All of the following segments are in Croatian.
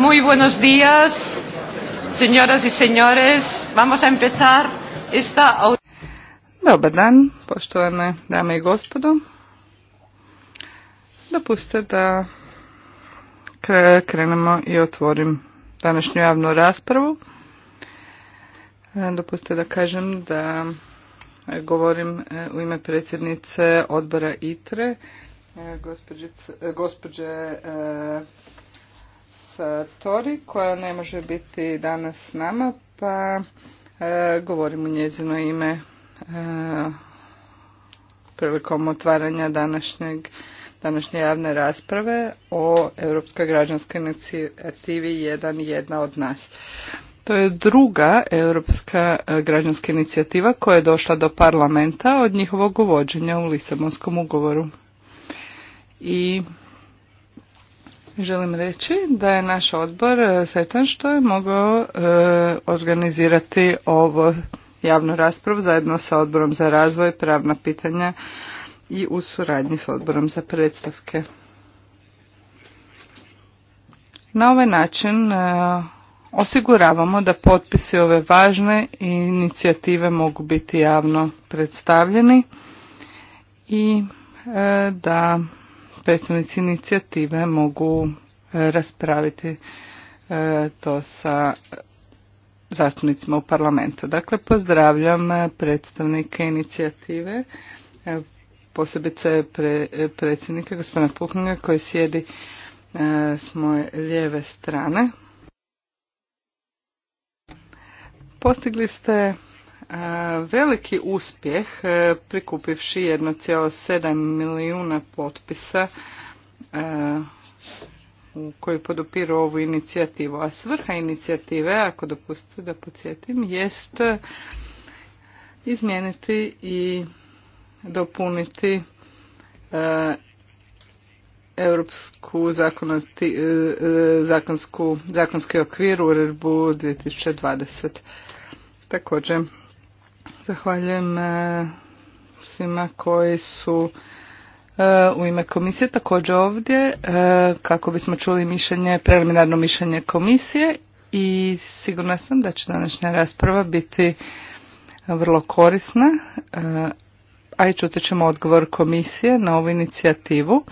Muy buenos días, señoras y señores. Vamos a empezar esta... Dobar dan, poštovane dame i gospodo. Dopustite da krenemo i otvorim današnju javnu raspravu. E, dopustite da kažem da e, govorim e, u ime predsjednice odbora ITRE, gospođe E, Tori koja ne može biti danas s nama pa e, govorim u njezino ime e, prilikom otvaranja današnjeg, današnje javne rasprave o Europskoj građanskoj inicijativi jedan jedna od nas. To je druga europska e, građanska inicijativa koja je došla do parlamenta od njihovog uvođenja u Lisabonskom ugovoru. I Želim reći da je naš odbor e, sretan što je mogao e, organizirati ovo javnu raspravu zajedno sa odborom za razvoj, pravna pitanja i u suradnji s odborom za predstavke. Na ovaj način e, osiguravamo da potpisi ove važne inicijative mogu biti javno predstavljeni i da predstavnici inicijative mogu e, raspraviti e, to sa zastupnicima u parlamentu. Dakle, pozdravljam predstavnike inicijative, e, posebice predsjednika gospodina Puhnja koji sjedi s moje lijeve strane. Postigli ste E, veliki uspjeh e, prikupivši 1,7 milijuna potpisa e, koji podupiru ovu inicijativu. A svrha inicijative, ako dopustite da podsjetim, jest izmijeniti i dopuniti europsku zakonsku, zakonski okvir uredbu 2020. Također Zahvaljujem e, svima koji su e, u ime komisije također ovdje e, kako bismo čuli mišljenje, preliminarno mišljenje komisije i sigurna sam da će današnja rasprava biti vrlo korisna, a i čuti ćemo odgovor komisije na ovu inicijativu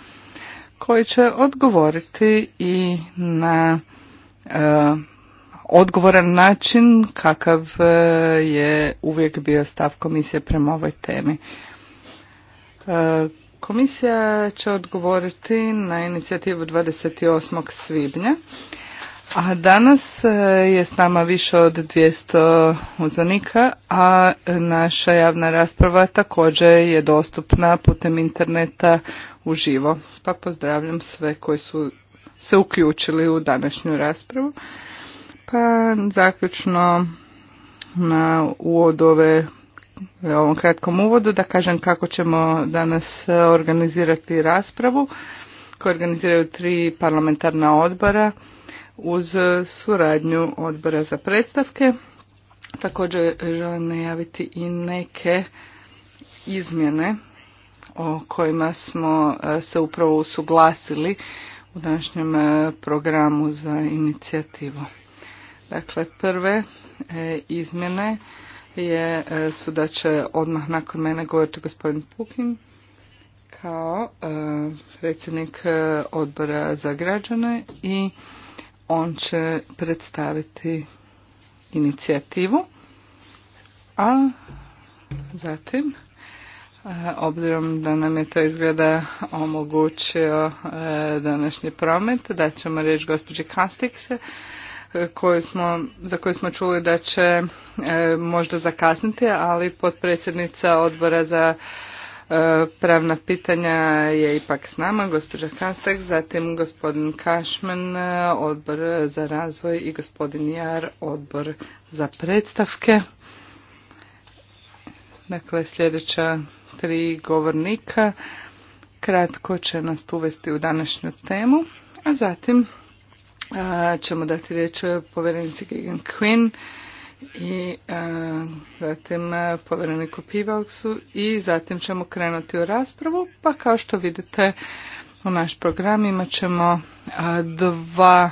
koji će odgovoriti i na odgovoran način kakav e, je uvijek bio stav komisije prema ovoj temi. E, komisija će odgovoriti na inicijativu 28. svibnja. A danas e, je s nama više od 200 uzvanika, a naša javna rasprava također je dostupna putem interneta uživo. Pa pozdravljam sve koji su se uključili u današnju raspravu. Pa zaključno na uvod ove e, ovom kratkom uvodu da kažem kako ćemo danas e, organizirati raspravu koje organiziraju tri parlamentarna odbora uz e, suradnju odbora za predstavke. Također želim najaviti i neke izmjene o kojima smo se upravo usuglasili u današnjem programu za inicijativu. Dakle, prve e, izmjene je, e, su da će odmah nakon mene govoriti gospodin Pukin kao e, predsjednik odbora za građane i on će predstaviti inicijativu. A zatim, obzirom da nam je to izgleda omogućio današnji promet, da ćemo reći gospođi Kastikse koju smo, za koju smo čuli da će e, možda zakasniti, ali potpredsjednica odbora za e, pravna pitanja je ipak s nama, gospođa Kastek, zatim gospodin Kašmen, e, odbor za razvoj i gospodin Jar, odbor za predstavke. Dakle, sljedeća tri govornika kratko će nas uvesti u današnju temu, a zatim ćemo dati riječ povjerenici Gigan Quinn i zatim povjereniku Pivalksu i zatim ćemo krenuti u raspravu pa kao što vidite u naš program imat ćemo dva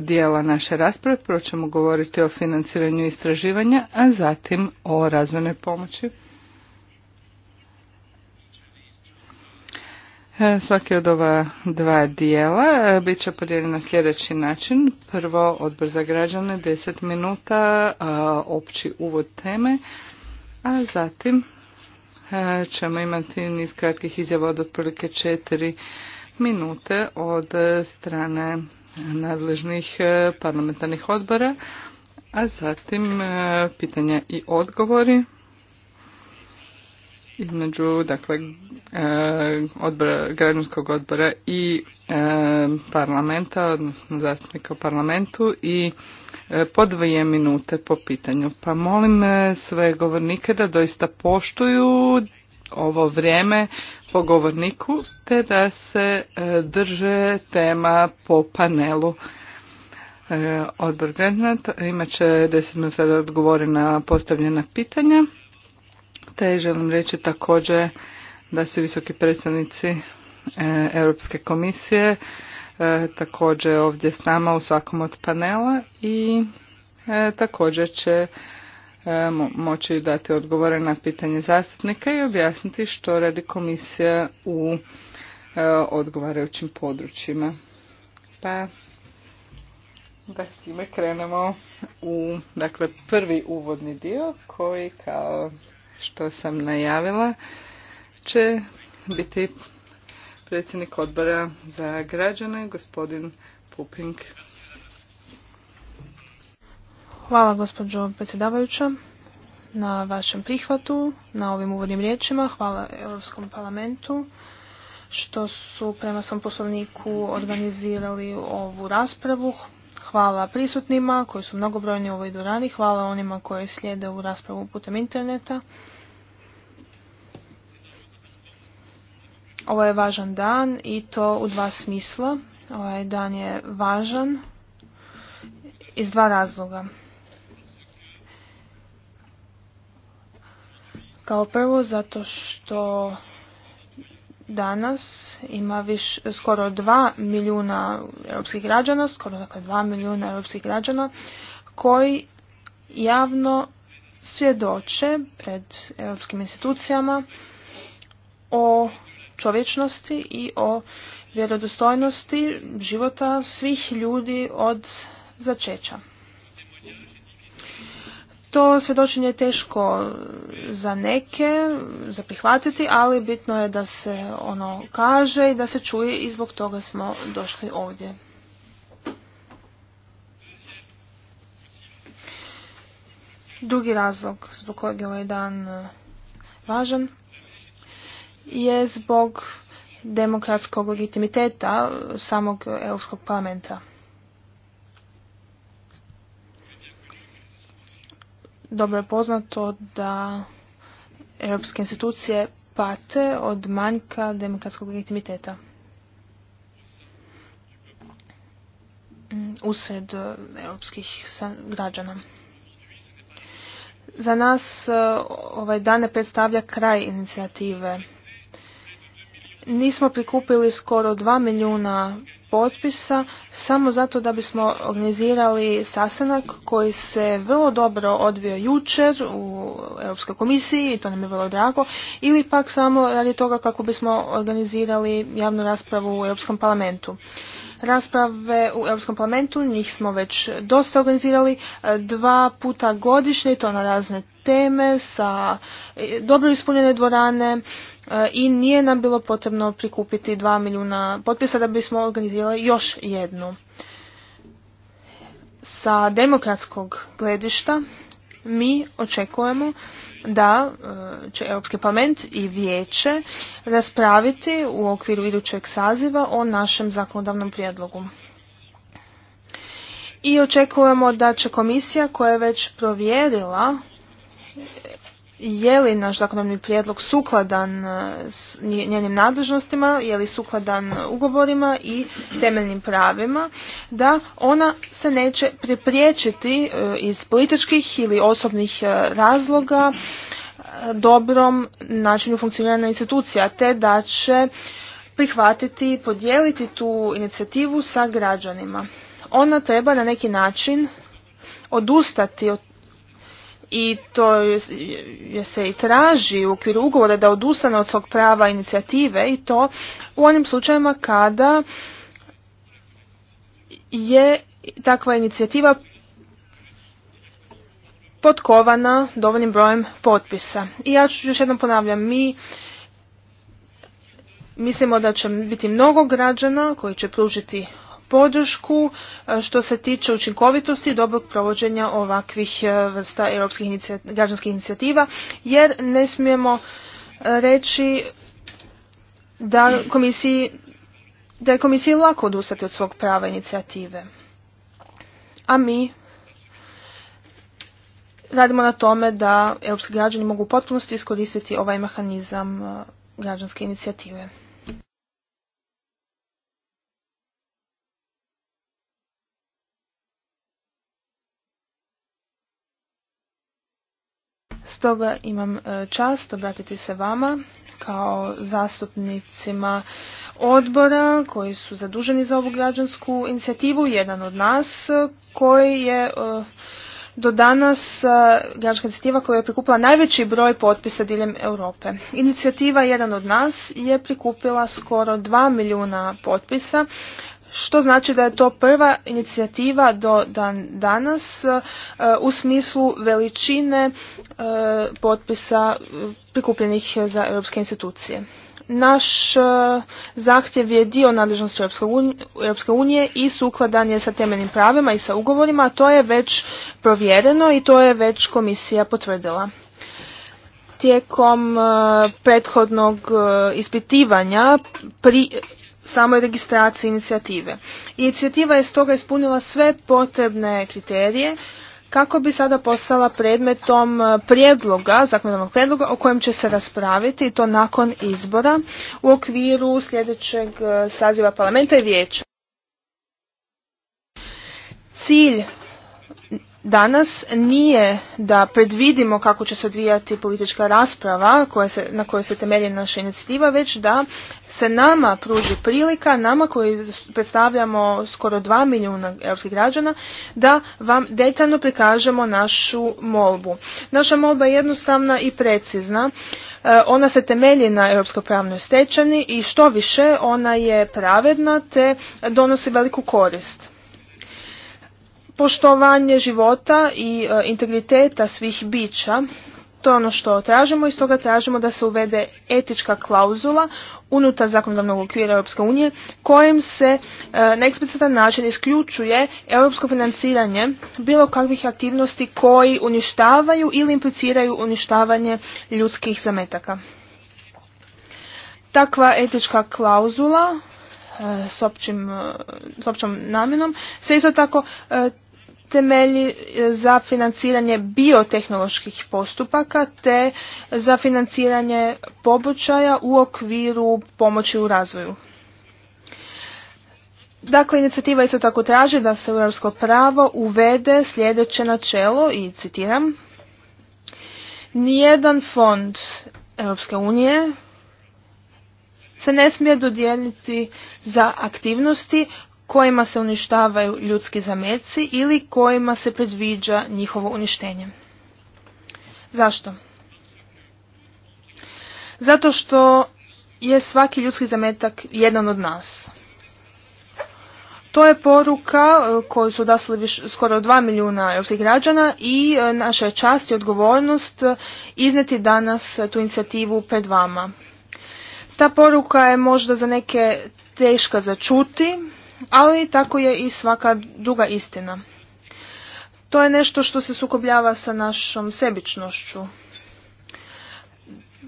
dijela naše rasprave. Prvo ćemo govoriti o financiranju istraživanja, a zatim o razvojnoj pomoći. E, svaki od ova dva dijela e, bit će podijeljen na sljedeći način. Prvo, odbor za građane, 10 minuta, e, opći uvod teme, a zatim ćemo imati niz kratkih izjava od otprilike 4 minute od strane nadležnih parlamentarnih odbora, a zatim pitanja i odgovori između dakle, e, odbora, građanskog odbora i e, parlamenta, odnosno zastupnika u parlamentu i e, po dvije minute po pitanju. Pa molim sve govornike da doista poštuju ovo vrijeme po govorniku te da se drže tema po panelu. Odbor Grenat imat će 10 minuta da odgovori na postavljena pitanja. Te želim reći također da su visoki predstavnici e, Europske komisije e, također ovdje s nama u svakom od panela i e, također će moći dati odgovore na pitanje zastupnika i objasniti što radi komisija u odgovarajućim područjima. Pa da s time krenemo u dakle, prvi uvodni dio koji kao što sam najavila će biti predsjednik odbora za građane, gospodin Puping. Hvala gospođo predsjedavajuća na vašem prihvatu, na ovim uvodnim riječima. Hvala Europskom parlamentu što su prema svom poslovniku organizirali ovu raspravu. Hvala prisutnima koji su mnogobrojni u ovoj dvorani, hvala onima koji slijede u raspravu putem interneta. Ovo je važan dan i to u dva smisla. Ovaj dan je važan iz dva razloga. Kao prvo zato što danas ima viš, skoro 2 milijuna europskih građana, skoro dakle 2 milijuna europskih građana koji javno svjedoče pred europskim institucijama o čovječnosti i o vjerodostojnosti života svih ljudi od začeća. To svjedočenje je teško za neke, za prihvatiti, ali bitno je da se ono kaže i da se čuje i zbog toga smo došli ovdje. Drugi razlog zbog kojeg je ovaj dan e, važan je zbog demokratskog legitimiteta samog Europskog parlamenta. Dobro je poznato da europske institucije pate od manjka demokratskog legitimiteta. Mm, usred e, europskih građana. Za nas e, ovaj dan ne predstavlja kraj inicijative nismo prikupili skoro 2 milijuna potpisa samo zato da bismo organizirali sastanak koji se vrlo dobro odvio jučer u Europskoj komisiji i to nam je vrlo drago ili pak samo radi toga kako bismo organizirali javnu raspravu u Europskom parlamentu. Rasprave u Europskom parlamentu, njih smo već dosta organizirali, dva puta godišnje i to na razne teme sa dobro ispunjene dvorane, i nije nam bilo potrebno prikupiti dva milijuna potpisa da bismo organizirali još jednu. Sa demokratskog gledišta mi očekujemo da e, će Europski parlament i vijeće raspraviti u okviru idućeg saziva o našem zakonodavnom prijedlogu. I očekujemo da će komisija koja je već provjerila je li naš zakonodavni prijedlog sukladan e, njenim nadležnostima, je li sukladan ugovorima i temeljnim pravima, da ona se neće pripriječiti e, iz političkih ili osobnih e, razloga dobrom načinu funkcioniranja institucija, te da će prihvatiti i podijeliti tu inicijativu sa građanima. Ona treba na neki način odustati od i to je se i traži u okviru ugovora da odustane od svog prava inicijative i to u onim slučajevima kada je takva inicijativa potkovana dovoljnim brojem potpisa. I ja ću još jednom ponavljam, mi mislimo da će biti mnogo građana koji će pružiti podršku e, što se tiče učinkovitosti i dobrog provođenja ovakvih e, vrsta europskih građanskih inicijativa jer ne smijemo e, reći da komisiji da je komisiji lako odustati od svog prava inicijative. A mi radimo na tome da europski građani mogu u potpunosti iskoristiti ovaj mehanizam građanske inicijative. Stoga imam e, čast obratiti se vama kao zastupnicima odbora koji su zaduženi za ovu građansku inicijativu, jedan od nas e, koji je e, do danas građanska inicijativa koja je prikupila najveći broj potpisa diljem Europe. Inicijativa Jedan od nas je prikupila skoro 2 milijuna potpisa što znači da je to prva inicijativa do dan danas e, u smislu veličine e, potpisa e, prikupljenih za europske institucije. Naš zahtjev je dio nadležnosti Europske unije i sukladan je sa temeljnim pravima i sa ugovorima, a to je već provjereno i to je već komisija potvrdila tijekom prethodnog ispitivanja pri samoj registraciji inicijative. Inicijativa je stoga ispunila sve potrebne kriterije kako bi sada postala predmetom e, prijedloga, zakonodavnog prijedloga o kojem će se raspraviti i to nakon izbora u okviru sljedećeg e, saziva parlamenta i vijeća. Cilj danas nije da predvidimo kako će se odvijati politička rasprava koja se, na kojoj se temelji naša inicijativa, već da se nama pruži prilika, nama koji predstavljamo skoro 2 milijuna europskih građana, da vam detaljno prikažemo našu molbu. Naša molba je jednostavna i precizna. E, ona se temelji na europskoj pravnoj stečani i što više ona je pravedna te donosi veliku korist poštovanje života i e, integriteta svih bića, to je ono što tražimo i stoga tražimo da se uvede etička klauzula unutar zakonodavnog okvira Europske unije kojim se e, na eksplicitan način isključuje europsko financiranje bilo kakvih aktivnosti koji uništavaju ili impliciraju uništavanje ljudskih zametaka. Takva etička klauzula e, s, općim, s općom namjenom se isto tako temelji e, za financiranje biotehnoloških postupaka te za financiranje pobočaja u okviru pomoći u razvoju. Dakle, inicijativa isto tako traži da se europsko pravo uvede sljedeće načelo i citiram Nijedan fond Europske unije se ne smije dodijeliti za aktivnosti kojima se uništavaju ljudski zameci ili kojima se predviđa njihovo uništenje. Zašto? Zato što je svaki ljudski zametak jedan od nas. To je poruka e, koju su odaslali skoro 2 milijuna europskih građana i e, naša je čast i odgovornost e, izneti danas tu inicijativu pred vama. Ta poruka je možda za neke teška čuti, ali tako je i svaka duga istina. To je nešto što se sukobljava sa našom sebičnošću.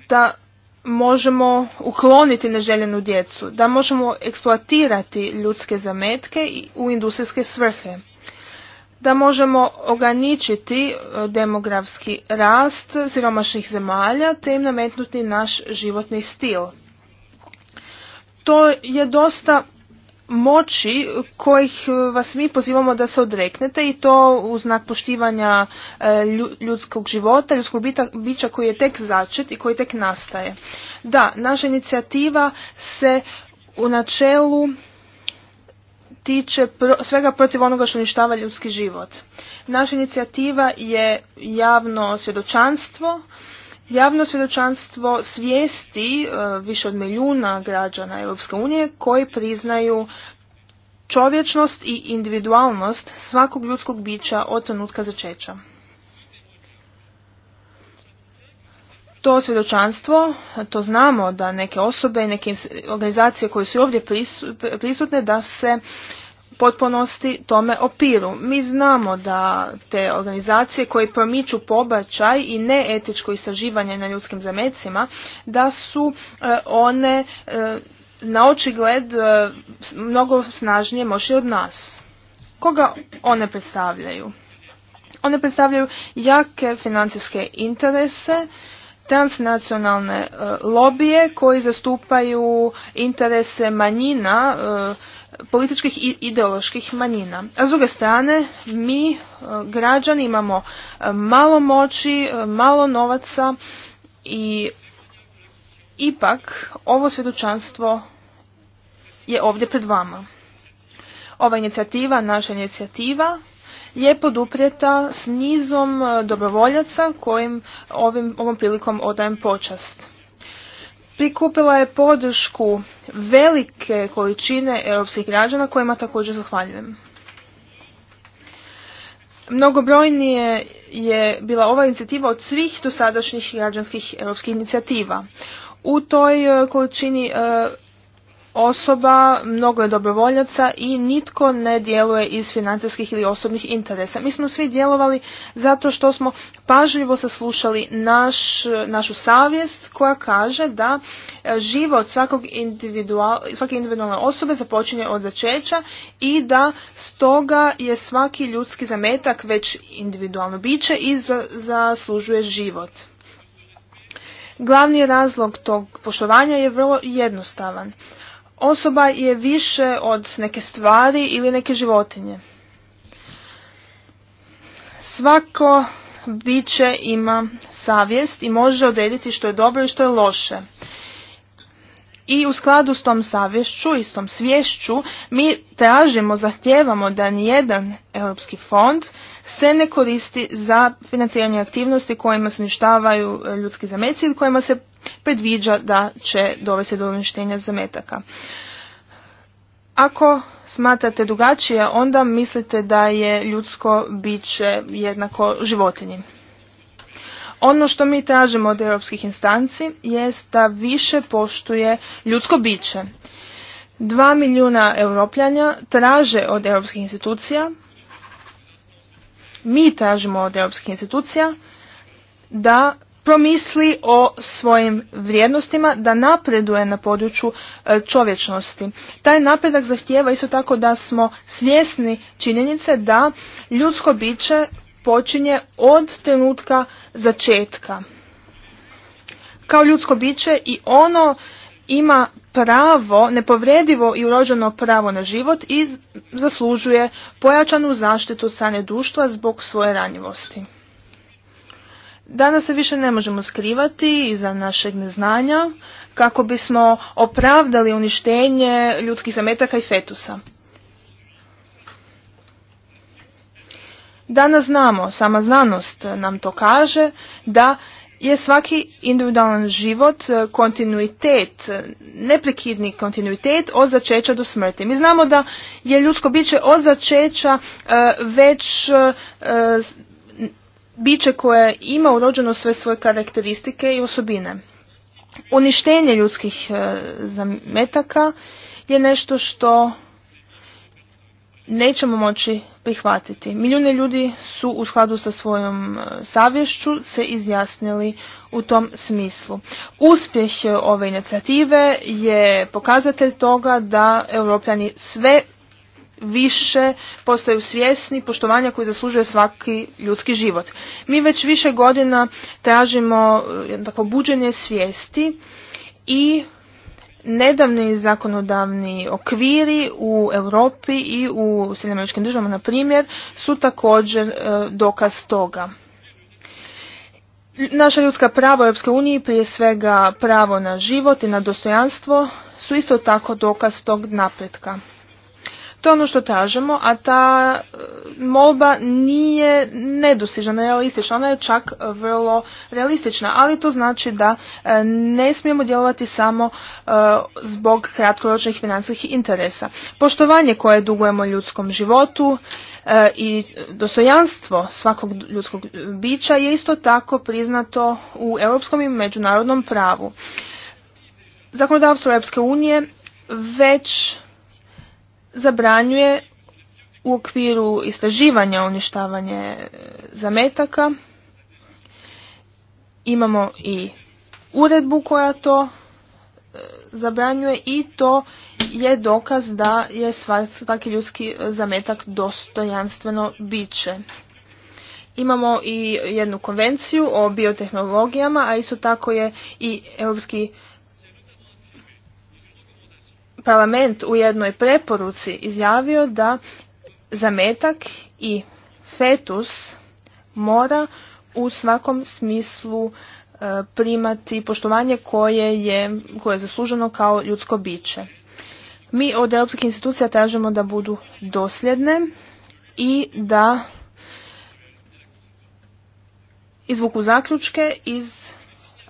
Da možemo ukloniti neželjenu djecu, da možemo eksploatirati ljudske zametke u industrijske svrhe, da možemo ograničiti e, demografski rast siromašnih zemalja te im nametnuti naš životni stil. To je dosta moći kojih e, vas mi pozivamo da se odreknete i to u znak poštivanja e, ljudskog života, ljudskog bića koji je tek začet i koji tek nastaje. Da, naša inicijativa se u načelu tiče svega protiv onoga što uništava ljudski život. Naša inicijativa je javno svjedočanstvo javno svjedočanstvo svijesti e, više od milijuna građana Europske unije koji priznaju čovječnost i individualnost svakog ljudskog bića od trenutka začeća. To svjedočanstvo, to znamo da neke osobe i neke organizacije koje su ovdje prisutne da se potpunosti tome opiru. Mi znamo da te organizacije koje promiču pobačaj i neetičko istraživanje na ljudskim zamecima, da su e, one e, na očigled e, mnogo snažnije moći od nas. Koga one predstavljaju? One predstavljaju jake financijske interese, transnacionalne lobije koji zastupaju interese manjina političkih i ideoloških manjina. A s druge strane, mi e, građani imamo e, malo moći, e, malo novaca i ipak ovo svjedočanstvo je ovdje pred vama. Ova inicijativa, naša inicijativa, je poduprijeta s nizom dobrovoljaca kojim ovim, ovom prilikom odajem počast prikupila je podršku velike količine europskih građana kojima također zahvaljujem. Mnogobrojnije je bila ova inicijativa od svih dosadašnjih građanskih europskih inicijativa. U toj e, količini e, osoba, mnogo je dobrovoljaca i nitko ne djeluje iz financijskih ili osobnih interesa. Mi smo svi djelovali zato što smo pažljivo saslušali naš, našu savjest koja kaže da e, život svakog individual, svake individualne osobe započinje od začeća i da stoga je svaki ljudski zametak već individualno biće i zaslužuje život. Glavni razlog tog poštovanja je vrlo jednostavan osoba je više od neke stvari ili neke životinje. Svako biće ima savjest i može odrediti što je dobro i što je loše. I u skladu s tom savješću i s tom svješću mi tražimo, zahtijevamo da nijedan europski fond se ne koristi za financiranje aktivnosti kojima se uništavaju e, ljudski zameci ili kojima se predviđa da će dovesti do uništenja zametaka. Ako smatrate drugačije, onda mislite da je ljudsko biće jednako životinji. Ono što mi tražimo od europskih instanci jest da više poštuje ljudsko biće. Dva milijuna europljanja traže od europskih institucija, mi tražimo od europskih institucija da promisli o svojim vrijednostima, da napreduje na području e, čovječnosti. Taj napredak zahtijeva isto tako da smo svjesni činjenice da ljudsko biće počinje od trenutka začetka. Kao ljudsko biće i ono ima pravo, nepovredivo i urođeno pravo na život i zaslužuje pojačanu zaštitu strane društva zbog svoje ranjivosti. Danas se više ne možemo skrivati iza našeg neznanja kako bismo opravdali uništenje ljudskih zametaka i fetusa. Danas znamo, sama znanost nam to kaže, da je svaki individualan život kontinuitet, neprekidni kontinuitet od začeća do smrti. Mi znamo da je ljudsko biće od začeća eh, već eh, biće koje ima urođeno sve svoje karakteristike i osobine. Uništenje ljudskih e, zametaka je nešto što nećemo moći prihvatiti. Milijune ljudi su u skladu sa svojom e, savješću se izjasnili u tom smislu. Uspjeh e, ove inicijative je pokazatelj toga da europljani sve više postaju svjesni poštovanja koji zaslužuje svaki ljudski život. Mi već više godina tražimo eh, tako, buđenje svijesti i nedavni zakonodavni okviri u Europi i u Sjedinjenim državama, na primjer, su također eh, dokaz toga. Naša ljudska prava u Europskoj uniji, prije svega pravo na život i na dostojanstvo, su isto tako dokaz tog napretka. To je ono što tražimo, a ta e, molba nije nedostižna, realistična, ona je čak vrlo realistična, ali to znači da e, ne smijemo djelovati samo e, zbog kratkoročnih financijskih interesa. Poštovanje koje dugujemo ljudskom životu, i dostojanstvo svakog ljudskog bića je isto tako priznato u europskom i međunarodnom pravu. Zakonodavstvo Europske unije već zabranjuje u okviru istraživanja uništavanje e, zametaka. Imamo i uredbu koja to e, zabranjuje i to je dokaz da je svaki ljudski e, zametak dostojanstveno biće. Imamo i jednu konvenciju o biotehnologijama, a isto tako je i Europski parlament u jednoj preporuci izjavio da zametak i fetus mora u svakom smislu e, primati poštovanje koje je, koje je zasluženo kao ljudsko biće. Mi od europskih institucija tražimo da budu dosljedne i da izvuku zaključke iz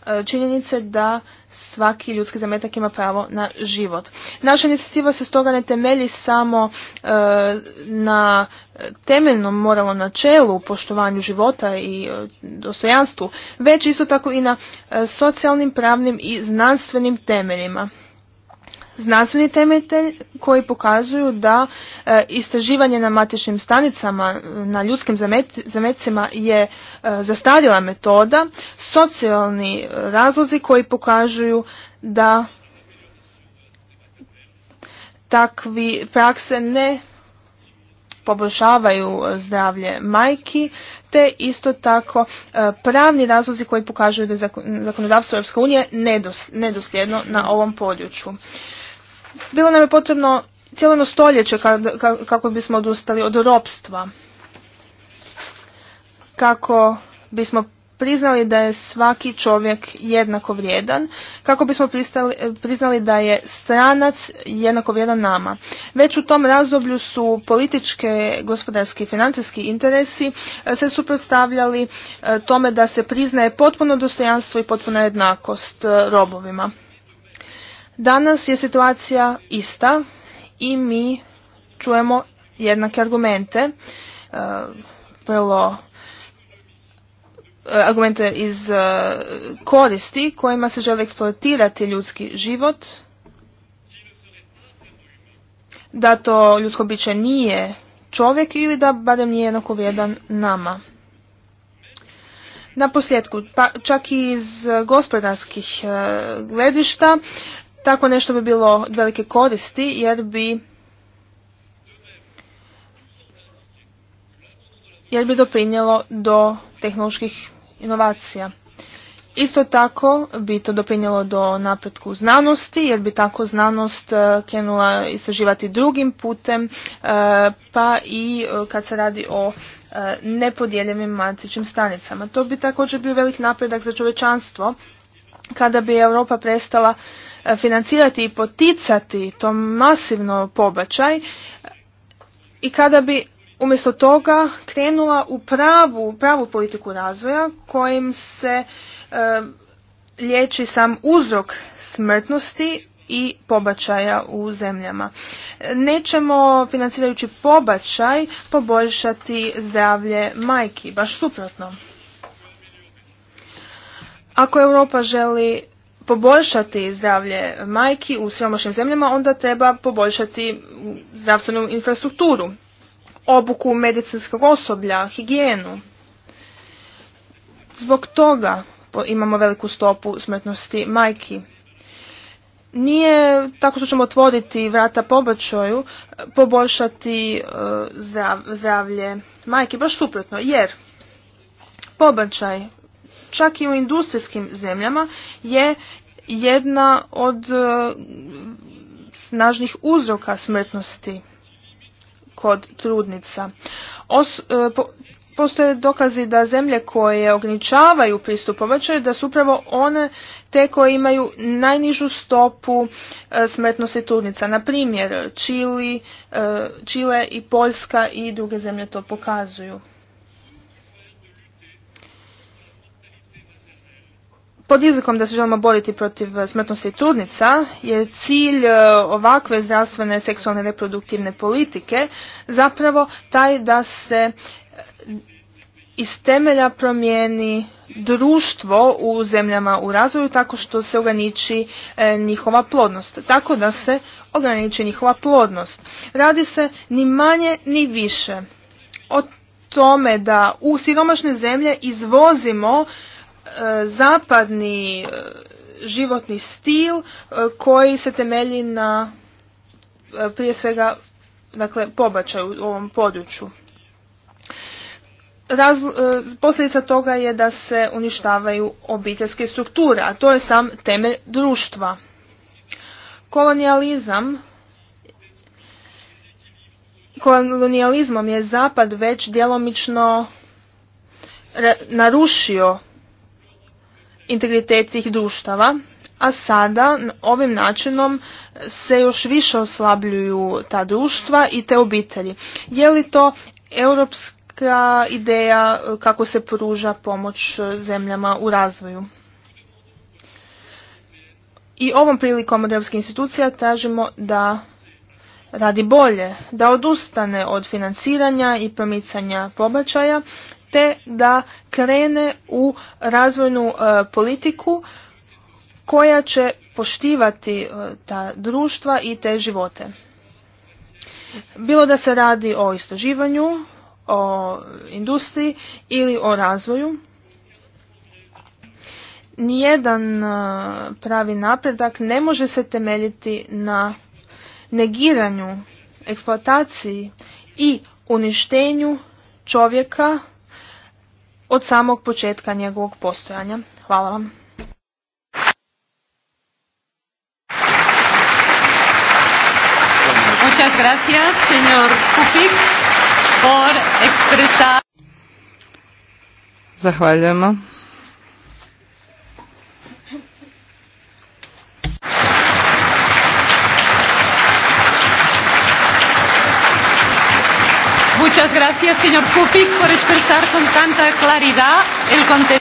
E, činjenice da svaki ljudski zametak ima pravo na život. Naša inicijativa se stoga ne temelji samo e, na temeljnom moralnom načelu, poštovanju života i e, dostojanstvu, već isto tako i na socijalnim, pravnim i znanstvenim temeljima znanstveni temelj koji pokazuju da e, istraživanje na matičnim stanicama, na ljudskim zamecima je e, zastarjela metoda, socijalni razlozi koji pokazuju da takvi prakse ne poboljšavaju zdravlje majki, te isto tako e, pravni razlozi koji pokazuju da je zakonodavstvo EU unije nedosljedno na ovom području. Bilo nam je potrebno cijelo stoljeće kako bismo odustali od ropstva. Kako bismo priznali da je svaki čovjek jednako vrijedan, kako bismo priznali da je stranac jednako vrijedan nama. Već u tom razdoblju su političke, gospodarski i financijski interesi e, se suprotstavljali e, tome da se priznaje potpuno dostojanstvo i potpuna jednakost e, robovima. Danas je situacija ista i mi čujemo jednake argumente, e, vrlo e, argumente iz e, koristi kojima se žele eksploatirati ljudski život, da to ljudsko biće nije čovjek ili da barem nije jednako vjedan nama. Na posljedku, pa čak i iz gospodarskih gledišta, tako nešto bi bilo od velike koristi jer bi jer bi doprinjelo do tehnoloških inovacija. Isto tako bi to doprinjelo do napretku znanosti, jer bi tako znanost e, krenula istraživati drugim putem, e, pa i e, kad se radi o nepodijeljenim matičnim stanicama. To bi također bio velik napredak za čovečanstvo, kada bi Europa prestala financirati i poticati to masivno pobačaj i kada bi umjesto toga krenula u pravu, pravu politiku razvoja kojim se e, liječi sam uzrok smrtnosti i pobačaja u zemljama. Nećemo financirajući pobačaj poboljšati zdravlje majki, baš suprotno. Ako Europa želi poboljšati zdravlje majki u siromašnim zemljama, onda treba poboljšati zdravstvenu infrastrukturu, obuku medicinskog osoblja, higijenu. Zbog toga imamo veliku stopu smrtnosti majki. Nije tako što ćemo otvoriti vrata pobačaju, poboljšati e, zdravlje majki. baš suprotno, jer pobačaj čak i u industrijskim zemljama je jedna od e, snažnih uzroka smrtnosti kod trudnica. E, postoje dokazi da zemlje koje ograničavaju pristup povećaju, da su upravo one te koje imaju najnižu stopu smetnosti smrtnosti trudnica. Na primjer, Čili, e, Čile i Poljska i druge zemlje to pokazuju. pod izlikom da se želimo boriti protiv eh, smrtnosti trudnica je cilj eh, ovakve zdravstvene seksualne reproduktivne politike zapravo taj da se eh, iz temelja promijeni društvo u zemljama u razvoju tako što se ograniči njihova plodnost. Tako da se ograniči njihova plodnost. Radi se ni manje ni više o tome da u siromašne zemlje izvozimo zapadni e, životni stil e, koji se temelji na e, prije svega dakle, pobačaju u ovom području. Razlo, posljedica toga je da se uništavaju obiteljske strukture, a to je sam temelj društva. Kolonijalizam kolonijalizmom je zapad već djelomično narušio integritet tih društava, a sada ovim načinom se još više oslabljuju ta društva i te obitelji. Je li to europska ideja e, kako se pruža pomoć e, zemljama u razvoju? I ovom prilikom od institucija tražimo da radi bolje, da odustane od financiranja i promicanja pobačaja te da krene u razvojnu e, politiku koja će poštivati e, ta društva i te živote. Bilo da se radi o istraživanju, o industriji ili o razvoju, nijedan e, pravi napredak ne može se temeljiti na negiranju, eksploataciji i uništenju čovjeka od samog početka njegovog postojanja. Hvala vam. Muchas gracias, señor por expresar... Zahvaljujemo. Muchas gracias, señor Kupik, por expresar con tanta claridad el contenido.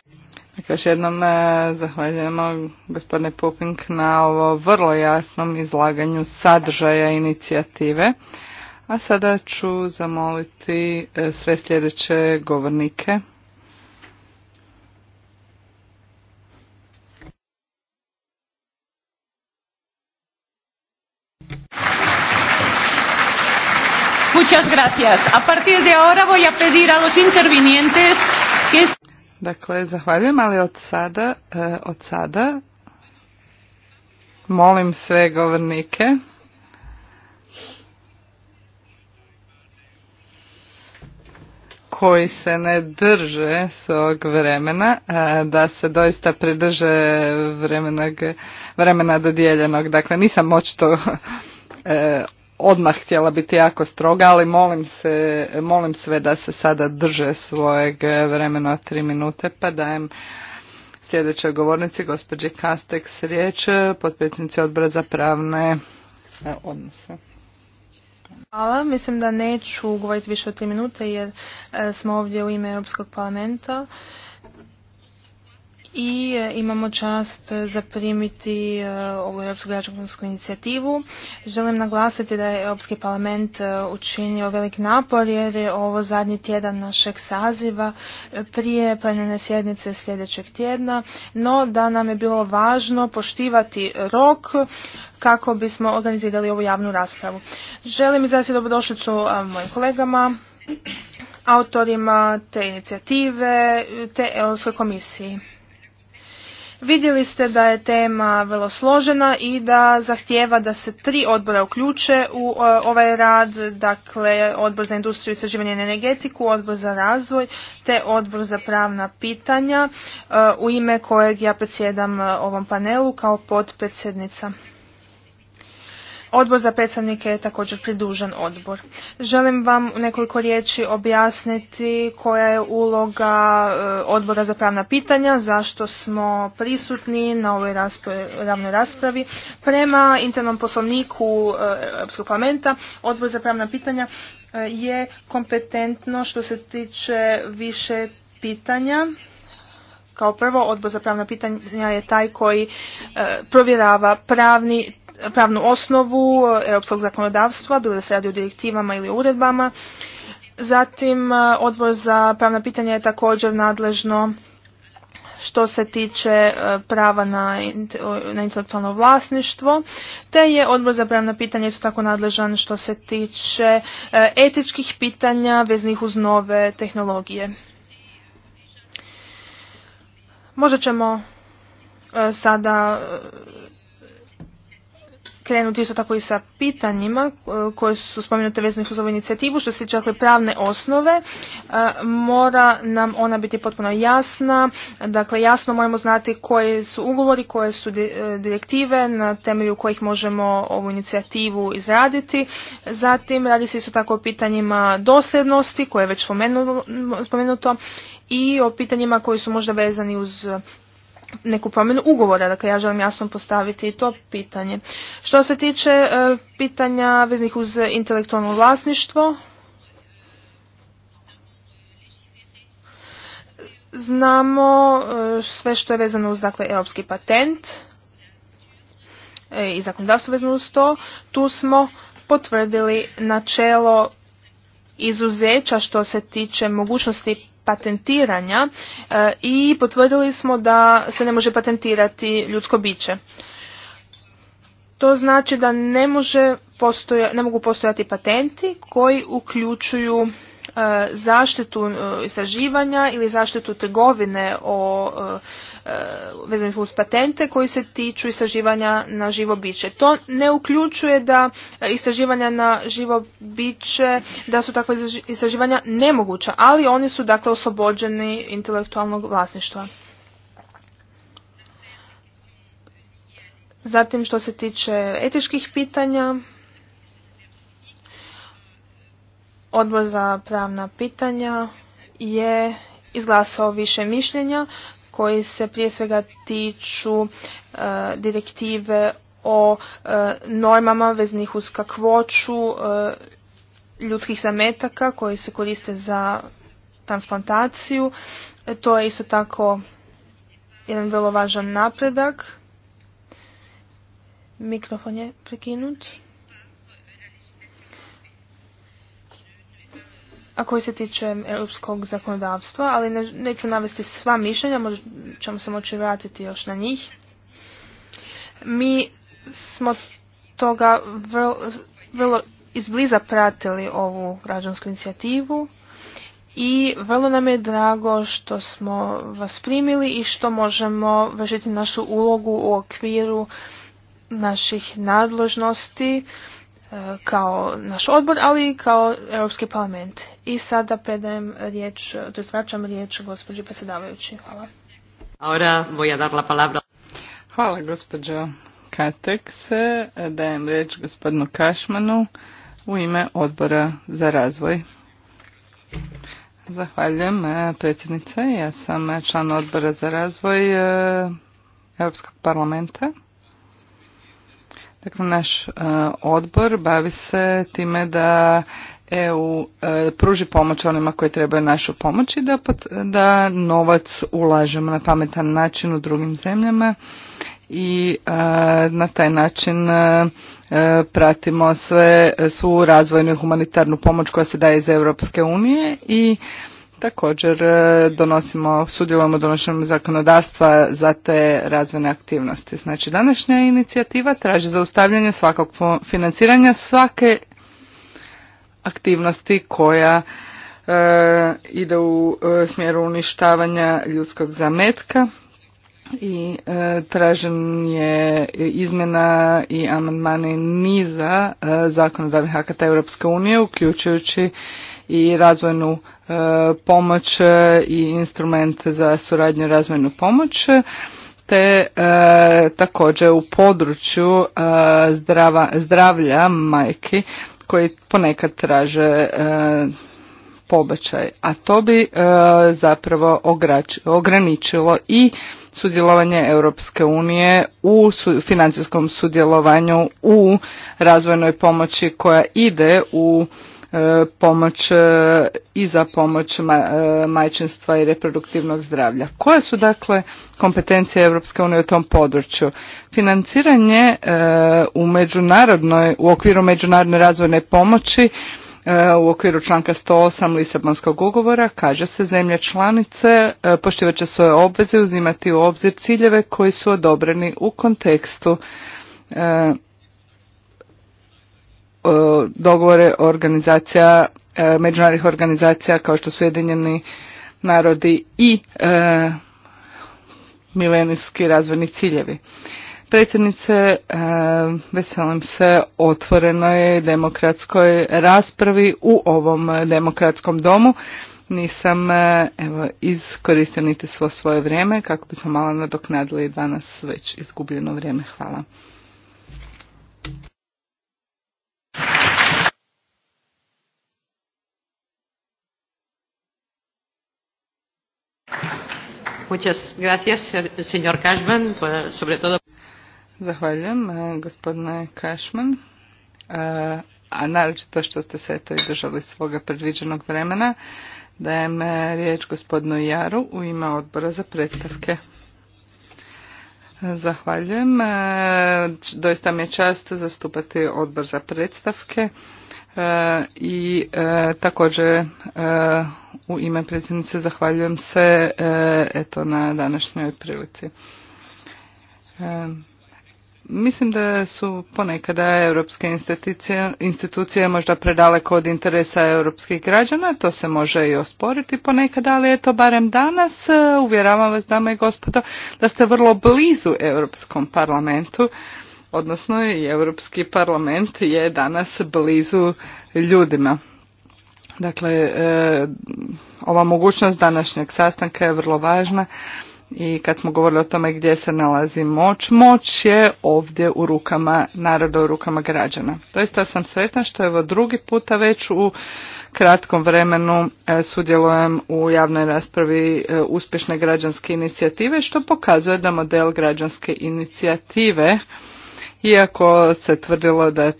Još jednom e, zahvaljujemo gospodine Pupink na ovo vrlo jasnom izlaganju sadržaja inicijative. A sada ću zamoliti e, sve sljedeće govornike Muchas gracias. A partir de ahora voy a pedir a los intervinientes que... Dakle, zahvaljujem, ali od sada, eh, od sada molim sve govornike koji se ne drže svog vremena, eh, da se doista pridrže vremena dodijeljenog. Dakle, nisam očito odmah htjela biti jako stroga, ali molim, se, molim sve da se sada drže svojeg vremena tri minute, pa dajem sljedećoj govornici, gospođi s riječ, potpredsjednici odbora za pravne e, odnose. Hvala, mislim da neću govoriti više od tri minute jer e, smo ovdje u ime Europskog parlamenta i e, imamo čast zaprimiti e, ovu Europsku građansku inicijativu. Želim naglasiti da je Europski parlament e, učinio velik napor jer je ovo zadnji tjedan našeg saziva prije plenarne sjednice sljedećeg tjedna, no da nam je bilo važno poštivati rok kako bismo organizirali ovu javnu raspravu. Želim izraziti dobrodošlicu mojim kolegama, autorima te inicijative te Europskoj komisiji. Vidjeli ste da je tema vrlo složena i da zahtijeva da se tri odbora uključe u e, ovaj rad, dakle odbor za industriju i istraživanje i energetiku, odbor za razvoj te odbor za pravna pitanja e, u ime kojeg ja predsjedam e, ovom panelu kao potpredsjednica. Odbor za predstavnike je također pridužan odbor. Želim vam nekoliko riječi objasniti koja je uloga e, odbora za pravna pitanja, zašto smo prisutni na ovoj raspravi, ravnoj raspravi. Prema internom poslovniku e, Europskog parlamenta, odbor za pravna pitanja e, je kompetentno što se tiče više pitanja kao prvo odbor za pravna pitanja je taj koji provjerava pravni pravnu osnovu e, europskog zakonodavstva, bilo da se radi o direktivama ili uredbama. Zatim e, odbor za pravna pitanja je također nadležno što se tiče e, prava na, na intelektualno vlasništvo, te je odbor za pravna pitanja isto tako nadležan što se tiče etičkih pitanja veznih uz nove tehnologije. Možda ćemo sada krenuti isto tako i sa pitanjima e, koje su spomenute vezane uz ovu inicijativu. Što se tiče dakle, pravne osnove, e, mora nam ona biti potpuno jasna. Dakle, jasno moramo znati koji su ugovori, koje su e, direktive na temelju kojih možemo ovu inicijativu izraditi. Zatim, radi se isto tako o pitanjima dosljednosti koje je već spomenuto i o pitanjima koji su možda vezani uz neku promjenu ugovora. Dakle, ja želim jasno postaviti i to pitanje. Što se tiče e, pitanja veznih uz intelektualno vlasništvo, znamo e, sve što je vezano uz dakle, europski patent e, i zakonodavstvo vezano uz to. Tu smo potvrdili načelo izuzeća što se tiče mogućnosti patentiranja e, i potvrdili smo da se ne može patentirati ljudsko biće. To znači da ne, može postoja, ne mogu postojati patenti koji uključuju e, zaštitu e, istraživanja ili zaštitu trgovine o Eh, vezanih uz patente koji se tiču istraživanja na živo biće. To ne uključuje da eh, istraživanja na živo biće, da su takva istraživanja nemoguća, ali oni su dakle oslobođeni intelektualnog vlasništva. Zatim što se tiče etičkih pitanja, Odbor za pravna pitanja je izglasao više mišljenja koji se prije svega tiču e, direktive o e, normama veznih uz kakvoću e, ljudskih zametaka koji se koriste za transplantaciju. To je isto tako jedan vrlo važan napredak. Mikrofon je prekinut. a koji se tiče europskog zakonodavstva, ali neću navesti sva mišljenja, možda ćemo se moći vratiti još na njih. Mi smo toga vrlo, vrlo izbliza pratili ovu građansku inicijativu i vrlo nam je drago što smo vas primili i što možemo vršiti našu ulogu u okviru naših nadložnosti E, kao naš odbor, ali i kao Europski parlament. I sada predajem riječ, to vraćam riječ gospođi predsjedavajući. Hvala. Ahora voy palabra. Hvala gospođo Katekse. E, dajem riječ gospodinu Kašmanu u ime odbora za razvoj. Zahvaljujem e, predsjednice. Ja sam član odbora za razvoj Europskog parlamenta. Dakle, naš e, odbor bavi se time da EU e, pruži pomoć onima koji trebaju našu pomoć i da, da novac ulažemo na pametan način u drugim zemljama i e, na taj način pratimo sve svu razvojnu i humanitarnu pomoć koja se daje iz Europske unije i također e, donosimo, sudjelujemo u zakonodavstva za te razvojne aktivnosti. Znači današnja inicijativa traži zaustavljanje svakog financiranja svake aktivnosti koja e, ide u e, smjeru uništavanja ljudskog zametka i e, tražen je izmjena i amandmani niza zakonodavnih akata Europske unije uključujući i razvojnu e, pomoć e, i instrument za suradnju razvojnu pomoć te e, također u području zdravlja majki koji ponekad traže pobačaj, a to bi zapravo ograničilo i sudjelovanje Europske unije u financijskom sudjelovanju u razvojnoj pomoći koja ide u E, pomoć e, i za pomoć e, majčinstva i reproduktivnog zdravlja. Koje su dakle kompetencije Europske unije u tom području? Financiranje u međunarodnoj, u okviru međunarodne razvojne pomoći u okviru članka 108 Lisabonskog ugovora kaže se zemlje članice poštivat će svoje obveze uzimati u obzir ciljeve koji su odobreni u kontekstu E, dogovore organizacija, e, međunarodnih organizacija kao što su Jedinjeni narodi i e, milenijski razvojni ciljevi. Predsjednice, e, veselim se otvorenoj demokratskoj raspravi u ovom demokratskom domu. Nisam evo, iskoristio niti svo svoje vrijeme kako bismo malo nadoknadili danas već izgubljeno vrijeme. Hvala. Muchas gracias, señor Cashman, sobre todo... Zahvaljujem, eh, gospodine Cashman. Eh, a naročito što ste se to i držali svoga predviđenog vremena, dajem eh, riječ gospodinu Jaru u ime odbora za predstavke. Zahvaljujem. Doista mi je čast zastupati odbor za predstavke. E, i e, također e, u ime predsjednice zahvaljujem se eto na današnjoj prilici. Mislim da su ponekada europske institucije, možda predaleko od interesa europskih građana, to se može i osporiti ponekada, ali eto barem danas uvjeravam vas dame i gospodo da ste vrlo blizu Europskom parlamentu odnosno i Europski parlament je danas blizu ljudima. Dakle, e, ova mogućnost današnjeg sastanka je vrlo važna i kad smo govorili o tome gdje se nalazi moć, moć je ovdje u rukama naroda, u rukama građana. Doista sam sretna što evo drugi puta već u kratkom vremenu e, sudjelujem u javnoj raspravi e, uspješne građanske inicijative što pokazuje da model građanske inicijative iako se tvrdilo da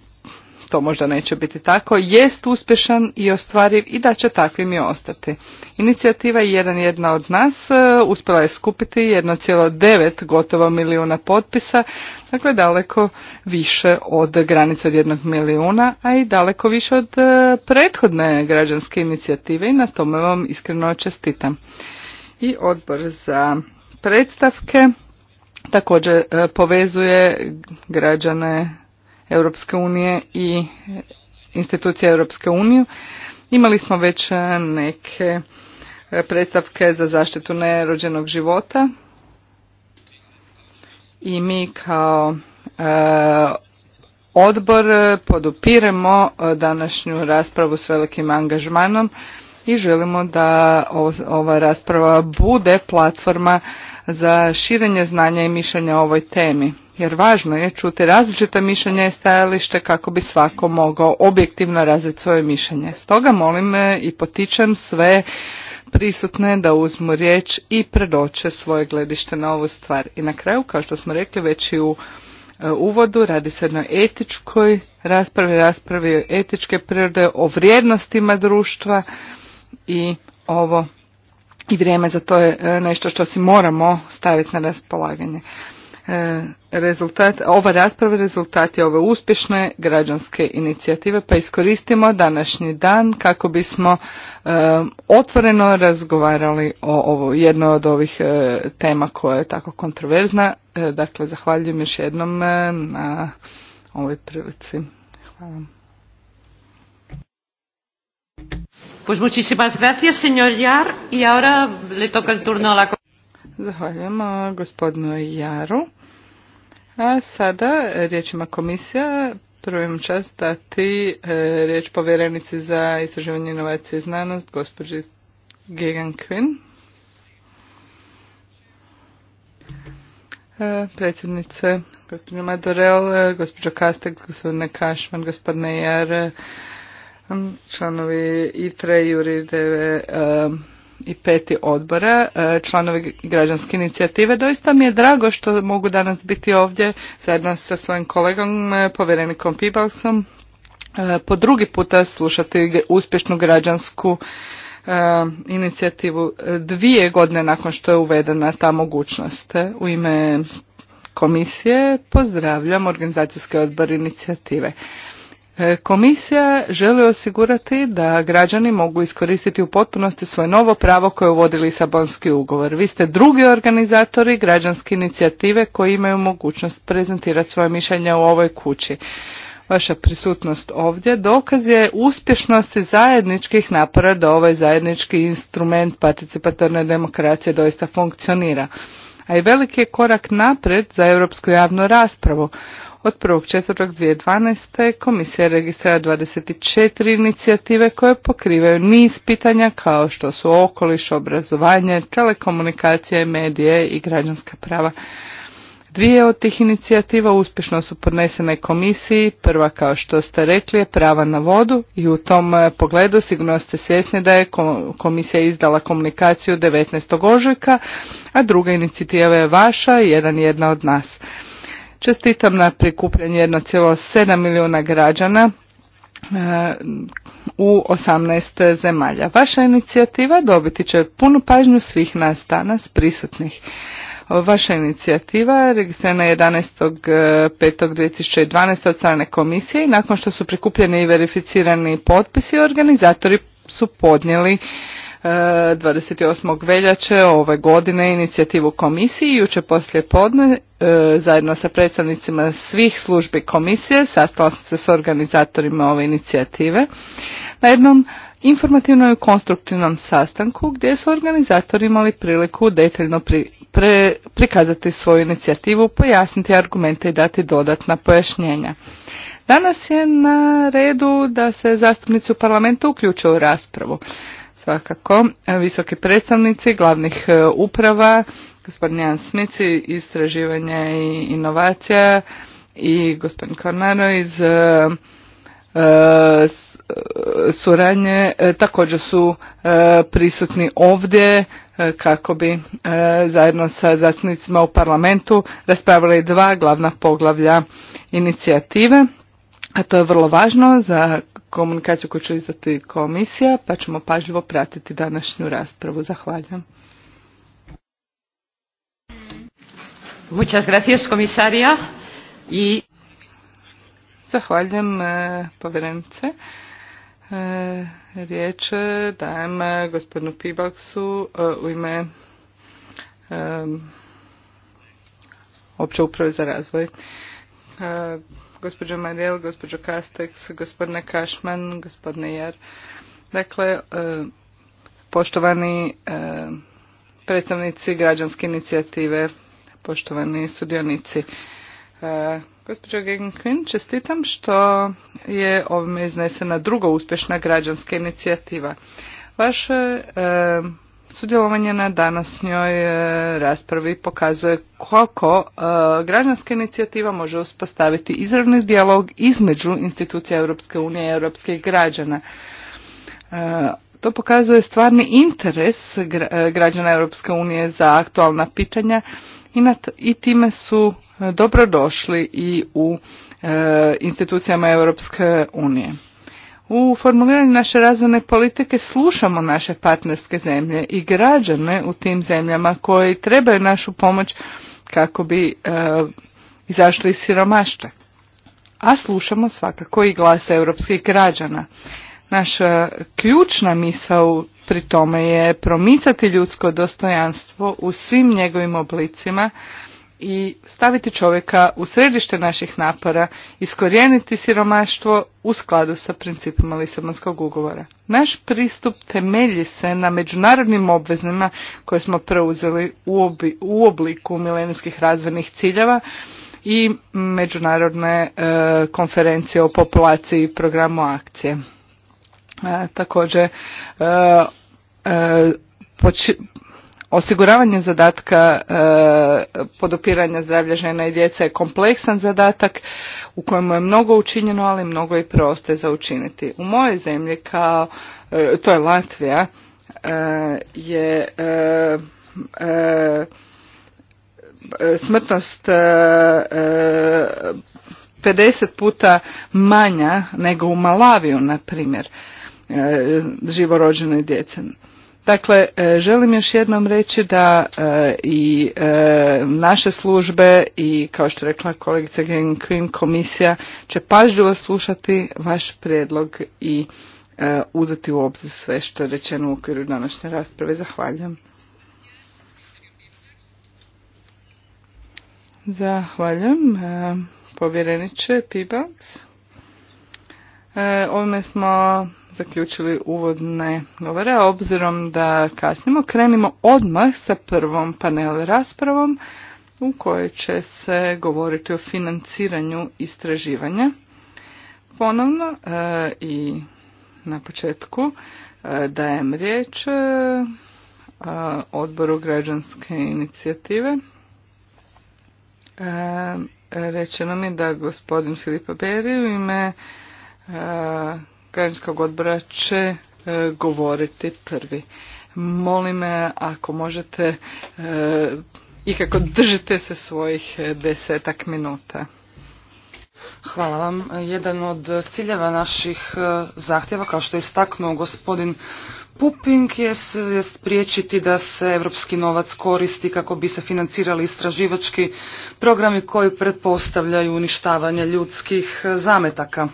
to možda neće biti tako, jest uspješan i ostvariv i da će takvim i ostati. Inicijativa Jedan jedna od nas e, uspjela je skupiti 1,9 gotovo milijuna potpisa, dakle daleko više od granice od jednog milijuna, a i daleko više od e, prethodne građanske inicijative i na tome vam iskreno čestitam. I odbor za predstavke također e, povezuje građane Europske unije i institucije Europske unije. Imali smo već e, neke e, predstavke za zaštitu nerođenog života i mi kao odbor podupiremo današnju raspravu s velikim angažmanom i želimo da ova rasprava bude platforma za širenje znanja i mišljenja o ovoj temi. Jer važno je čuti različita mišljenja i stajalište kako bi svako mogao objektivno razviti svoje mišljenje. Stoga molim e, i potičem sve prisutne da uzmu riječ i predoče svoje gledište na ovu stvar. I na kraju, kao što smo rekli već i u e, uvodu, radi se jednoj etičkoj raspravi, raspravi etičke prirode, o vrijednostima društva i ovo i vrijeme za to je e, nešto što si moramo staviti na raspolaganje. E, rezultat, ova rasprava rezultat je ove uspješne građanske inicijative pa iskoristimo današnji dan kako bismo e, otvoreno razgovarali o ovo jednoj od ovih tema koja je tako kontroverzna. dakle, zahvaljujem još jednom na ovoj prilici. Hvala. Pues muchísimas gracias, señor Yar, y ahora le toca el turno a la Zahvaljujemo gospodinu Jaru. A sada riječima komisija prvim čas dati ti e, riječ povjerenici za istraživanje inovacije i znanost, gospođi Gigan Quinn. E, predsjednice, gospođo Madorel, e, gospođo Kastek, gospodine Kašman, gospodine Jare, Mm, članovi i tre juridive i peti odbora, e, članovi građanske inicijative. Doista mi je drago što mogu danas biti ovdje zajedno sa svojim kolegom, e, povjerenikom Pibalsom, e, po drugi puta slušati uspješnu građansku inicijativu dvije godine nakon što je uvedena ta mogućnost. U ime komisije pozdravljam organizacijske odbor inicijative. E, komisija želi osigurati da građani mogu iskoristiti u potpunosti svoje novo pravo koje uvodi Lisabonski ugovor. Vi ste drugi organizatori građanske inicijative koji imaju mogućnost prezentirati svoje mišljenja u ovoj kući. Vaša prisutnost ovdje dokaz je uspješnosti zajedničkih napora da ovaj zajednički instrument participatorne demokracije doista funkcionira. A i veliki je korak napred za europsku javnu raspravu od 1.4.2012. komisija registrira 24 inicijative koje pokrivaju niz pitanja kao što su okoliš, obrazovanje, telekomunikacije, medije i građanska prava. Dvije od tih inicijativa uspješno su podnesene komisiji, prva kao što ste rekli je prava na vodu i u tom eh, pogledu sigurno ste svjesni da je komisija izdala komunikaciju 19. ožujka, a druga inicijativa je vaša i jedan jedna od nas. Čestitam na prikupljanje 1,7 milijuna građana e, u 18 zemalja. Vaša inicijativa dobiti će punu pažnju svih nas danas prisutnih. Vaša inicijativa registrana je 11.5.2012. od strane komisije i nakon što su prikupljeni i verificirani potpisi, organizatori su podnijeli 28. E, veljače ove godine inicijativu komisiji. jučer poslije podne e, zajedno sa predstavnicima svih službi komisije sastala sam se s organizatorima ove inicijative na jednom informativnom i konstruktivnom sastanku gdje su organizatori imali priliku detaljno prikazati svoju inicijativu, pojasniti argumente i dati dodatna pojašnjenja. Danas je na redu da se zastupnici u parlamentu uključe u raspravu svakako visoki predstavnici glavnih e, uprava, gospodin Jan Smici, istraživanja i inovacija i gospodin Kornaro iz e, e, suradnje također su prisutni ovdje kako bi zajedno sa zastupnicima u parlamentu raspravili dva glavna poglavlja inicijative, a to je vrlo važno za komunikaciju koju će izdati komisija, pa ćemo pažljivo pratiti današnju raspravu. Zahvaljujem. Muchas gracias, I... Zahvaljujem e, povjerenice. E, riječ dajem e, gospodinu Pibaksu u ime opće uprave za razvoj gospođo Marijel, gospođo Kastex, gospodine Kašman, gospodine Jer. Dakle, e, poštovani e, predstavnici građanske inicijative, poštovani sudionici. E, gospođo Gegenquin, čestitam što je ovime iznesena druga uspješna građanska inicijativa. Vaše Sudjelovanje na današnjoj e, raspravi pokazuje koliko e, građanska inicijativa može uspostaviti izravni dijalog između institucija Europske unije i europskih građana. E, to pokazuje stvarni interes građana Europske unije za aktualna pitanja i time su dobrodošli i u institucijama Europske unije u formuliranju naše razvojne politike slušamo naše partnerske zemlje i građane u tim zemljama koji trebaju našu pomoć kako bi e, izašli iz siromaštva. A slušamo svakako i glas europskih građana. Naša ključna misao pri tome je promicati ljudsko dostojanstvo u svim njegovim oblicima, i staviti čovjeka u središte naših napora, iskorijeniti siromaštvo u skladu sa principima Lisabonskog ugovora. Naš pristup temelji se na međunarodnim obveznima koje smo preuzeli u, obliku milenijskih razvojnih ciljeva i međunarodne e, konferencije o populaciji i programu akcije. E, također, e, Osiguravanje zadatka e, podopiranja zdravlja žena i djece je kompleksan zadatak u kojemu je mnogo učinjeno, ali mnogo i proste za učiniti. U mojoj zemlji, kao, e, to je Latvija, e, je e, smrtnost 50 puta manja nego u Malaviju, na primjer, živorođene djece. Dakle, e, želim još jednom reći da e, i e, naše službe i kao što rekla kolegica Gen Queen komisija će pažljivo slušati vaš prijedlog i uzeti u obzir sve što je rečeno u okviru današnje rasprave. Zahvaljujem. Zahvaljujem. Povjereniče Pibans. E, ovime smo zaključili uvodne govore. a Obzirom da kasnimo, krenimo odmah sa prvom panel raspravom u kojoj će se govoriti o financiranju istraživanja. Ponovno e, i na početku e, dajem riječ e, odboru građanske inicijative. E, rečeno mi je da gospodin Filipa Beri u ime E, građanskog odbora će e, govoriti prvi. Molim me ako možete e, i kako držite se svojih desetak minuta. Hvala vam. Jedan od ciljeva naših zahtjeva, kao što je istaknuo gospodin Puping, je spriječiti da se evropski novac koristi kako bi se financirali istraživački programi koji pretpostavljaju uništavanje ljudskih zametaka.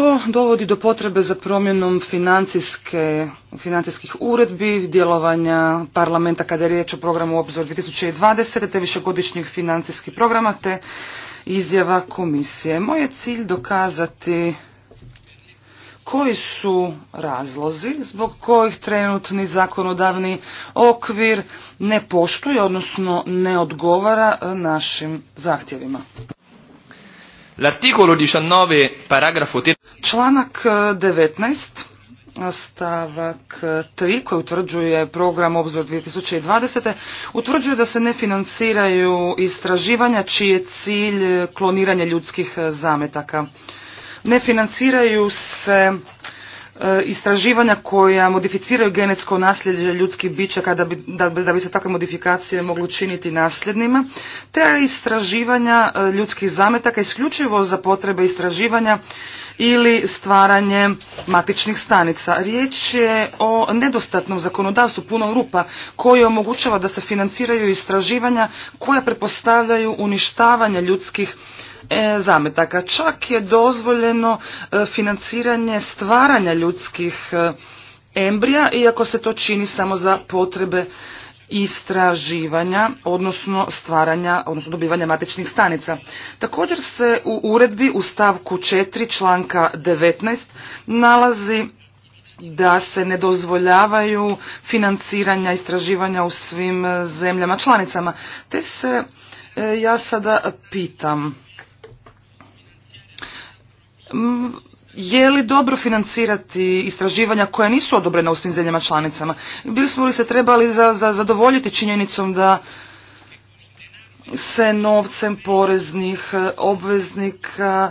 To dovodi do potrebe za promjenom financijskih uredbi, djelovanja parlamenta kada je riječ o programu Obzor 2020. te višegodišnjih financijskih programa te izjava komisije. Moj je cilj dokazati koji su razlozi zbog kojih trenutni zakonodavni okvir ne poštuje, odnosno ne odgovara našim zahtjevima. L'articolo 19, paragrafo 3. Članak 19, eh, stavak 3 eh, koji utvrđuje program Obzor 2020. utvrđuje da se ne financiraju istraživanja čiji je cilj kloniranje ljudskih eh, zametaka. Ne financiraju se E, istraživanja koja modificiraju genetsko nasljeđe ljudskih bića kada bi, da, bi se takve modifikacije mogli učiniti nasljednima, te istraživanja e, ljudskih zametaka isključivo za potrebe istraživanja ili stvaranje matičnih stanica. Riječ je o nedostatnom zakonodavstvu puno rupa koje omogućava da se financiraju istraživanja koja prepostavljaju uništavanje ljudskih E, zametaka. Čak je dozvoljeno e, financiranje stvaranja ljudskih e, embrija, iako se to čini samo za potrebe istraživanja, odnosno stvaranja, odnosno dobivanja matičnih stanica. Također se u uredbi u stavku 4 članka 19 nalazi da se ne dozvoljavaju financiranja istraživanja u svim zemljama članicama. Te se ja sada pitam je li dobro financirati istraživanja koja nisu odobrena u svim zemljama članicama? Bili smo li se trebali za, za, zadovoljiti činjenicom da se novcem poreznih obveznika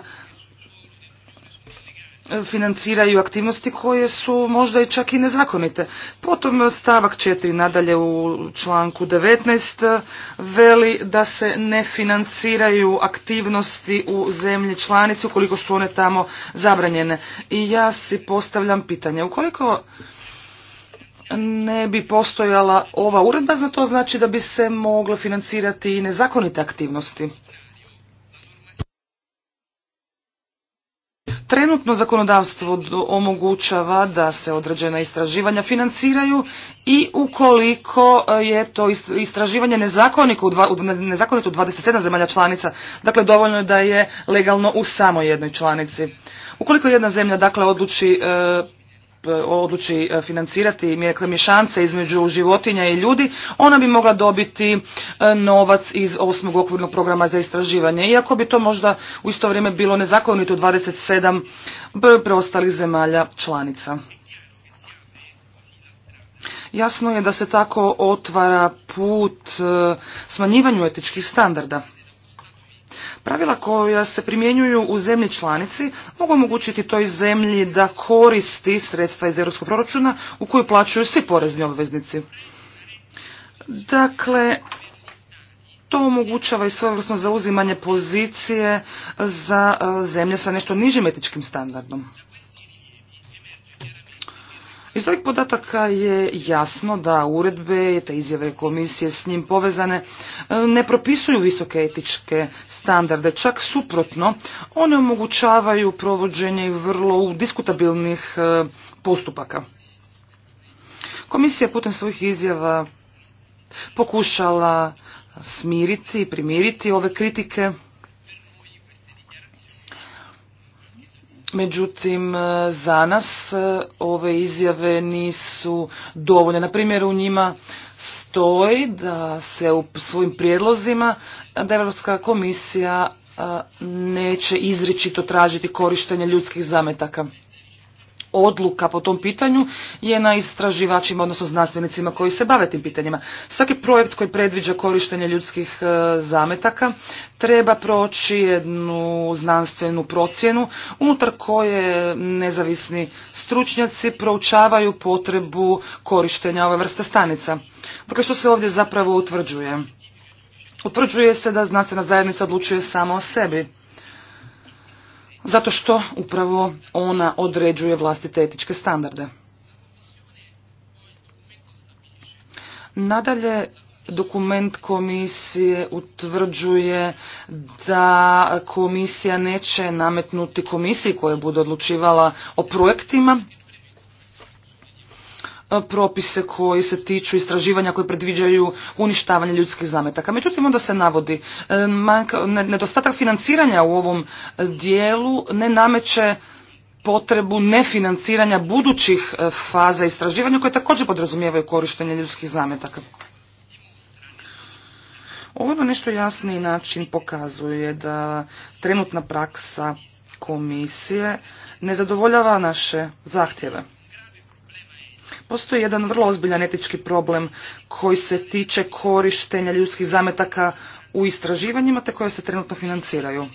financiraju aktivnosti koje su možda i čak i nezakonite. Potom stavak 4 nadalje u članku 19 veli da se ne financiraju aktivnosti u zemlji članici ukoliko su one tamo zabranjene. I ja si postavljam pitanje, ukoliko ne bi postojala ova uredba, zna to znači da bi se mogle financirati i nezakonite aktivnosti. Trenutno zakonodavstvo omogućava da se određena istraživanja financiraju i ukoliko e, je to istraživanje nezakonito u 27 zemalja članica, dakle dovoljno je da je legalno u samo jednoj članici. Ukoliko jedna zemlja dakle odluči e, E, odluči e, financirati mješance između životinja i ljudi, ona bi mogla dobiti e, novac iz osmog okvirnog programa za istraživanje. Iako bi to možda u isto vrijeme bilo nezakonito u 27 preostalih zemalja članica. Jasno je da se tako otvara put smanjivanju etičkih standarda. Pravila koja se primjenjuju u zemlji članici mogu omogućiti toj zemlji da koristi sredstva iz europskog proračuna u koju plaćaju svi porezni obveznici. Dakle, to omogućava i svojevrsno zauzimanje pozicije za eh, zemlje sa nešto nižim etičkim standardom. Iz ovih podataka je jasno da uredbe, i te izjave komisije s njim povezane e, ne propisuju visoke etičke standarde, čak suprotno, one omogućavaju provođenje vrlo diskutabilnih e, postupaka. Komisija putem svojih izjava pokušala smiriti i primiriti ove kritike Međutim, e, za nas e, ove izjave nisu dovoljne. Na primjer, u njima stoji da se u svojim prijedlozima da Europska komisija e, neće izričito tražiti korištenje ljudskih zametaka odluka po tom pitanju je na istraživačima, odnosno znanstvenicima koji se bave tim pitanjima. Svaki projekt koji predviđa korištenje ljudskih e, zametaka treba proći jednu znanstvenu procjenu unutar koje nezavisni stručnjaci proučavaju potrebu korištenja ove vrste stanica. Dakle, što se ovdje zapravo utvrđuje? Utvrđuje se da znanstvena zajednica odlučuje samo o sebi zato što upravo ona određuje vlastite etičke standarde. Nadalje, dokument komisije utvrđuje da komisija neće nametnuti komisiji koja bude odlučivala o projektima E, propise koji se tiču istraživanja koji predviđaju uništavanje ljudskih zametaka. Međutim, onda se navodi e, nedostatak financiranja u ovom dijelu ne nameće potrebu nefinanciranja budućih e, faza istraživanja koje također podrazumijevaju korištenje ljudskih zametaka. Ovo na nešto jasniji način pokazuje da trenutna praksa komisije ne zadovoljava naše zahtjeve. Postoji jedan vrlo ozbiljan etički problem koji se tiče korištenja ljudskih zametaka u istraživanjima te koje se trenutno financiraju.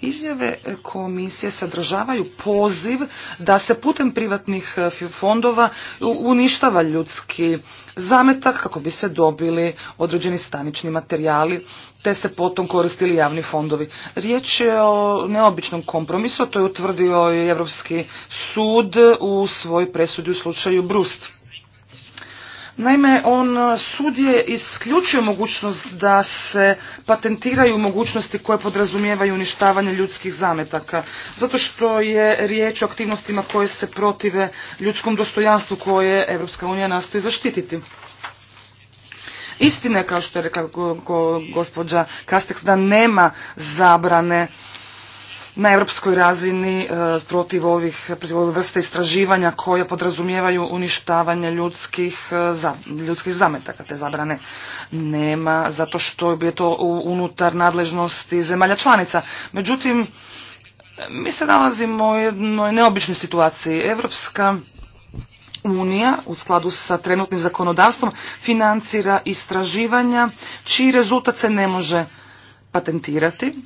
Izjave komisije sadržavaju poziv da se putem privatnih e, fondova uništava ljudski zametak kako bi se dobili određeni stanični materijali te se potom koristili javni fondovi. Riječ je o neobičnom kompromisu, to je utvrdio i Europski sud u svojoj presudi u slučaju Brust. Naime, on uh, sudje isključuje mogućnost da se patentiraju mogućnosti koje podrazumijevaju uništavanje ljudskih zametaka, zato što je riječ o aktivnostima koje se protive ljudskom dostojanstvu koje Europska unija nastoji zaštititi. Istina je, kao što je rekla gospođa Kasteks, da nema zabrane na europskoj razini e, protiv ovih protiv vrste istraživanja koje podrazumijevaju uništavanje ljudskih, e, ljudskih zametaka. Te zabrane nema zato što je to unutar nadležnosti zemalja članica. Međutim, mi se nalazimo u jednoj neobičnoj situaciji. Evropska Unija u skladu sa trenutnim zakonodavstvom financira istraživanja čiji rezultat se ne može patentirati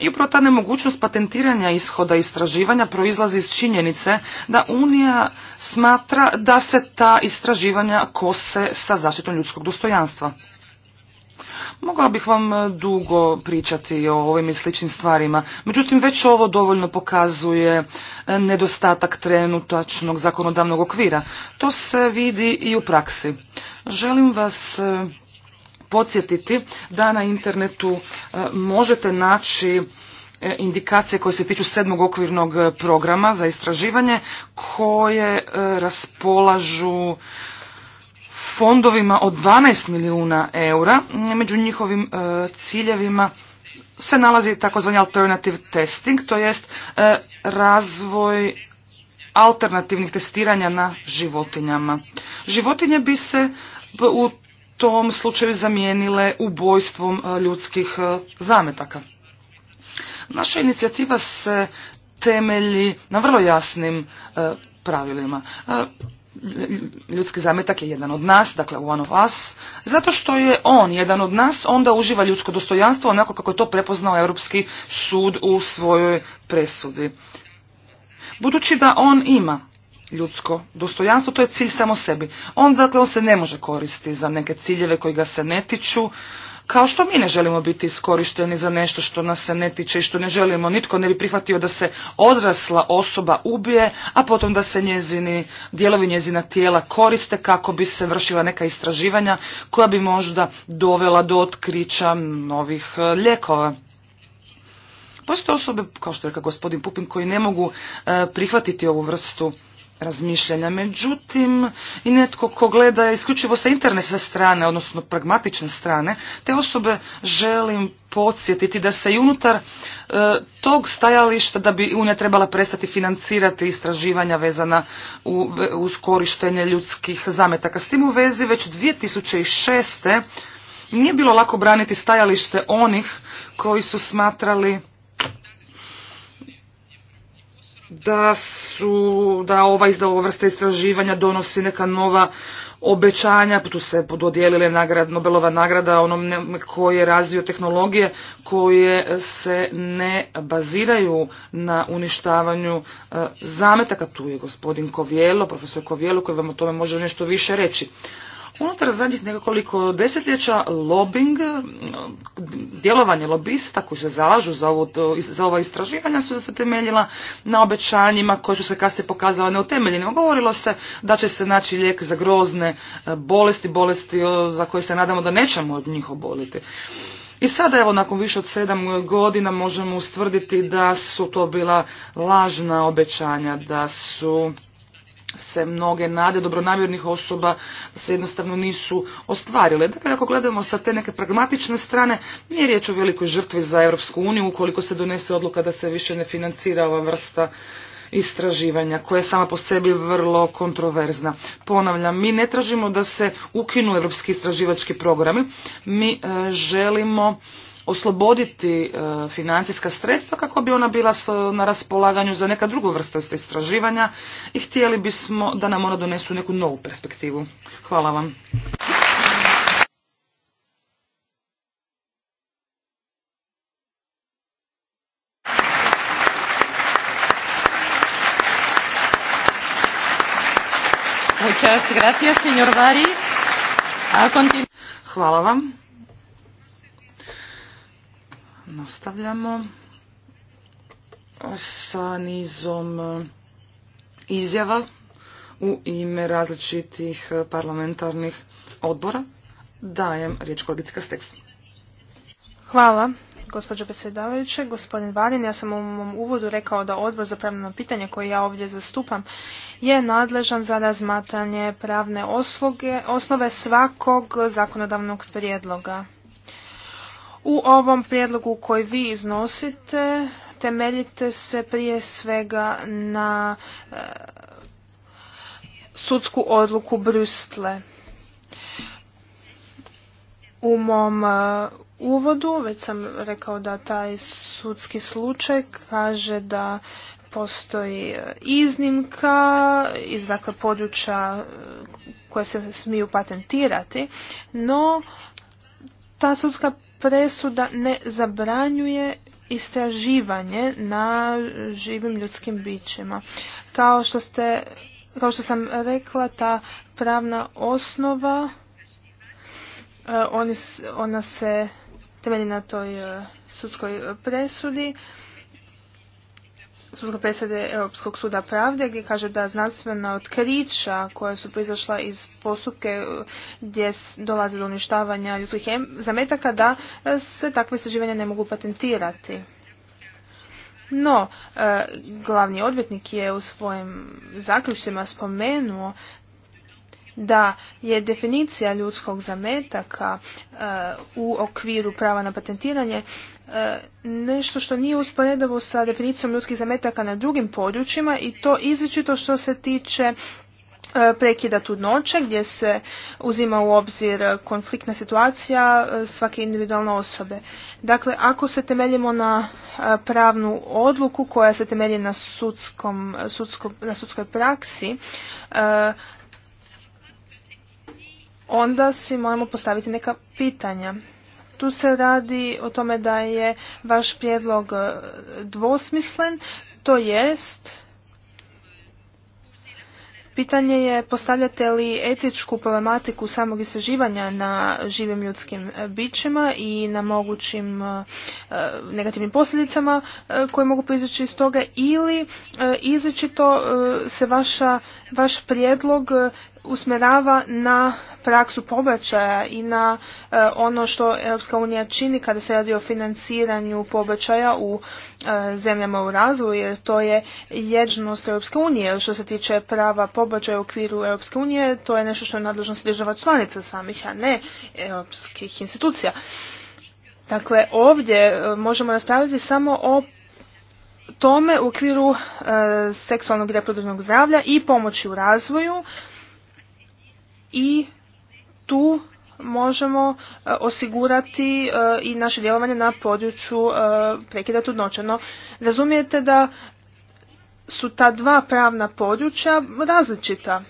i upravo ta nemogućnost patentiranja ishoda istraživanja proizlazi iz činjenice da Unija smatra da se ta istraživanja kose sa zaštitom ljudskog dostojanstva. Mogla bih vam e, dugo pričati o ovim i sličnim stvarima, međutim već ovo dovoljno pokazuje e, nedostatak trenutačnog zakonodavnog okvira. To se vidi i u praksi. Želim vas e, podsjetiti da na internetu e, možete naći e, indikacije koje se tiču sedmog okvirnog programa za istraživanje koje e, raspolažu fondovima od 12 milijuna eura. Među njihovim ciljevima se nalazi takozvani alternative testing, to jest razvoj alternativnih testiranja na životinjama. Životinje bi se u tom slučaju zamijenile ubojstvom e, ljudskih e, zametaka. Naša inicijativa se temelji na vrlo jasnim e, pravilima. Ljudski zametak je jedan od nas, dakle one of us, zato što je on jedan od nas, onda uživa ljudsko dostojanstvo onako kako je to prepoznao Europski sud u svojoj presudi. Budući da on ima ljudsko dostojanstvo, to je cilj samo sebi. On dakle on se ne može koristiti za neke ciljeve koji ga se ne tiču, kao što mi ne želimo biti iskorišteni za nešto što nas se ne tiče i što ne želimo. Nitko ne bi prihvatio da se odrasla osoba ubije, a potom da se njezini, dijelovi njezina tijela koriste kako bi se vršila neka istraživanja koja bi možda dovela do otkrića novih e, lijekova. Postoje osobe, kao što je rekao gospodin Pupin, koji ne mogu e, prihvatiti ovu vrstu razmišljanja. Međutim, i netko ko gleda isključivo sa internetske strane, odnosno pragmatične strane, te osobe želim podsjetiti da se i unutar e, tog stajališta da bi Unija trebala prestati financirati istraživanja vezana u, uz korištenje ljudskih zametaka. S tim u vezi već 2006. nije bilo lako braniti stajalište onih koji su smatrali da su, da ova vrsta istraživanja donosi neka nova obećanja, pa tu se dodijelile nagrad, Nobelova nagrada onom koji je razvio tehnologije koje se ne baziraju na uništavanju e, zametaka. Tu je gospodin Kovijelo, profesor Kovijelo koji vam o tome može nešto više reći. Unutar zadnjih nekoliko desetljeća lobing, djelovanje lobista koji se zalažu za, ovo, za ova istraživanja su se temeljila na obećanjima koje su se kasnije pokazala neutemeljenima. Govorilo se da će se naći lijek za grozne e, bolesti, bolesti za koje se nadamo da nećemo od njih oboliti. I sada evo nakon više od sedam godina možemo ustvrditi da su to bila lažna obećanja, da su se mnoge nade dobronamjernih osoba se jednostavno nisu ostvarile. Dakle, ako gledamo sa te neke pragmatične strane, nije riječ o velikoj žrtvi za Europsku uniju ukoliko se donese odluka da se više ne financira ova vrsta istraživanja koja je sama po sebi vrlo kontroverzna. Ponavljam, mi ne tražimo da se ukinu europski istraživački programi, mi e, želimo osloboditi e, financijska sredstva kako bi ona bila na raspolaganju za neka druga vrsta istraživanja i htjeli bismo da nam ona donesu neku novu perspektivu. Hvala vam. Hvala vam. Nastavljamo sa nizom e, izjava u ime različitih e, parlamentarnih odbora. Dajem riječ kolegici Kasteks. Hvala, gospođo predsjedavajuće. Gospodin Valin, ja sam u mom uvodu rekao da odbor za pravno pitanje koje ja ovdje zastupam je nadležan za razmatranje pravne osnove svakog zakonodavnog prijedloga. U ovom prijedlogu koji vi iznosite temeljite se prije svega na e, sudsku odluku Brustle. U mom e, uvodu već sam rekao da taj sudski slučaj kaže da postoji e, iznimka iz dakle, područja koje se smiju patentirati, no ta sudska presuda ne zabranjuje istraživanje na živim ljudskim bićima. Kao što ste kao što sam rekla, ta pravna osnova e, ona se temelji na toj e, sudskoj presudi sudskog presude Europskog suda pravde gdje kaže da znanstvena otkrića koja su prizašla iz postupke uh, gdje dolaze do uništavanja ljudskih zametaka da uh, se takve istraživanja ne mogu patentirati. No, uh, glavni odvjetnik je u svojim zaključcima spomenuo da je definicija ljudskog zametaka e, u okviru prava na patentiranje e, nešto što nije usporedivo sa definicijom ljudskih zametaka na drugim područjima i to izričito što se tiče e, prekida trudnoće gdje se uzima u obzir konfliktna situacija svake individualne osobe. Dakle, ako se temeljimo na pravnu odluku koja se temelji na, na sudskoj praksi, onda si moramo postaviti neka pitanja. Tu se radi o tome da je vaš prijedlog e, dvosmislen, to jest Pitanje je postavljate li etičku problematiku samog istraživanja na živim ljudskim e, bićima i na mogućim e, negativnim posljedicama koje mogu proizaći iz toga ili izričito se vaša, vaš prijedlog usmerava na praksu pobačaja i na e, ono što Europska unija čini kada se radi o financiranju pobačaja u e, zemljama u razvoju jer to je jednost Europske unije što se tiče prava pobačaja u okviru Europske unije to je nešto što je nadležnost država članica samih a ne europskih institucija. Dakle ovdje e, možemo raspraviti samo o tome u okviru seksualnog i reproduktivnog zdravlja i pomoći u razvoju i tu možemo e, osigurati e, i naše djelovanje na području e, prekida trudnoće. No, razumijete da su ta dva pravna područja različita.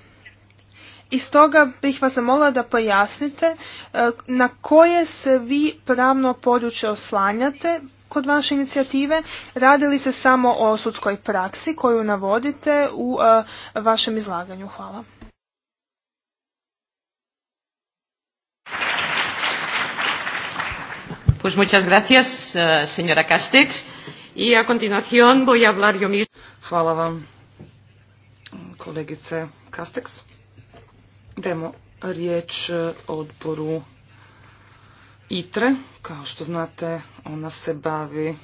I stoga bih vas zamolila da pojasnite na koje se vi pravno područje oslanjate kod vaše inicijative. Radi li se samo o sudskoj praksi koju navodite u vašem izlaganju? Hvala. Pues muchas gracias, eh, señora Castex. I a continuación voy a hablar yo mismo. Hvala vam, kolegice Castex. Demo riječ eh, odboru ITRE. Kao što znate, ona se bavi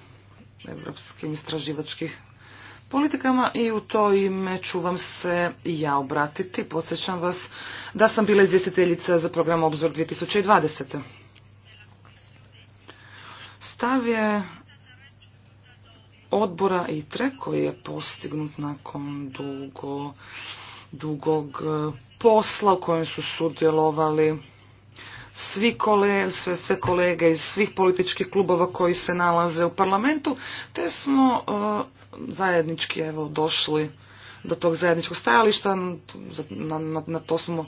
evropskim istraživačkim politikama i u to ime ću vam se i ja obratiti. Podsjećam vas da sam bila izvjestiteljica za program Obzor 2020. Stav je odbora ITRE koji je postignut nakon dugo, dugog e, posla u kojem su sudjelovali svi sve, sve kolege iz svih političkih klubova koji se nalaze u parlamentu, te smo e, zajednički evo, došli do tog zajedničkog stajališta, na, na, na to smo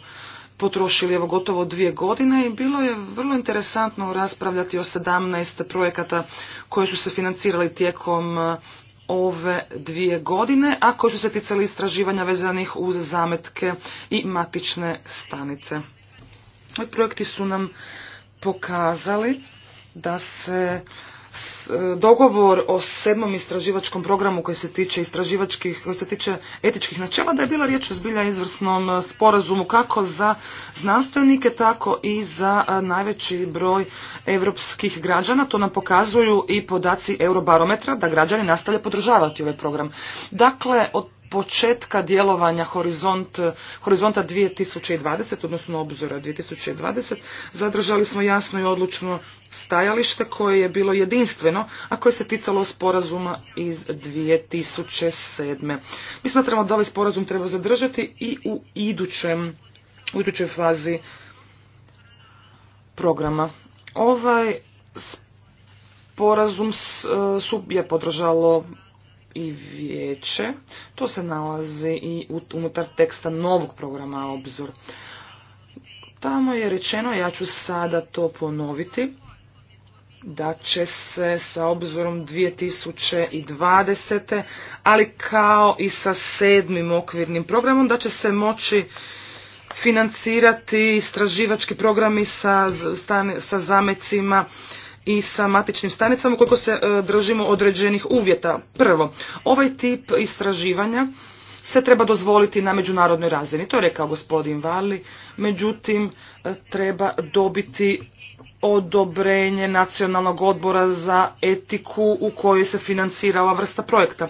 potrošili evo gotovo dvije godine i bilo je vrlo interesantno raspravljati o sedamnaest projekata koji su se financirali tijekom e, ove dvije godine, a koji su se ticali istraživanja vezanih uz zametke i matične stanice. Projekti su nam pokazali da se E, dogovor o sedmom istraživačkom programu koji se tiče istraživačkih, koji se tiče etičkih načela, da je bila riječ o zbilja izvrsnom e, sporazumu kako za znanstvenike, tako i za e, najveći broj europskih građana. To nam pokazuju i podaci Eurobarometra da građani nastavlja podržavati ovaj program. Dakle, od početka djelovanja horizont, horizonta 2020, odnosno obzora 2020, zadržali smo jasno i odlučno stajalište koje je bilo jedinstveno, a koje se ticalo sporazuma iz 2007. Mi smatramo da ovaj sporazum treba zadržati i u, idućem, u idućoj fazi programa. Ovaj sporazum e, je podržalo i vijeće. To se nalazi i unutar teksta novog programa Obzor. Tamo je rečeno, ja ću sada to ponoviti, da će se sa obzorom 2020. ali kao i sa sedmim okvirnim programom da će se moći financirati istraživački programi sa, sa zamecima i sa matičnim stanicama koliko se e, držimo određenih uvjeta. Prvo, ovaj tip istraživanja se treba dozvoliti na međunarodnoj razini, to je rekao gospodin Vali, međutim e, treba dobiti odobrenje Nacionalnog odbora za etiku u kojoj se financira ova vrsta projekta.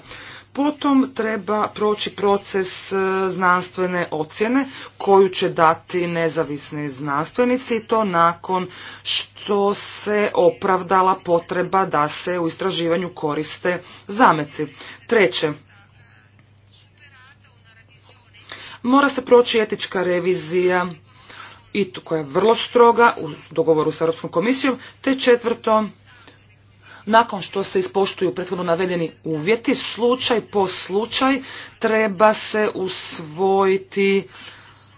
Potom treba proći proces e, znanstvene ocjene koju će dati nezavisni znanstvenici i to nakon što se opravdala potreba da se u istraživanju koriste zameci. Treće, mora se proći etička revizija i koja je vrlo stroga u dogovoru s Europskom komisijom, te četvrto, nakon što se ispoštuju prethodno navedeni uvjeti, slučaj po slučaj treba se usvojiti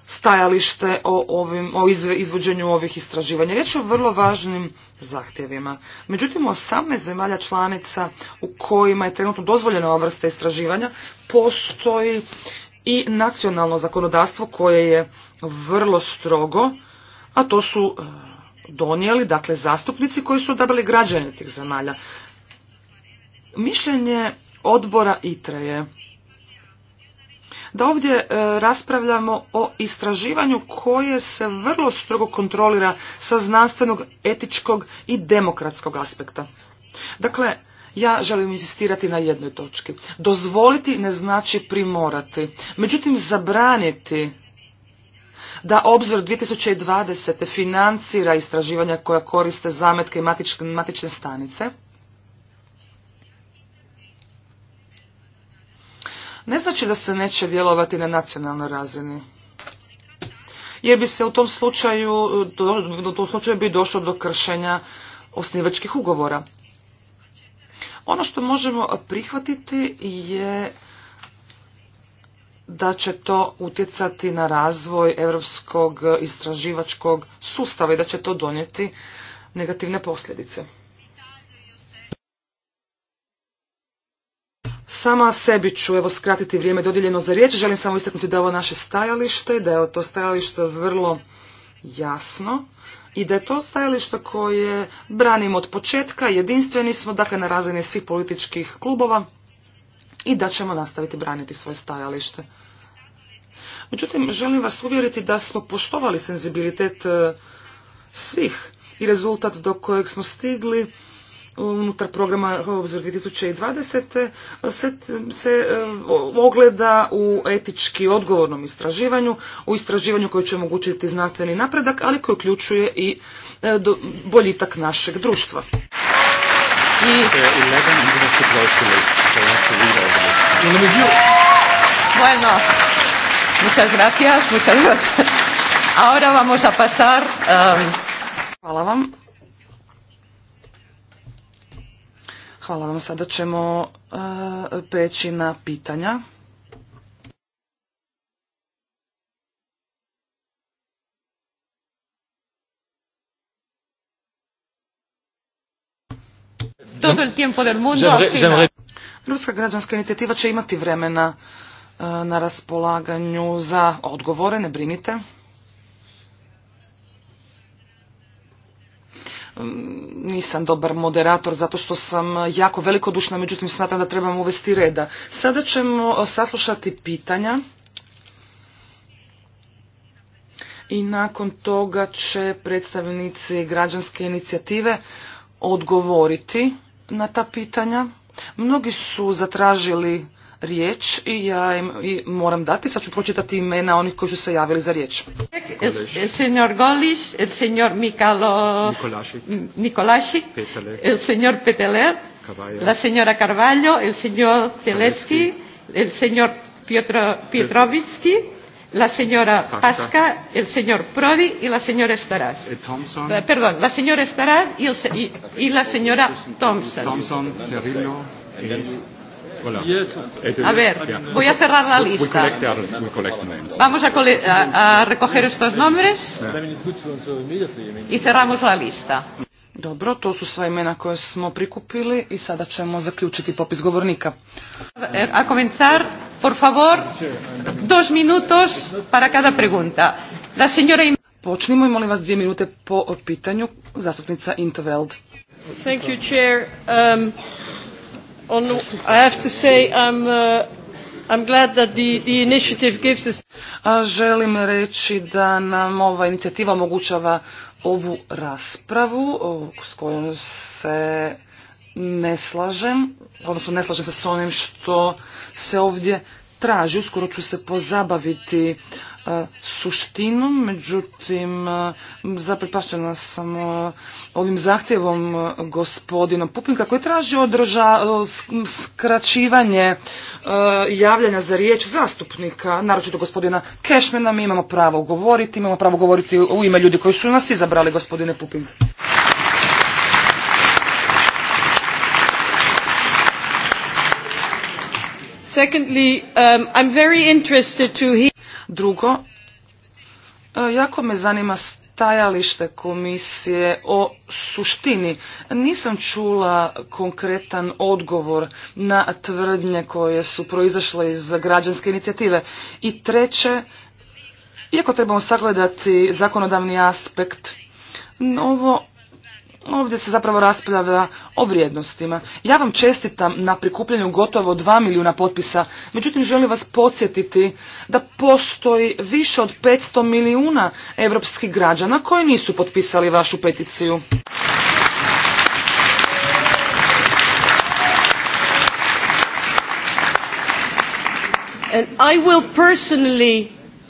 stajalište o, ovim, o izvođenju ovih istraživanja. Riječ je o vrlo važnim zahtjevima. Međutim, 18 zemalja članica u kojima je trenutno dozvoljena ova vrsta istraživanja postoji i nacionalno zakonodavstvo koje je vrlo strogo, a to su e, donijeli, dakle zastupnici koji su odabrali građani tih zemalja. Mišljenje odbora ITRE je da ovdje e, raspravljamo o istraživanju koje se vrlo strogo kontrolira sa znanstvenog, etičkog i demokratskog aspekta. Dakle, ja želim insistirati na jednoj točki. Dozvoliti ne znači primorati. Međutim, zabraniti da obzor 2020. financira istraživanja koja koriste zametke i matične, stanice. Ne znači da se neće djelovati na nacionalnoj razini. Jer bi se u tom slučaju, u tom slučaju bi došlo do kršenja osnivačkih ugovora. Ono što možemo prihvatiti je da će to utjecati na razvoj europskog istraživačkog sustava i da će to donijeti negativne posljedice. Sama sebi ću evo skratiti vrijeme dodijeljeno za riječ. Želim samo istaknuti da je ovo naše stajalište, da je to stajalište vrlo jasno i da je to stajalište koje branimo od početka, jedinstveni smo, dakle na razini svih političkih klubova i da ćemo nastaviti braniti svoje stajalište. Međutim, želim vas uvjeriti da smo poštovali senzibilitet e, svih i rezultat do kojeg smo stigli unutar programa Obzor 2020. E, se, se e, ogleda u etički odgovornom istraživanju, u istraživanju koje će omogućiti znanstveni napredak, ali koji uključuje i boljitak našeg društva. Merci. Bueno, muchas gracias, muchas gracias. Ahora vamos a pasar. Um... Hvala vam. Hvala vam. Sada ćemo uh, peći na pitanja. todo el tiempo del mundo. Ljudska građanska inicijativa će imati vremena e, na raspolaganju za odgovore, ne brinite. Mm, nisam dobar moderator zato što sam jako velikodušna, međutim smatram da trebam uvesti reda. Sada ćemo e, saslušati pitanja i nakon toga će predstavnici građanske inicijative odgovoriti na ta pitanja. Mnogi su zatražili riječ i ja im i moram dati. Sad ću pročitati imena onih koji su se javili za riječ. Senjor Golish, senjor Mikalo Nikolašik, senjor Peteler, la senjora Carvalho, el senjor Celeski, el senjor Pietrovicki, la señora Pasca, el señor Prodi y la señora Estarás. Eh, eh, perdón, la señora Estaraz y, el, y, y la señora Thompson. Thompson, Perrillo eh, y... A ver, voy a cerrar la lista. Vamos a, a, a recoger estos nombres y cerramos la lista. Dobro, to su sva imena koje smo prikupili i sada ćemo zaključiti popis govornika. A comenzar, por favor, dos minutos para cada pregunta. La señora... Počnimo i molim vas dvije minute po pitanju. Zastupnica Interveld. Thank you, chair. Um, on, I have to say I'm, uh, I'm glad that the, the initiative gives us... A želim reći da nam ova inicijativa omogućava ovu raspravu s kojom se ne slažem, odnosno ne slažem se s onim što se ovdje traži. Uskoro ću se pozabaviti e, suštinom, međutim e, zaprepašćena sam e, ovim zahtjevom gospodina Pupinka koji traži održa, skraćivanje javljanja za riječ zastupnika, naročito gospodina Kešmena, mi imamo pravo govoriti, imamo pravo govoriti u ime ljudi koji su nas izabrali gospodine Pupin. Um, Drugo, e, jako me zanima stajalište komisije o suštini. Nisam čula konkretan odgovor na tvrdnje koje su proizašle iz građanske inicijative. I treće, iako trebamo sagledati zakonodavni aspekt, ovo Ovdje se zapravo raspravlja o vrijednostima. Ja vam čestitam na prikupljenju gotovo 2 milijuna potpisa, međutim želim vas podsjetiti da postoji više od 500 milijuna europskih građana koji nisu potpisali vašu peticiju. And I will personally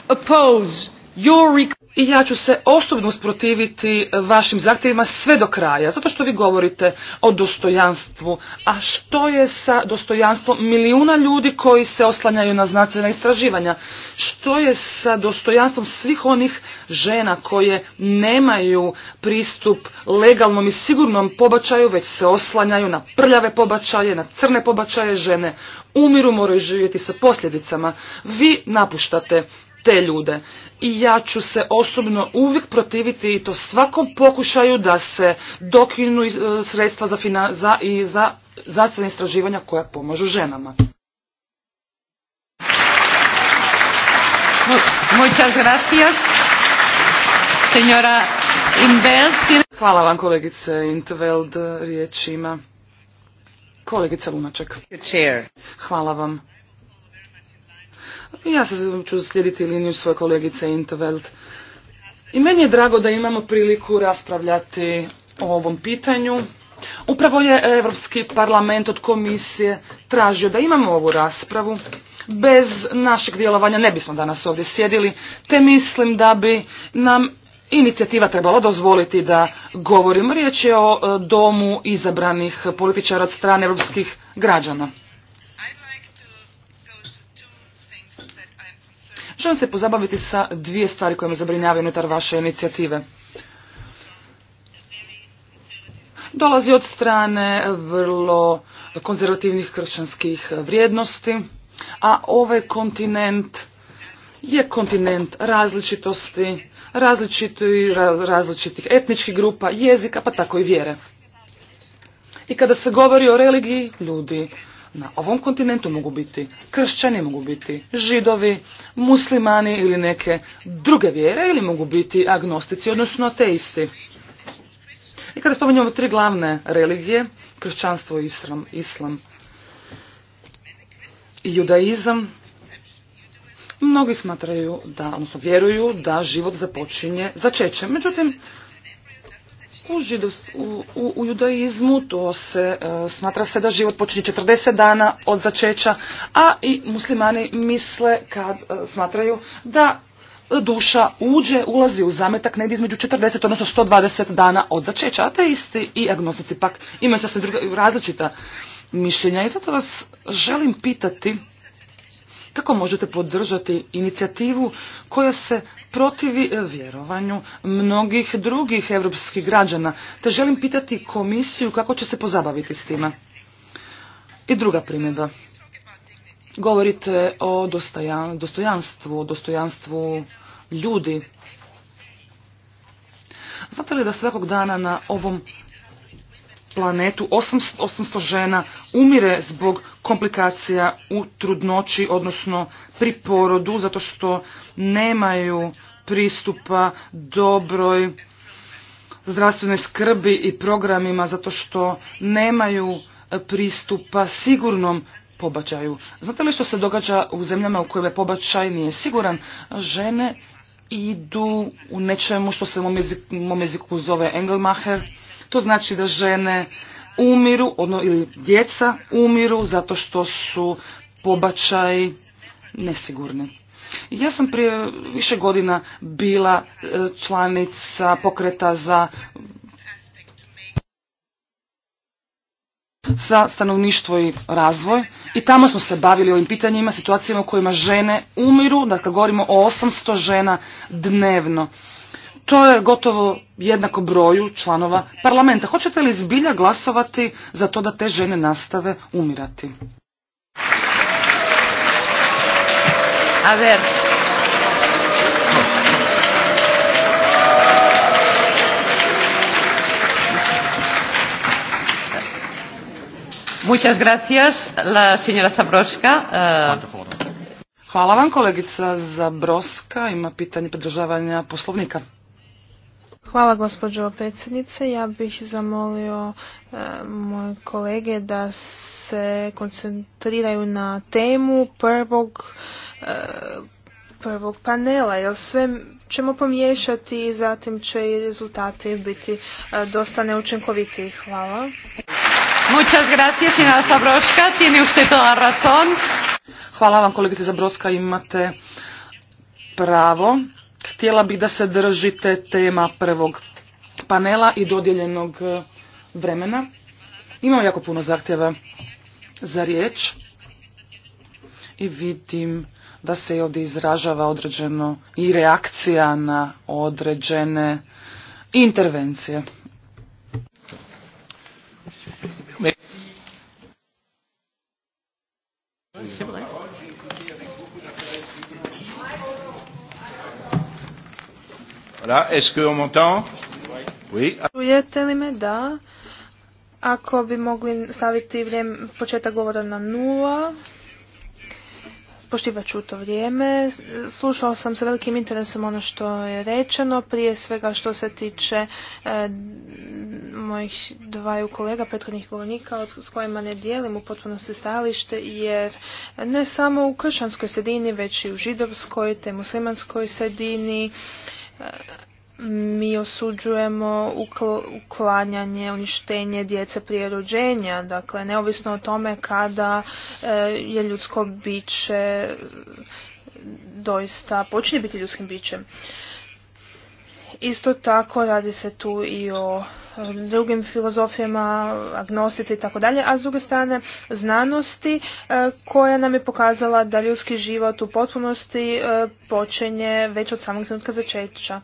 oppose your i ja ću se osobno sprotiviti vašim zahtjevima sve do kraja, zato što vi govorite o dostojanstvu. A što je sa dostojanstvom milijuna ljudi koji se oslanjaju na znanstvena istraživanja? Što je sa dostojanstvom svih onih žena koje nemaju pristup legalnom i sigurnom pobačaju, već se oslanjaju na prljave pobačaje, na crne pobačaje žene? Umiru moraju živjeti sa posljedicama. Vi napuštate te ljude. I ja ću se osobno uvijek protiviti i to svakom pokušaju da se dokinu e, sredstva za, i za znanstvene istraživanja koja pomažu ženama. Muchas gracias. Hvala vam kolegice Intveld, riječ ima kolegica Lunaček. Hvala vam. Ja se ću slijediti liniju svoje kolegice Interveld. I meni je drago da imamo priliku raspravljati o ovom pitanju. Upravo je Europski parlament od komisije tražio da imamo ovu raspravu. Bez našeg djelovanja ne bismo danas ovdje sjedili, te mislim da bi nam inicijativa trebala dozvoliti da govorimo. Riječ je o e, domu izabranih političara od strane europskih građana. Želim se pozabaviti sa dvije stvari koje me zabrinjavaju unutar vaše inicijative. Dolazi od strane vrlo konzervativnih kršćanskih vrijednosti, a ovaj kontinent je kontinent različitosti, različiti, različitih etničkih grupa, jezika, pa tako i vjere. I kada se govori o religiji, ljudi na ovom kontinentu mogu biti kršćani, mogu biti židovi, muslimani ili neke druge vjere ili mogu biti agnostici, odnosno ateisti. I kada spominjamo tri glavne religije, kršćanstvo, islam, islam i judaizam, mnogi smatraju da, odnosno vjeruju da život započinje začećem. Međutim, u, judaizmu to se e, smatra se da život počinje 40 dana od začeća, a i muslimani misle kad e, smatraju da duša uđe, ulazi u zametak negdje između 40, odnosno 120 dana od začeća. A te isti i agnostici pak imaju sasvim druga, različita mišljenja. I zato vas želim pitati kako možete podržati inicijativu koja se protivi e, vjerovanju mnogih drugih europskih građana, te želim pitati komisiju kako će se pozabaviti s time. I druga primjedba. Govorite o dostojanstvu, o dostojanstvu ljudi. Znate li da svakog dana na ovom planetu 800, 800 žena umire zbog komplikacija u trudnoći, odnosno pri porodu, zato što nemaju pristupa dobroj zdravstvenoj skrbi i programima, zato što nemaju e, pristupa sigurnom pobačaju. Znate li što se događa u zemljama u kojima pobačaj nije siguran? Žene idu u nečemu što se u mom jeziku zove Engelmacher, to znači da žene umiru, odno, ili djeca umiru zato što su pobačaj nesigurni. Ja sam prije više godina bila e, članica pokreta za stanovništvo i razvoj i tamo smo se bavili ovim pitanjima, situacijama u kojima žene umiru, dakle govorimo o 800 žena dnevno. To je gotovo jednako broju članova parlamenta. Hoćete li zbilja glasovati za to da te žene nastave umirati? A ver. Muchas gracias, la señora Zabroska. Eh, Hvala vam, kolegica Zabroska. Ima pitanje pridržavanja poslovnika. Hvala gospođo predsjednice. Ja bih zamolio e, moje kolege da se koncentriraju na temu prvog e, prvog panela, jer sve ćemo pomiješati i zatim će i rezultati biti e, dosta neučinkoviti. Hvala. Hvala vam, kolegice Zabroska, imate pravo. Htjela bih da se držite tema prvog panela i dodijeljenog e, vremena. Imamo jako puno zahtjeva za riječ i vidim da se i ovdje izražava određeno i reakcija na određene intervencije. Voilà, est-ce m'entend Oui. Čujete li me? Da. Ako bi mogli staviti vrijeme, početak govora na nula, poštivat ću to vrijeme. Slušao sam sa velikim interesom ono što je rečeno, prije svega što se tiče e, mojih dvaju kolega, prethodnih govornika, s kojima ne dijelim u potpunosti stajalište, jer ne samo u kršanskoj sredini, već i u židovskoj te muslimanskoj sredini, mi osuđujemo uklanjanje, uništenje djece prije rođenja, dakle neovisno o tome kada e, je ljudsko biće doista počinje biti ljudskim bićem. Isto tako radi se tu i o drugim filozofijama, agnostici i tako dalje, a s druge strane znanosti e, koja nam je pokazala da ljudski život u potpunosti e, počinje već od samog trenutka začeća.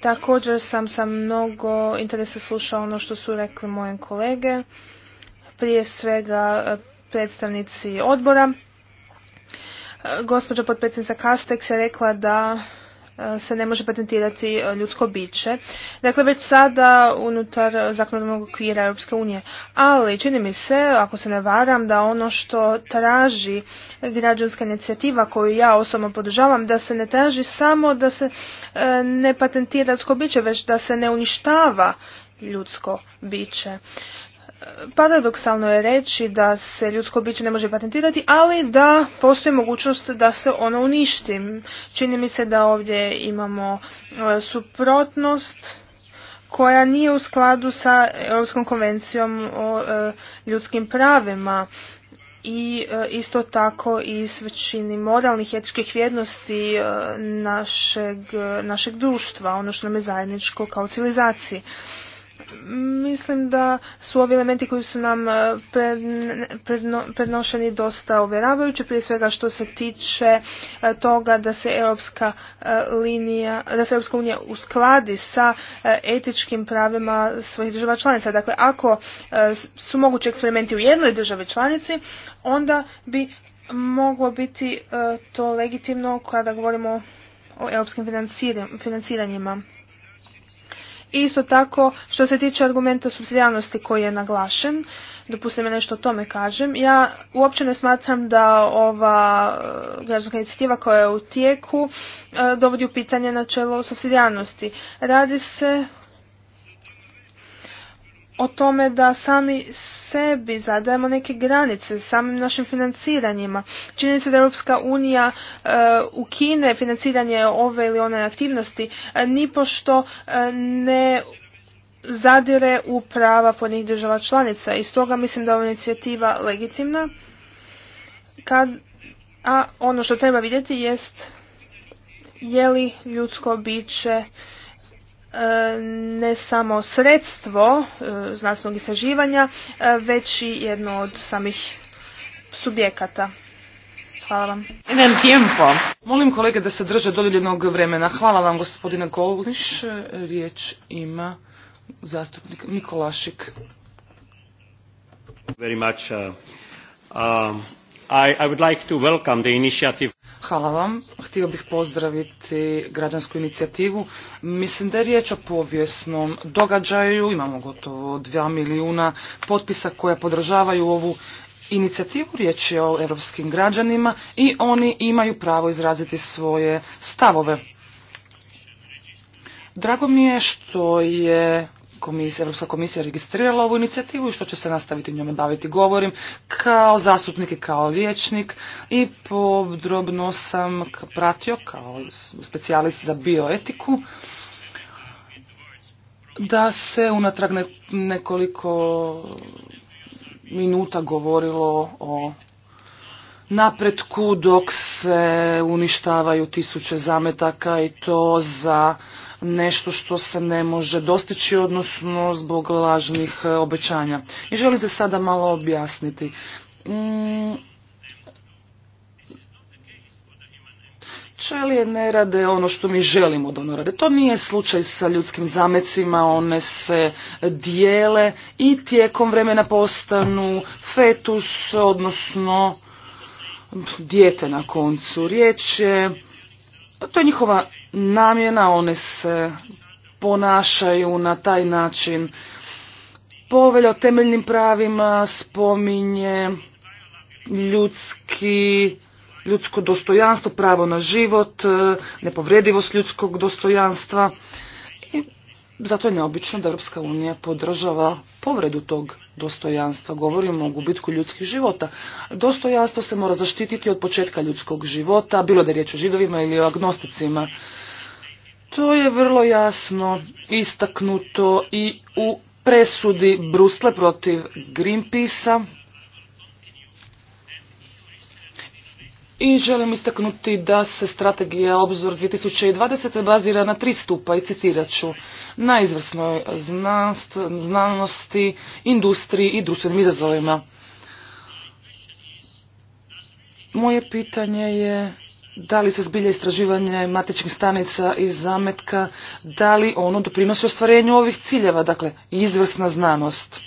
Također sam sa mnogo interesa slušao ono što su rekli moje kolege, prije svega e, predstavnici odbora. Gospođa potpredsjednica Kasteks je rekla da E, se ne može patentirati e, ljudsko biće. Dakle, već sada unutar zakonodavnog okvira Europske unije. Ali čini mi se, ako se ne varam, da ono što traži građanska inicijativa koju ja osobno podržavam, da se ne traži samo da se e, ne patentira ljudsko biće, već da se ne uništava ljudsko biće paradoksalno je reći da se ljudsko biće ne može patentirati, ali da postoji mogućnost da se ono uništi. Čini mi se da ovdje imamo e, suprotnost koja nije u skladu sa Europskom konvencijom o e, ljudskim pravima i e, isto tako i s većini moralnih i etičkih vrijednosti našeg, našeg društva, ono što nam je zajedničko kao civilizaciji mislim da su ovi elementi koji su nam e, prednošeni dosta uvjeravajući, prije svega što se tiče e, toga da se Europska e, linija, da se Europska unija uskladi sa etičkim pravima svojih država članica. Dakle, ako su mogući eksperimenti u jednoj državi članici, onda bi moglo biti to legitimno kada govorimo o europskim financiranjima. Isto tako, što se tiče argumenta subsidijalnosti koji je naglašen, dopustite mi nešto o tome kažem, ja uopće ne smatram da ova e, građanska inicijativa koja je u tijeku e, dovodi u pitanje načelo subsidijalnosti. Radi se o tome da sami sebi zadajemo neke granice samim našim financiranjima. Čini se da Europska unija e, ukine financiranje ove ili one aktivnosti e, nipošto e, ne zadire u prava pojedinih država članica i stoga mislim da je ova inicijativa legitimna. Kad, a ono što treba vidjeti jest je li ljudsko biće ne samo sredstvo e, znanstvenog istraživanja, e, već i jedno od samih subjekata. Hvala vam. Molim kolege da se drže dodjeljenog vremena. Hvala vam gospodine Golniš. Riječ ima zastupnik Nikolašik. Very much. Uh, um, I, I would like to welcome the Hvala vam. Htio bih pozdraviti građansku inicijativu. Mislim da je riječ o povijesnom događaju. Imamo gotovo dva milijuna potpisa koje podržavaju ovu inicijativu. Riječ je o europskim građanima i oni imaju pravo izraziti svoje stavove. Drago mi je što je komisija, Europska komisija registrirala ovu inicijativu i što će se nastaviti njome baviti. Govorim kao zastupnik i kao liječnik i podrobno sam pratio kao specijalist za bioetiku da se unatrag nekoliko minuta govorilo o napretku dok se uništavaju tisuće zametaka i to za nešto što se ne može dostići, odnosno zbog lažnih e, obećanja. I želim se sada malo objasniti. Mm. Čelije ne rade ono što mi želimo da ono rade. To nije slučaj sa ljudskim zamecima, one se dijele i tijekom vremena postanu fetus, odnosno dijete na koncu. Riječ to je njihova namjena, one se ponašaju na taj način. Povelja o temeljnim pravima spominje ljudski, ljudsko dostojanstvo, pravo na život, nepovredivost ljudskog dostojanstva. Zato je neobično da Europska unija podržava povredu tog dostojanstva. Govorimo o gubitku ljudskih života. Dostojanstvo se mora zaštititi od početka ljudskog života, bilo da je riječ o židovima ili o agnosticima. To je vrlo jasno istaknuto i u presudi Brusle protiv Greenpeacea. I želim istaknuti da se strategija Obzor 2020. bazira na tri stupa i citirat ću na izvrsnoj znanst, znanosti, industriji i društvenim izazovima. Moje pitanje je da li se zbilja istraživanje matičnih stanica i zametka, da li ono doprinosi ostvarenju ovih ciljeva, dakle izvrsna znanost.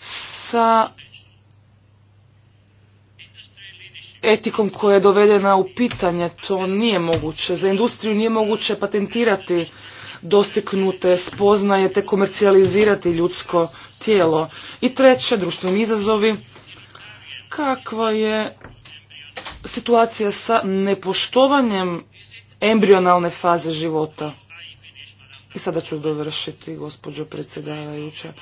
Sa etikom koja je dovedena u pitanje, to nije moguće. Za industriju nije moguće patentirati dostignute, spoznaje te komercijalizirati ljudsko tijelo. I treće, društveni izazovi, kakva je situacija sa nepoštovanjem embrionalne faze života? I sada ću dovršiti, gospođo predsjedavajuća.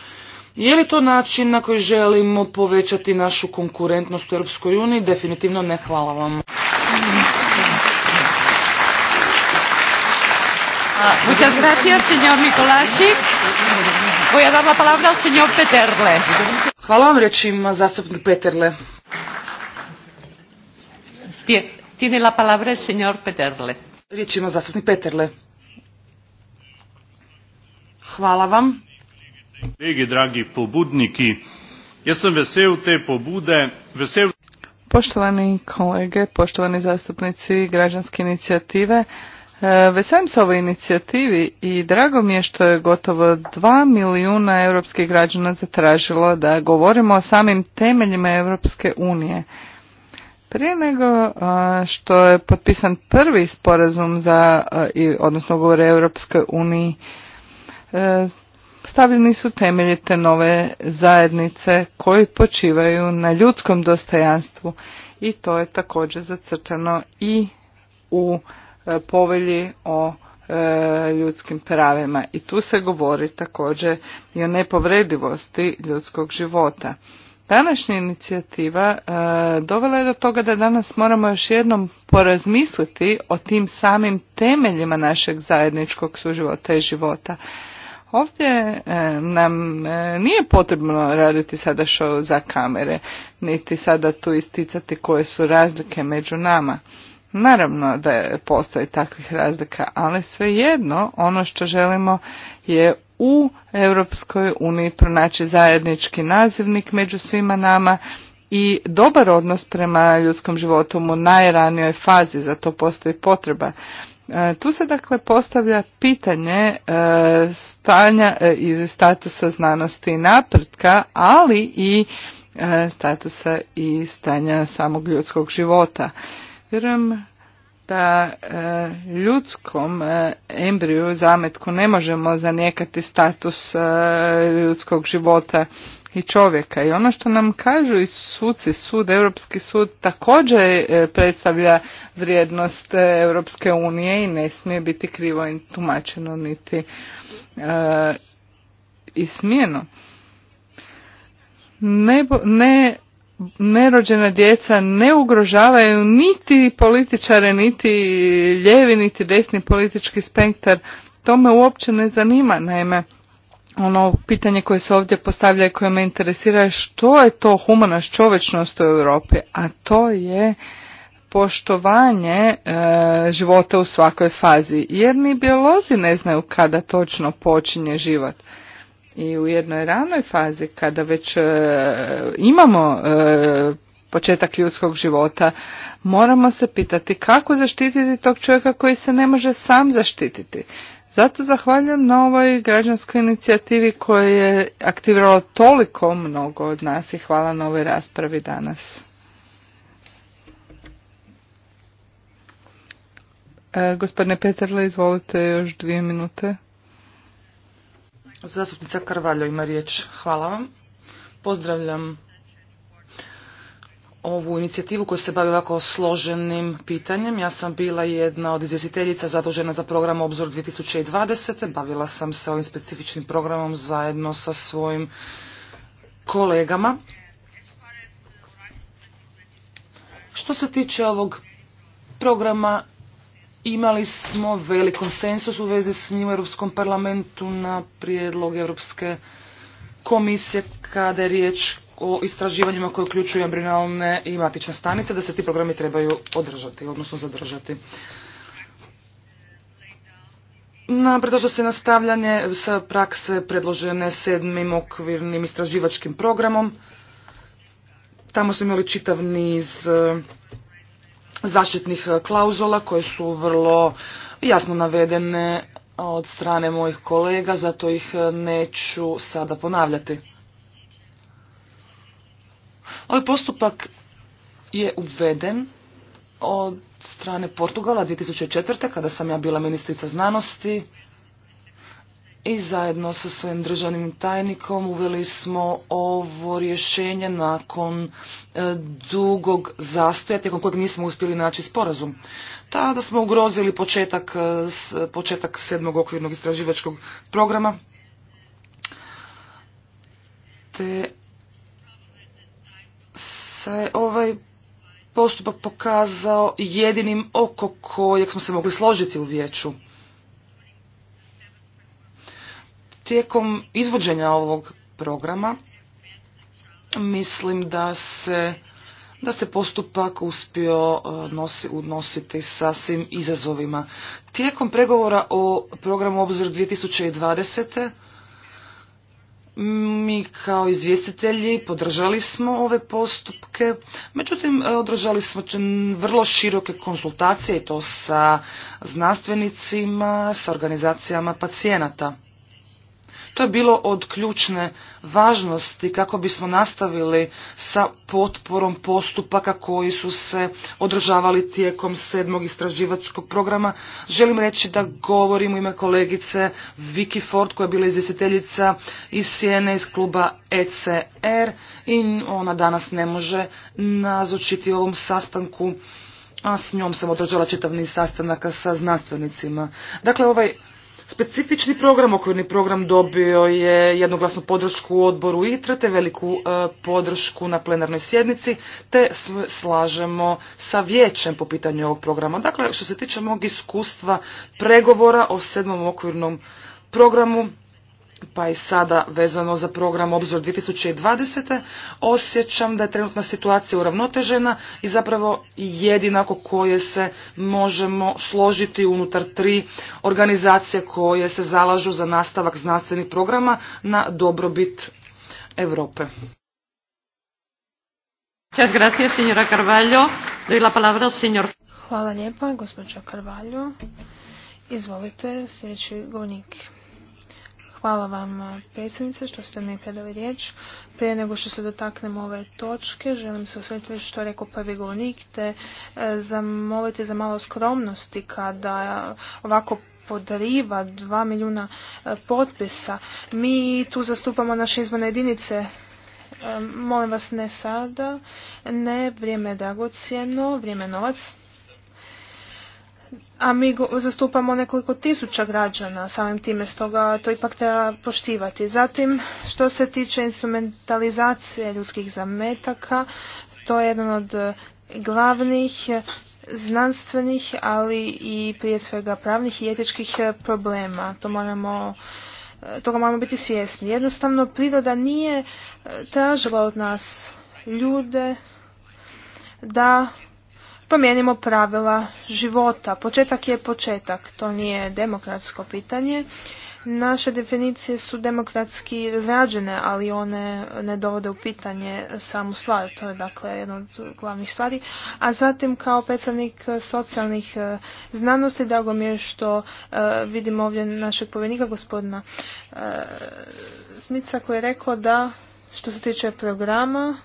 Je li to način na koji želimo povećati našu konkurentnost u Europskoj uniji? Definitivno ne. Hvala vam. Ah, muchas gracias, señor Mikolašik. Voy a dar la palabra al señor Peterle. Hvala vam rečima, zastupnik Peterle. Tiene la palabra el señor Peterle. Riječ ima zastupnik Peterle. Hvala vam. Kolege, dragi pobudniki, ja sam vesel te pobude, vesel... Poštovani kolege, poštovani zastupnici građanske inicijative, E, Veselim se ovoj inicijativi i drago mi je što je gotovo 2 milijuna europskih građana zatražilo da govorimo o samim temeljima Europske unije. Prije nego e, što je potpisan prvi sporazum za, e, odnosno govore Evropske unije, stavljeni su temelji te nove zajednice koji počivaju na ljudskom dostojanstvu i to je također zacrtano i u E, povelji o e, ljudskim pravima. I tu se govori također i o nepovredivosti ljudskog života. Današnja inicijativa e, dovela je do toga da danas moramo još jednom porazmisliti o tim samim temeljima našeg zajedničkog suživota i života. Ovdje nam nije potrebno raditi sada show za kamere, niti sada tu isticati koje su razlike među nama. Naravno da postoji takvih razlika, ali svejedno ono što želimo je u Europskoj uniji pronaći zajednički nazivnik među svima nama i dobar odnos prema ljudskom životu u najranijoj fazi, za to postoji potreba. E, tu se dakle postavlja pitanje e, stanja e, iz statusa znanosti i napretka, ali i statusa i stanja samog ljudskog života. Vjerujem da e, ljudskom e, embriju zametku ne možemo zanijekati status e, ljudskog života i čovjeka. I ono što nam kažu i suci, sud, Europski sud također predstavlja vrijednost Europske unije i ne smije biti krivo tumačeno niti i smijeno. Ne, ne nerođena djeca ne ugrožavaju niti političare, niti ljevi, niti desni politički spektar. To me uopće ne zanima, naime. Ono pitanje koje se ovdje postavlja i koje me interesira je što je to humana čovečnost u Europi, a to je poštovanje e, života u svakoj fazi, jer ni biolozi ne znaju kada točno počinje život i u jednoj ranoj fazi kada već e, imamo e, početak ljudskog života moramo se pitati kako zaštititi tog čovjeka koji se ne može sam zaštititi zato zahvaljujem na ovoj građanskoj inicijativi koja je aktivirala toliko mnogo od nas i hvala na ovoj raspravi danas e, gospodine Peterle, izvolite još dvije minute Zastupnica Karvaljo ima riječ. Hvala vam. Pozdravljam ovu inicijativu koja se bavi ovako složenim pitanjem. Ja sam bila jedna od izvjestiteljica zadužena za program Obzor 2020. Bavila sam se ovim specifičnim programom zajedno sa svojim kolegama. Što se tiče ovog programa, imali smo velik konsensus u vezi s njim u Europskom parlamentu na prijedlog Europske komisije kada je riječ o istraživanjima koje uključuju embrionalne i matične stanice, da se ti programi trebaju održati, odnosno zadržati. Na, se nastavljanje sa prakse predložene sedmim okvirnim istraživačkim programom. Tamo smo imali čitav niz zaštitnih e, klauzula koje su vrlo jasno navedene od strane mojih kolega, zato ih e, neću sada ponavljati. Ovaj postupak je uveden od strane Portugala 2004. kada sam ja bila ministrica znanosti i zajedno sa svojim državnim tajnikom uveli smo ovo rješenje nakon e, dugog zastoja tijekom kojeg nismo uspjeli naći sporazum. Tada smo ugrozili početak, e, početak sedmog okvirnog istraživačkog programa te se ovaj postupak pokazao jedinim oko kojeg smo se mogli složiti u vijeću. Tijekom izvođenja ovog programa mislim da se, da se postupak uspio e, nosi, unositi sa svim izazovima. Tijekom pregovora o programu Obzor 2020. Mi kao izvjestitelji podržali smo ove postupke, međutim e, održali smo vrlo široke konsultacije i to sa znanstvenicima, sa organizacijama pacijenata. To je bilo od ključne važnosti kako bismo nastavili sa potporom postupaka koji su se održavali tijekom sedmog istraživačkog programa. Želim reći da govorim u ime kolegice Vicky Ford koja je bila izvjestiteljica iz Sijene iz kluba ECR i ona danas ne može nazočiti ovom sastanku a s njom sam održala čitav niz sastanaka sa znanstvenicima. Dakle, ovaj specifični program. Okvirni program dobio je jednoglasnu podršku u odboru ITRE te veliku e, podršku na plenarnoj sjednici te slažemo sa vijećem po pitanju ovog programa. Dakle, što se tiče mog iskustva pregovora o sedmom okvirnom programu, pa i sada vezano za program Obzor 2020. Osjećam da je trenutna situacija uravnotežena i zapravo jedinako koje se možemo složiti unutar tri organizacije koje se zalažu za nastavak znanstvenih programa na dobrobit Europe. Hvala lijepa, gospođo Carvalho. Izvolite, sljedeći govornik. Hvala vam predsjednice što ste mi predali riječ. Prije nego što se dotaknemo ove točke, želim se osvrnuti što je rekao prvi govornik, te e, zamoliti za malo skromnosti kada ovako podriva dva milijuna e, potpisa. Mi tu zastupamo naše izborne jedinice e, molim vas ne sada, ne, vrijeme je dragocjeno, vrijeme je novac a mi zastupamo nekoliko tisuća građana samim time, stoga to ipak treba poštivati. Zatim, što se tiče instrumentalizacije ljudskih zametaka, to je jedan od e, glavnih e, znanstvenih, ali i prije svega pravnih i etičkih e, problema. To moramo toga moramo biti svjesni. Jednostavno, priroda nije tražila od nas ljude da promijenimo pravila života. Početak je početak, to nije demokratsko pitanje. Naše definicije su demokratski razrađene, ali one ne dovode u pitanje samu stvar, to je dakle jedna od glavnih stvari. A zatim kao predstavnik socijalnih e, znanosti, drago mi je što e, vidimo ovdje našeg povjenika gospodina e, Smica koji je rekao da što se tiče programa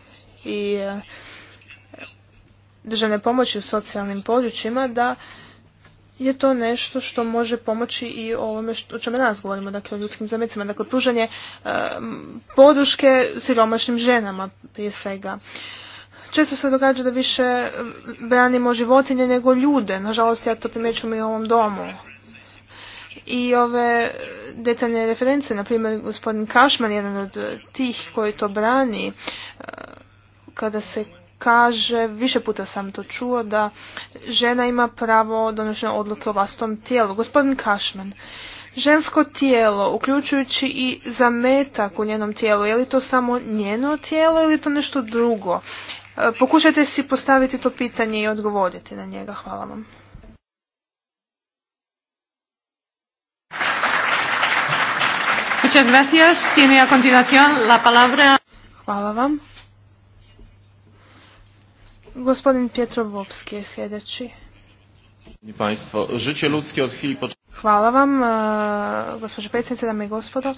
i državne pomoći u socijalnim područjima da je to nešto što može pomoći i ovome što, o čemu danas govorimo, dakle o ljudskim zamecima, dakle pružanje e, siromašnim ženama prije svega. Često se događa da više branimo životinje nego ljude, nažalost ja to primjećujem i u ovom domu. I ove detaljne reference, na primjer gospodin Kašman, jedan od tih koji to brani, kada se kaže, više puta sam to čuo, da žena ima pravo donošenja odluke o vlastnom tijelu. Gospodin Kašman, žensko tijelo, uključujući i zametak u njenom tijelu, je li to samo njeno tijelo ili to nešto drugo? E, pokušajte si postaviti to pitanje i odgovoriti na njega. Hvala vam. Hvala vam. Gospodin Pietrovovski je sljedeći. Hvala vam, e, gospođo predsjednice, dame i gospodo.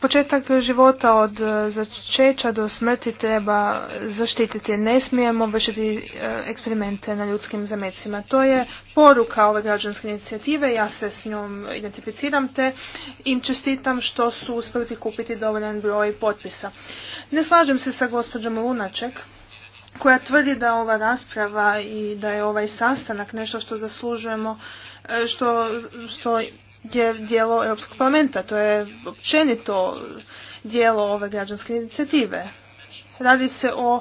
Početak života od e, začeća do smrti treba zaštititi. Ne smijemo vršiti e, eksperimente na ljudskim zamecima. To je poruka ove građanske inicijative. Ja se s njom identificiram te im čestitam što su uspjeli prikupiti dovoljan broj potpisa. Ne slažem se sa gospođom Lunaček koja tvrdi da ova rasprava i da je ovaj sastanak nešto što zaslužujemo, e, što, što je dijelo Europskog parlamenta, to je općenito dijelo ove građanske inicijative. Radi se o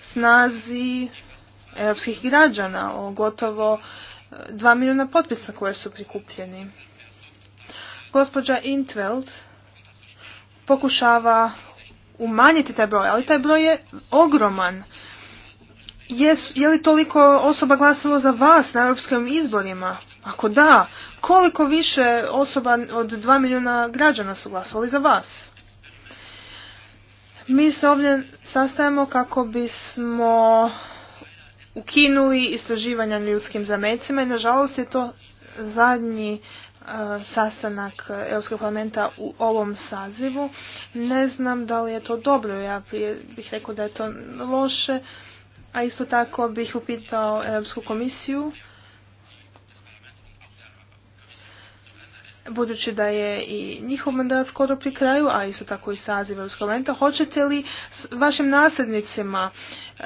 snazi europskih građana, o gotovo e, dva milijuna potpisa koje su prikupljeni. Gospođa Intveld pokušava umanjiti taj broj, ali taj broj je ogroman je, li toliko osoba glasilo za vas na europskim izborima? Ako da, koliko više osoba od dva milijuna građana su glasovali za vas? Mi se ovdje sastajemo kako bismo ukinuli istraživanja na ljudskim zamecima i nažalost je to zadnji e, sastanak Europskog parlamenta u ovom sazivu. Ne znam da li je to dobro, ja bih rekao da je to loše, a isto tako bih upitao Europsku komisiju, budući da je i njihov mandat skoro pri kraju, a isto tako i saziv Europskog parlamenta, hoćete li s vašim nasljednicima eh,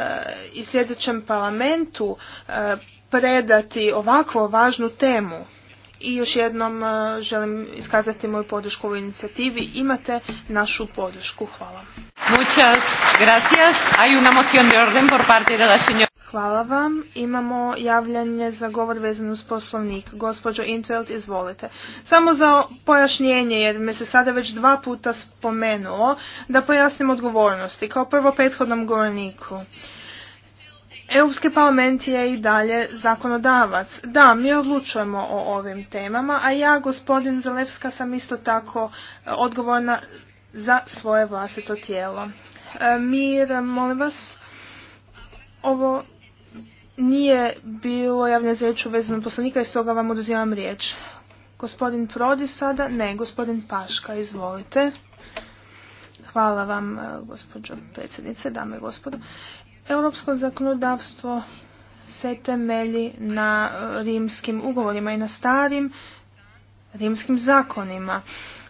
i sljedećem parlamentu eh, predati ovakvu važnu temu? i još jednom e, želim iskazati moju podršku u inicijativi. Imate našu podršku. Hvala. Hvala vam. Imamo javljanje za govor vezan uz poslovnik. Gospođo Intveld, izvolite. Samo za pojašnjenje, jer me se sada već dva puta spomenulo, da pojasnim odgovornosti. Kao prvo prethodnom govorniku. Europski parlament je i dalje zakonodavac. Da, mi odlučujemo o ovim temama, a ja, gospodin Zalevska, sam isto tako e, odgovorna za svoje vlastito tijelo. E, Mir, molim vas, ovo nije bilo javne za riječ poslanika i stoga vam oduzimam riječ. Gospodin Prodi sada? Ne, gospodin Paška, izvolite. Hvala vam, e, gospođo predsjednice, dame i gospodo. Europsko zakonodavstvo se temelji na e, rimskim ugovorima i na starim rimskim zakonima.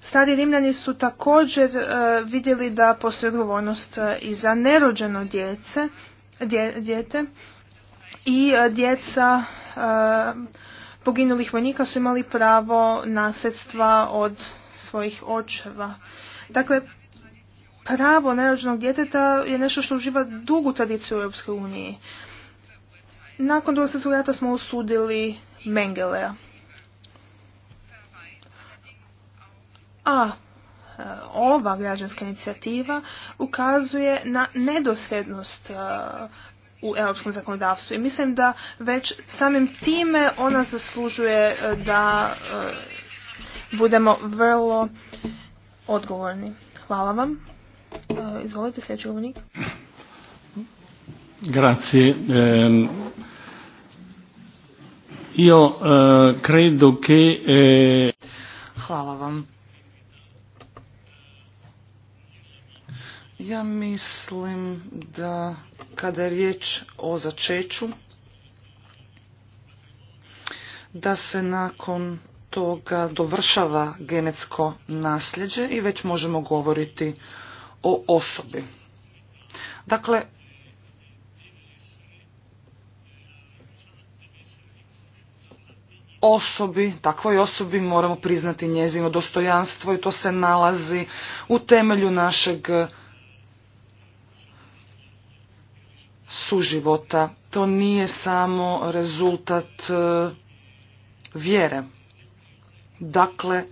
Stari rimljani su također e, vidjeli da postoji odgovornost e, i za nerođeno djece, djete i djeca poginulih vojnika su imali pravo nasljedstva od svojih očeva. Dakle, pravo nerođenog djeteta je nešto što uživa dugu tradiciju u Europskoj uniji. Nakon drugog svjetskog rata smo usudili Mengelea. A e, ova građanska inicijativa ukazuje na nedosljednost e, u europskom zakonodavstvu i mislim da već samim time ona zaslužuje e, da budemo vrlo odgovorni. Hvala vam. Eh, izvolite, sljedeći govornik. Grazie. Ehm, eh, credo che... Eh, Hvala vam. Ja mislim da kada je riječ o začeću, da se nakon toga dovršava genetsko nasljeđe i već možemo govoriti o osobi. Dakle, osobi, takvoj osobi moramo priznati njezino dostojanstvo i to se nalazi u temelju našeg suživota. To nije samo rezultat e, vjere. Dakle,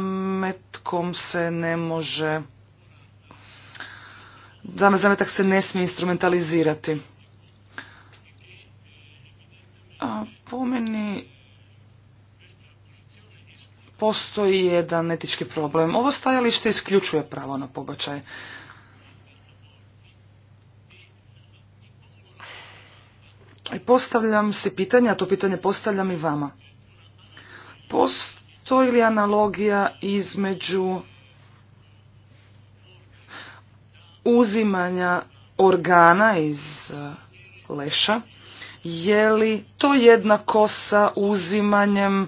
metkom se ne može zametak se ne smije instrumentalizirati. A po meni postoji jedan etički problem. Ovo stajalište isključuje pravo na pobačaj. I postavljam se pitanje, a to pitanje postavljam i vama. Postoji li analogija između uzimanja organa iz e, leša, je li to jednako sa uzimanjem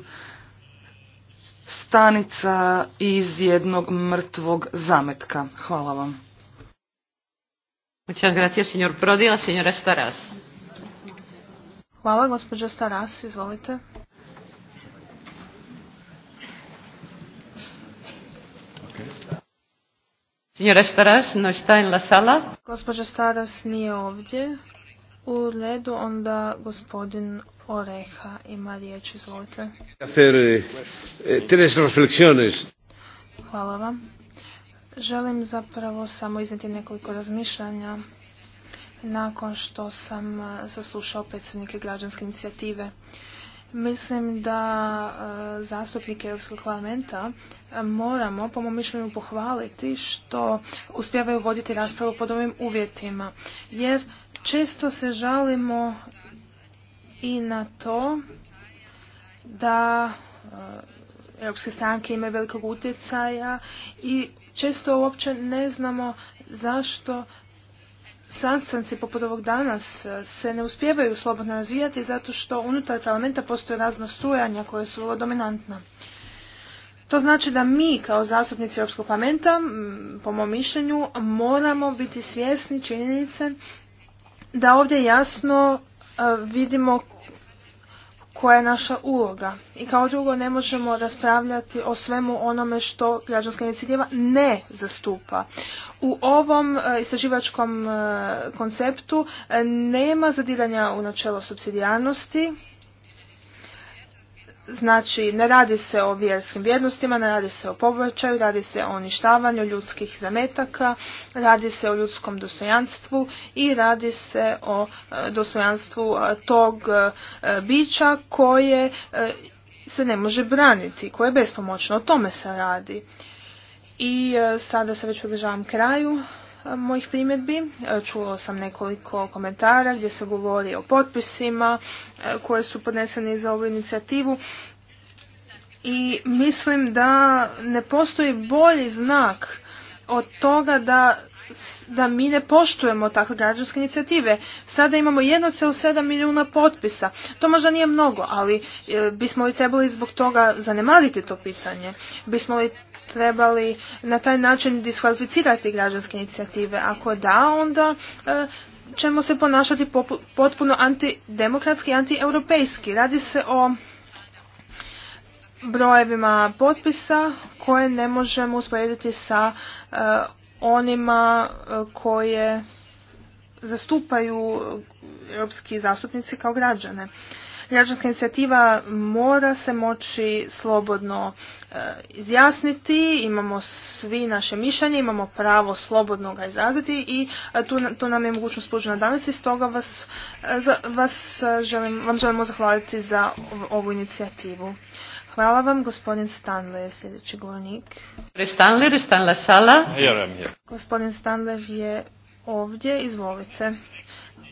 stanica iz jednog mrtvog zametka? Hvala vam. Muchas gracias, señor señora Staras. Hvala, gospođa Staras, izvolite. Signora Staras no Gospođa Staras nije ovdje. U redu onda gospodin Oreha ima riječ, izvolite. Eh, eh, Hvala vam. Želim zapravo samo iznijeti nekoliko razmišljanja nakon što sam eh, saslušao predsjednike građanske inicijative. Mislim da e, zastupnike Europskog parlamenta e, moramo, po mom mišljenju, pohvaliti što uspjevaju voditi raspravu pod ovim uvjetima. Jer često se žalimo i na to da e, europske stranke imaju velikog utjecaja i često uopće ne znamo zašto sastanci poput ovog danas e, se ne uspijevaju slobodno razvijati zato što unutar parlamenta postoje razna strujanja koja su vrlo dominantna. To znači da mi kao zastupnici Europskog parlamenta, po mom mišljenju, moramo biti svjesni činjenice da ovdje jasno e, vidimo koja je naša uloga. I kao drugo ne možemo raspravljati o svemu onome što građanska inicijativa ne zastupa. U ovom e, istraživačkom e, konceptu e, nema zadiranja u načelo subsidijarnosti, Znači, ne radi se o vjerskim vrijednostima, ne radi se o pobačaju, radi se o uništavanju ljudskih zametaka, radi se o ljudskom dostojanstvu i radi se o e, dostojanstvu e, tog e, bića koje se ne može braniti, koje je bespomoćno. O tome se radi. I sada se već približavam kraju mojih primjedbi. E, čuo sam nekoliko komentara gdje se govori o potpisima e, koje su podneseni za ovu inicijativu i mislim da ne postoji bolji znak od toga da da mi ne poštujemo takve građanske inicijative. Sada imamo 1,7 milijuna potpisa. To možda nije mnogo, ali e, bismo li trebali zbog toga zanemariti to pitanje? Bismo li trebali na taj način diskvalificirati građanske inicijative? Ako da, onda e, ćemo se ponašati potpuno antidemokratski i antieuropejski. Radi se o brojevima potpisa koje ne možemo usporediti sa e, onima e, koje zastupaju europski zastupnici kao građane građanska inicijativa mora se moći slobodno e, izjasniti, imamo svi naše mišljenje, imamo pravo slobodno ga izraziti i e, tu, nam je mogućnost pružena danas i stoga vas, e, vas želim, vam želimo zahvaliti za ovu inicijativu. Hvala vam, gospodin Stanley je sljedeći govornik. Sala. Gospodin Stanler je ovdje, izvolite.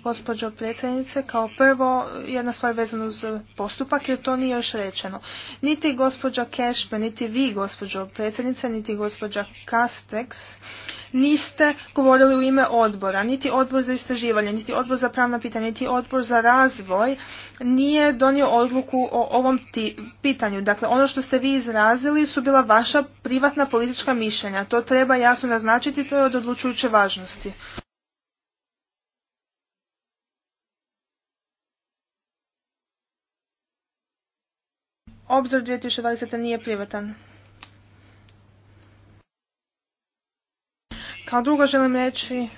Gospođo predsjednice, kao prvo jedna stvar vezana uz postupak jer to nije još rečeno. Niti gospođa Cashman, niti vi gospođo predsjednice, niti gospođa Kastex niste govorili u ime odbora, niti odbor za istraživanje, niti odbor za pravna pitanja, niti odbor za razvoj nije donio odluku o ovom pitanju. Dakle, ono što ste vi izrazili su bila vaša privatna politička mišljenja. To treba jasno naznačiti, to je od odlučujuće važnosti. Obzor 2020. nije privatan. Kao drugo želim reći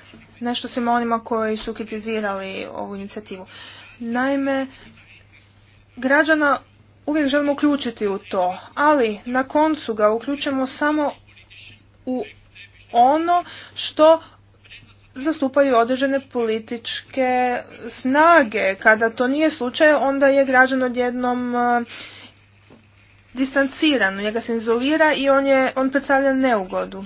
nešto svima onima koji su kritizirali ovu inicijativu. Naime, građana uvijek želimo uključiti u to, ali na koncu ga uključujemo samo u ono što zastupaju određene političke snage. Kada to nije slučaj, onda je građan odjednom distanciran, njega se izolira i on, je, on predstavlja neugodu.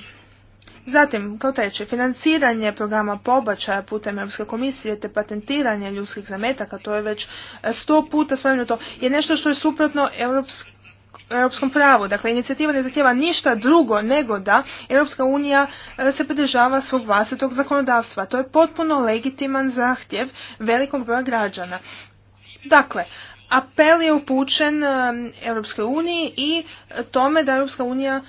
Zatim, kao treće, financiranje programa pobačaja putem Europske komisije te patentiranje ljudskih zametaka, to je već e, sto puta spomenuto, je nešto što je suprotno europskom europskom pravu. Dakle, inicijativa ne zahtjeva ništa drugo nego da Europska unija e, se pridržava svog vlastitog zakonodavstva. To je potpuno legitiman zahtjev velikog broja građana. Dakle, apel je upućen um, Europskoj uniji i tome da Europska unija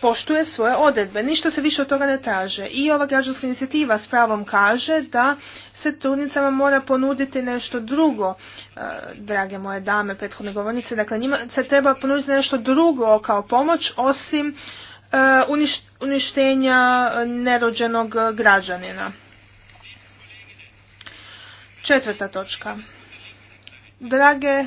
poštuje svoje odredbe. Ništa se više od toga ne traže. I ova građanska inicijativa s pravom kaže da se trudnicama mora ponuditi nešto drugo, uh, drage moje dame, prethodne govornice. Dakle, njima se treba ponuditi nešto drugo kao pomoć osim uh, uništenja uh, nerođenog građanina. Četvrta točka. Drage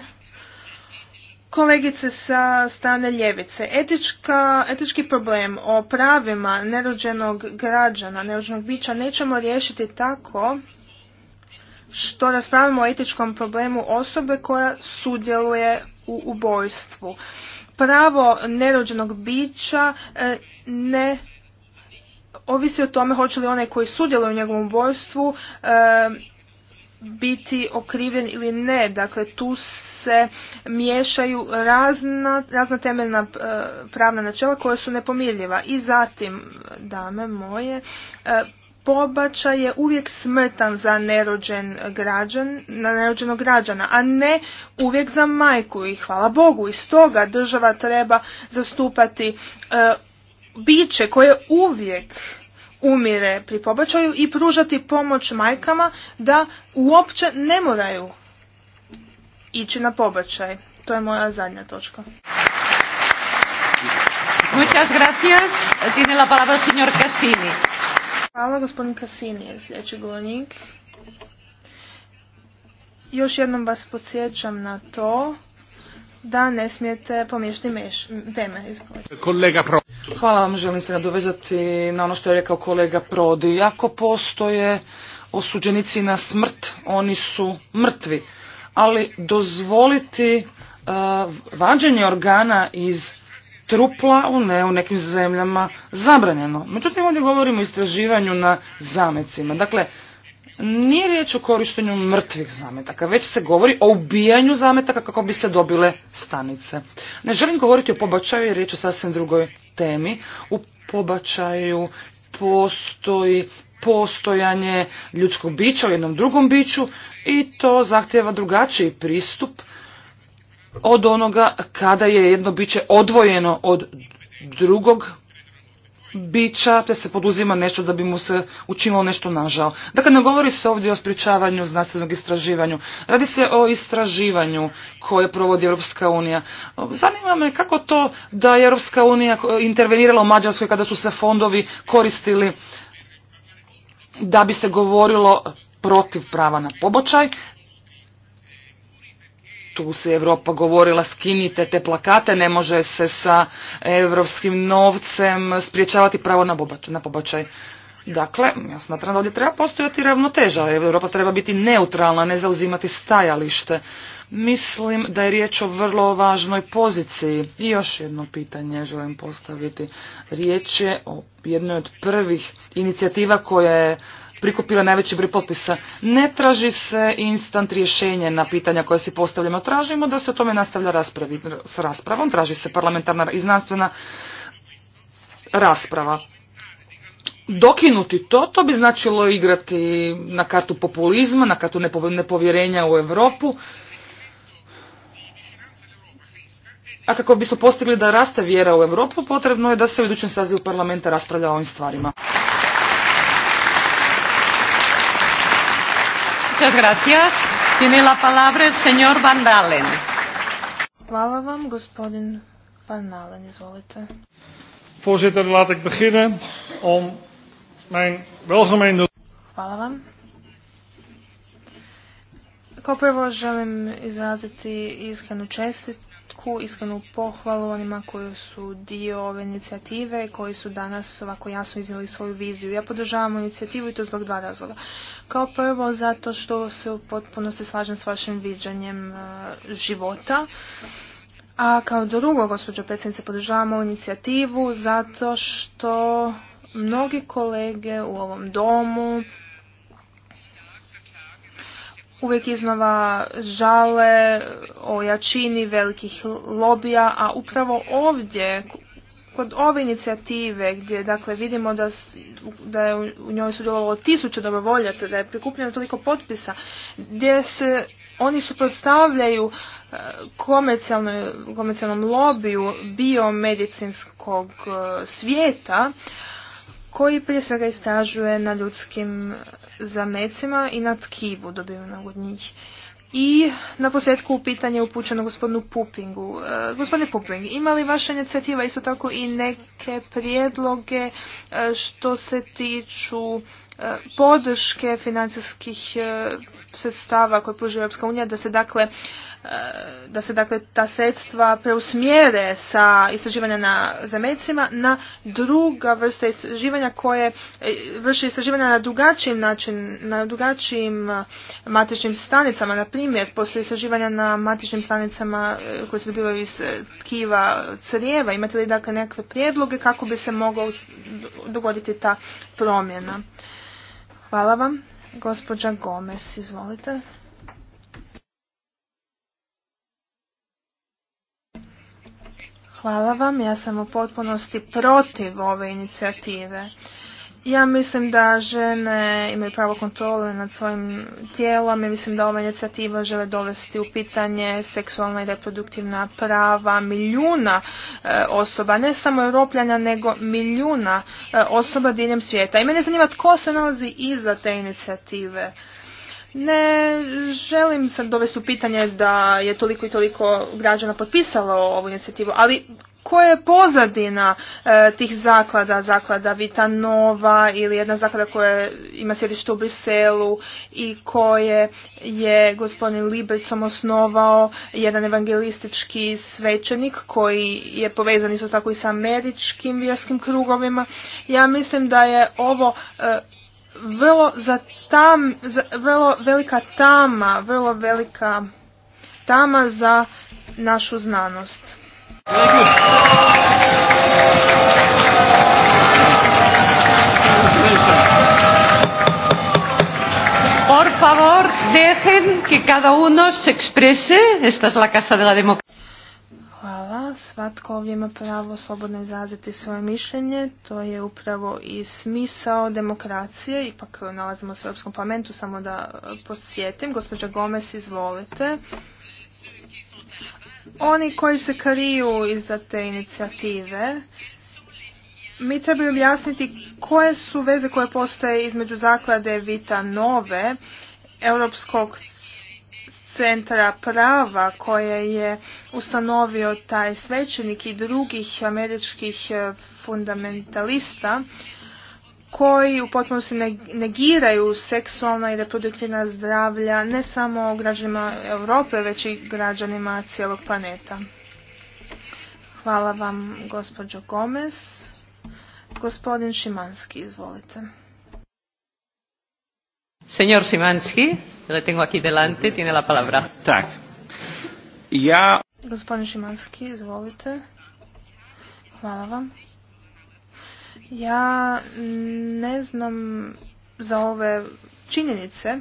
kolegice sa strane ljevice, etička, etički problem o pravima nerođenog građana, nerođenog bića nećemo riješiti tako što raspravimo o etičkom problemu osobe koja sudjeluje u ubojstvu. Pravo nerođenog bića e, ne ovisi o tome hoće li onaj koji sudjeluje u njegovom ubojstvu e, biti okriven ili ne. Dakle, tu se miješaju razna, razna temeljna e, pravna načela koja su nepomirljiva. I zatim, dame moje, e, pobačaj je uvijek smrtan za nerođen građan, na nerođenog građana, a ne uvijek za majku i hvala Bogu. Iz toga država treba zastupati e, biće koje uvijek umire pri pobačaju i pružati pomoć majkama da uopće ne moraju ići na pobačaj. To je moja zadnja točka. Muchas gracias. Tiene la palabra señor Cassini. Hvala, gospodin Cassini sljedeći govornik. Još jednom vas podsjećam na to da ne smijete pomiješati meš, teme. Kolega Hvala vam, želim se nadovezati na ono što je rekao kolega Prodi. Ako postoje osuđenici na smrt, oni su mrtvi. Ali dozvoliti e, vađenje organa iz trupla u, ne, u nekim zemljama zabranjeno. Međutim, ovdje govorimo o istraživanju na zamecima. Dakle, nije riječ o korištenju mrtvih zametaka, već se govori o ubijanju zametaka kako bi se dobile stanice. Ne želim govoriti o pobačaju jer riječ o sasvim drugoj temi. U pobačaju postoji postojanje ljudskog bića u jednom drugom biću i to zahtjeva drugačiji pristup od onoga kada je jedno biće odvojeno od drugog bića, te se poduzima nešto da bi mu se učinilo nešto nažao. Dakle, ne govori se ovdje o spričavanju znanstvenog istraživanju. Radi se o istraživanju koje provodi Europska unija. Zanima me kako to da je Europska unija intervenirala u Mađarskoj kada su se fondovi koristili da bi se govorilo protiv prava na pobočaj, tu se Evropa govorila skinite te plakate, ne može se sa europskim novcem spriječavati pravo na pobačaj. Dakle, ja smatram da ovdje treba postojati ravnoteža. Europa treba biti neutralna, ne zauzimati stajalište. Mislim da je riječ o vrlo važnoj poziciji. I još jedno pitanje želim postaviti. Riječ je o jednoj od prvih inicijativa koja je prikupila najveći broj potpisa. Ne traži se instant rješenje na pitanja koje si postavljamo. Tražimo da se o tome nastavlja raspravi, s raspravom. Traži se parlamentarna i znanstvena rasprava. Dokinuti to, to bi značilo igrati na kartu populizma, na kartu nepovjerenja u Europu. A kako bismo postigli da raste vjera u Europu, potrebno je da se u idućem sazivu parlamenta raspravlja o ovim stvarima. Muchas gracias. Tiene la palabra el señor Van Dalen. Hvala vam, gospodin Van Dalen, izvolite. Voorzitter, laat ik beginnen om mijn welgemeende... Hvala vam. Kao prvo želim izraziti iskrenu čestit veliku iskrenu pohvalu onima koji su dio ove inicijative koji su danas ovako jasno iznijeli svoju viziju. Ja podržavam inicijativu i to zbog dva razloga. Kao prvo zato što se u potpunosti slažem s vašim viđanjem e, života. A kao drugo, gospođo predsjednice, podržavamo inicijativu zato što mnogi kolege u ovom domu, uvijek iznova žale o jačini velikih lobija, a upravo ovdje kod ove inicijative gdje dakle vidimo da, da je u njoj sudjelovalo tisuće dobrovoljaca, da je prikupljeno toliko potpisa, gdje se oni suprotstavljaju e, komercijalnom lobiju biomedicinskog e, svijeta, koji prije svega istražuje na ljudskim zamecima i na tkivu dobivenog od njih. I na posljedku pitanje upućeno gospodinu Pupingu. E, gospodine Puping, ima li vaša inicijativa isto tako i neke prijedloge e, što se tiču e, podrške financijskih e, sredstava koje pruža Europska unija da se dakle e, da se dakle ta sredstva preusmjere sa istraživanja na zamecima na druga vrsta istraživanja koje e, vrše istraživanja na drugačijim način, na drugačijim e, matičnim stanicama. Na primjer, postoje istraživanja na matičnim stanicama koje se dobivaju iz tkiva crijeva. Imate li dakle nekakve prijedloge kako bi se mogla dogoditi ta promjena? Hvala vam. Gospođa Gomez, izvolite. Hvala vam, ja sam u potpunosti protiv ove inicijative. Ja mislim da žene imaju pravo kontrole nad svojim tijelom i mislim da ova inicijativa žele dovesti u pitanje seksualna i reproduktivna prava milijuna e, osoba, ne samo europljanja, nego milijuna e, osoba diljem svijeta. I mene zanima tko se nalazi iza te inicijative. Ne želim sad dovesti u pitanje da je toliko i toliko građana potpisalo ovu inicijativu, ali koja je pozadina e, tih zaklada, zaklada Vita Nova ili jedna zaklada koja ima sjedište u Briselu i koje je gospodin Libricom osnovao jedan evangelistički svećenik koji je povezan isto tako i sa američkim vjerskim krugovima. Ja mislim da je ovo e, vrlo, za tam, za, vrlo velika tama, vrlo velika tama za našu znanost. Por favor, dejen que cada uno se exprese. Esta es la casa de la democracia. Hvala. Svatko ovdje ima pravo slobodno izraziti svoje mišljenje. To je upravo i smisao demokracije. Ipak nalazimo se u Europskom parlamentu, samo da podsjetim. Gospođa Gomes, izvolite. Oni koji se kariju iza te inicijative, mi trebaju objasniti koje su veze koje postoje između zaklade Vita Nove, Europskog centra prava koje je ustanovio taj svećenik i drugih američkih e, fundamentalista koji u potpunosti negiraju seksualna i reproduktivna zdravlja ne samo građanima Europe, već i građanima cijelog planeta. Hvala vam, gospođo Gomez. Gospodin Šimanski, izvolite. Senjor Šimanski la tengo aquí delante, tiene la palabra. Tak. Ja... Gospodin Šimanski, izvolite. Hvala vam. Ja ne znam za ove činjenice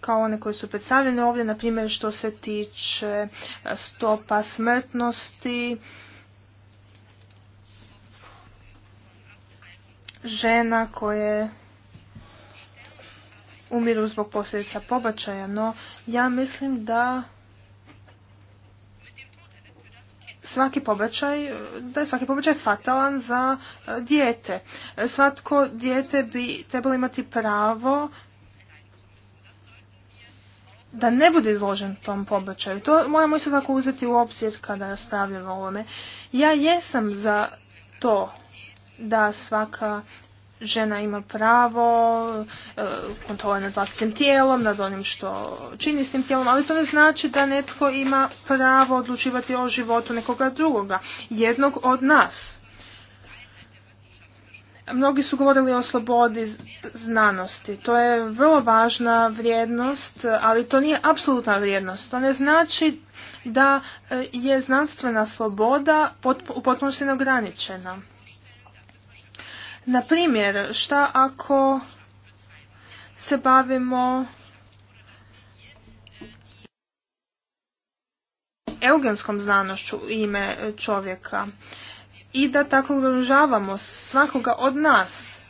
kao one koje su predstavljene ovdje, na primjer što se tiče stopa smrtnosti, žena koje umiru zbog posljedica pobačaja, no ja mislim da svaki pobačaj, da je svaki pobačaj fatalan za e, dijete. Svatko dijete bi trebalo imati pravo da ne bude izložen tom pobačaju. To moramo isto tako uzeti u obzir kada raspravljamo o ovome. Ja jesam za to da svaka žena ima pravo e, kontrole nad vlastitim tijelom, nad onim što čini s tim tijelom, ali to ne znači da netko ima pravo odlučivati o životu nekoga drugoga, jednog od nas. Mnogi su govorili o slobodi znanosti. To je vrlo važna vrijednost, ali to nije apsolutna vrijednost. To ne znači da e, je znanstvena sloboda u potpunosti neograničena. Na primjer, šta ako se bavimo eugenskom znanošću ime čovjeka i da tako ugrožavamo svakoga od nas,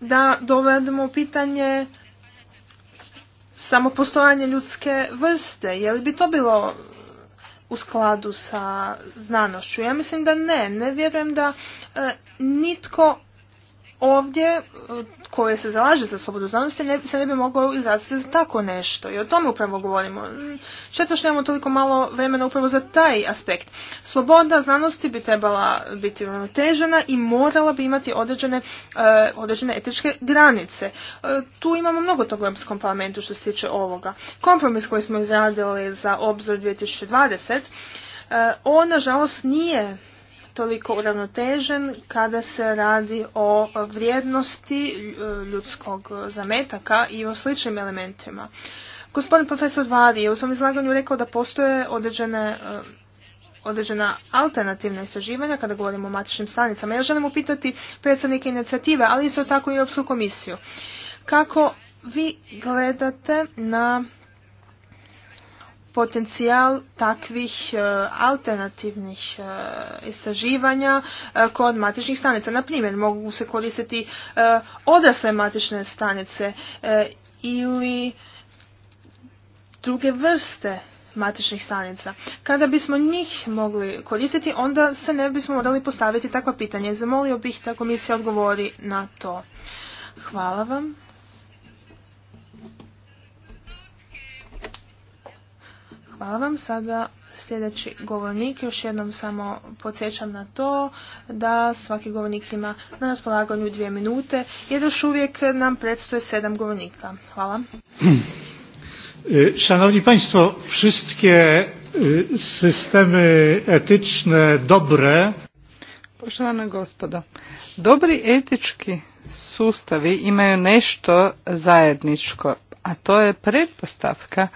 da dovedemo pitanje samopostojanje ljudske vrste. Je li bi to bilo u skladu sa znanošću? Ja mislim da ne. Ne vjerujem da e, nitko ovdje e, koje se zalaže za slobodu znanosti ne, se ne bi moglo izraziti za tako nešto. I o tome upravo govorimo. Četo mm, što imamo toliko malo vremena upravo za taj aspekt. Sloboda znanosti bi trebala biti ravnotežena i morala bi imati određene, e, određene etičke granice. E, tu imamo mnogo toga u Europskom parlamentu što se tiče ovoga. Kompromis koji smo izradili za obzor 2020 dvadeset on nažalost nije toliko uravnotežen kada se radi o vrijednosti e, ljudskog zametaka i o sličnim elementima. Gospodin profesor Vadi je u svom izlaganju rekao da postoje određene e, određena alternativna istraživanja kada govorimo o matičnim stanicama. Ja želim upitati predsjednike inicijative, ali isto tako i Europsku komisiju. Kako vi gledate na potencijal takvih e, alternativnih e, istraživanja e, kod matičnih stanica. Na primjer, mogu se koristiti odrasle matične stanice ili druge vrste matičnih stanica. Kada bismo njih mogli koristiti, onda se ne bismo morali postaviti takva pitanja. Zamolio bih da komisija odgovori na to. Hvala vam. Hvala vam. Sada sljedeći govornik, još jednom samo podsjećam na to da svaki govornik ima na raspolaganju dvije minute jer još uvijek nam predstoje sedam govornika. Hvala. E, Szanowni Państwo, wszystkie e, systemy etyczne dobre. Poštovana gospodo, dobri etički sustavi imaju nešto zajedničko, a to je pretpostavka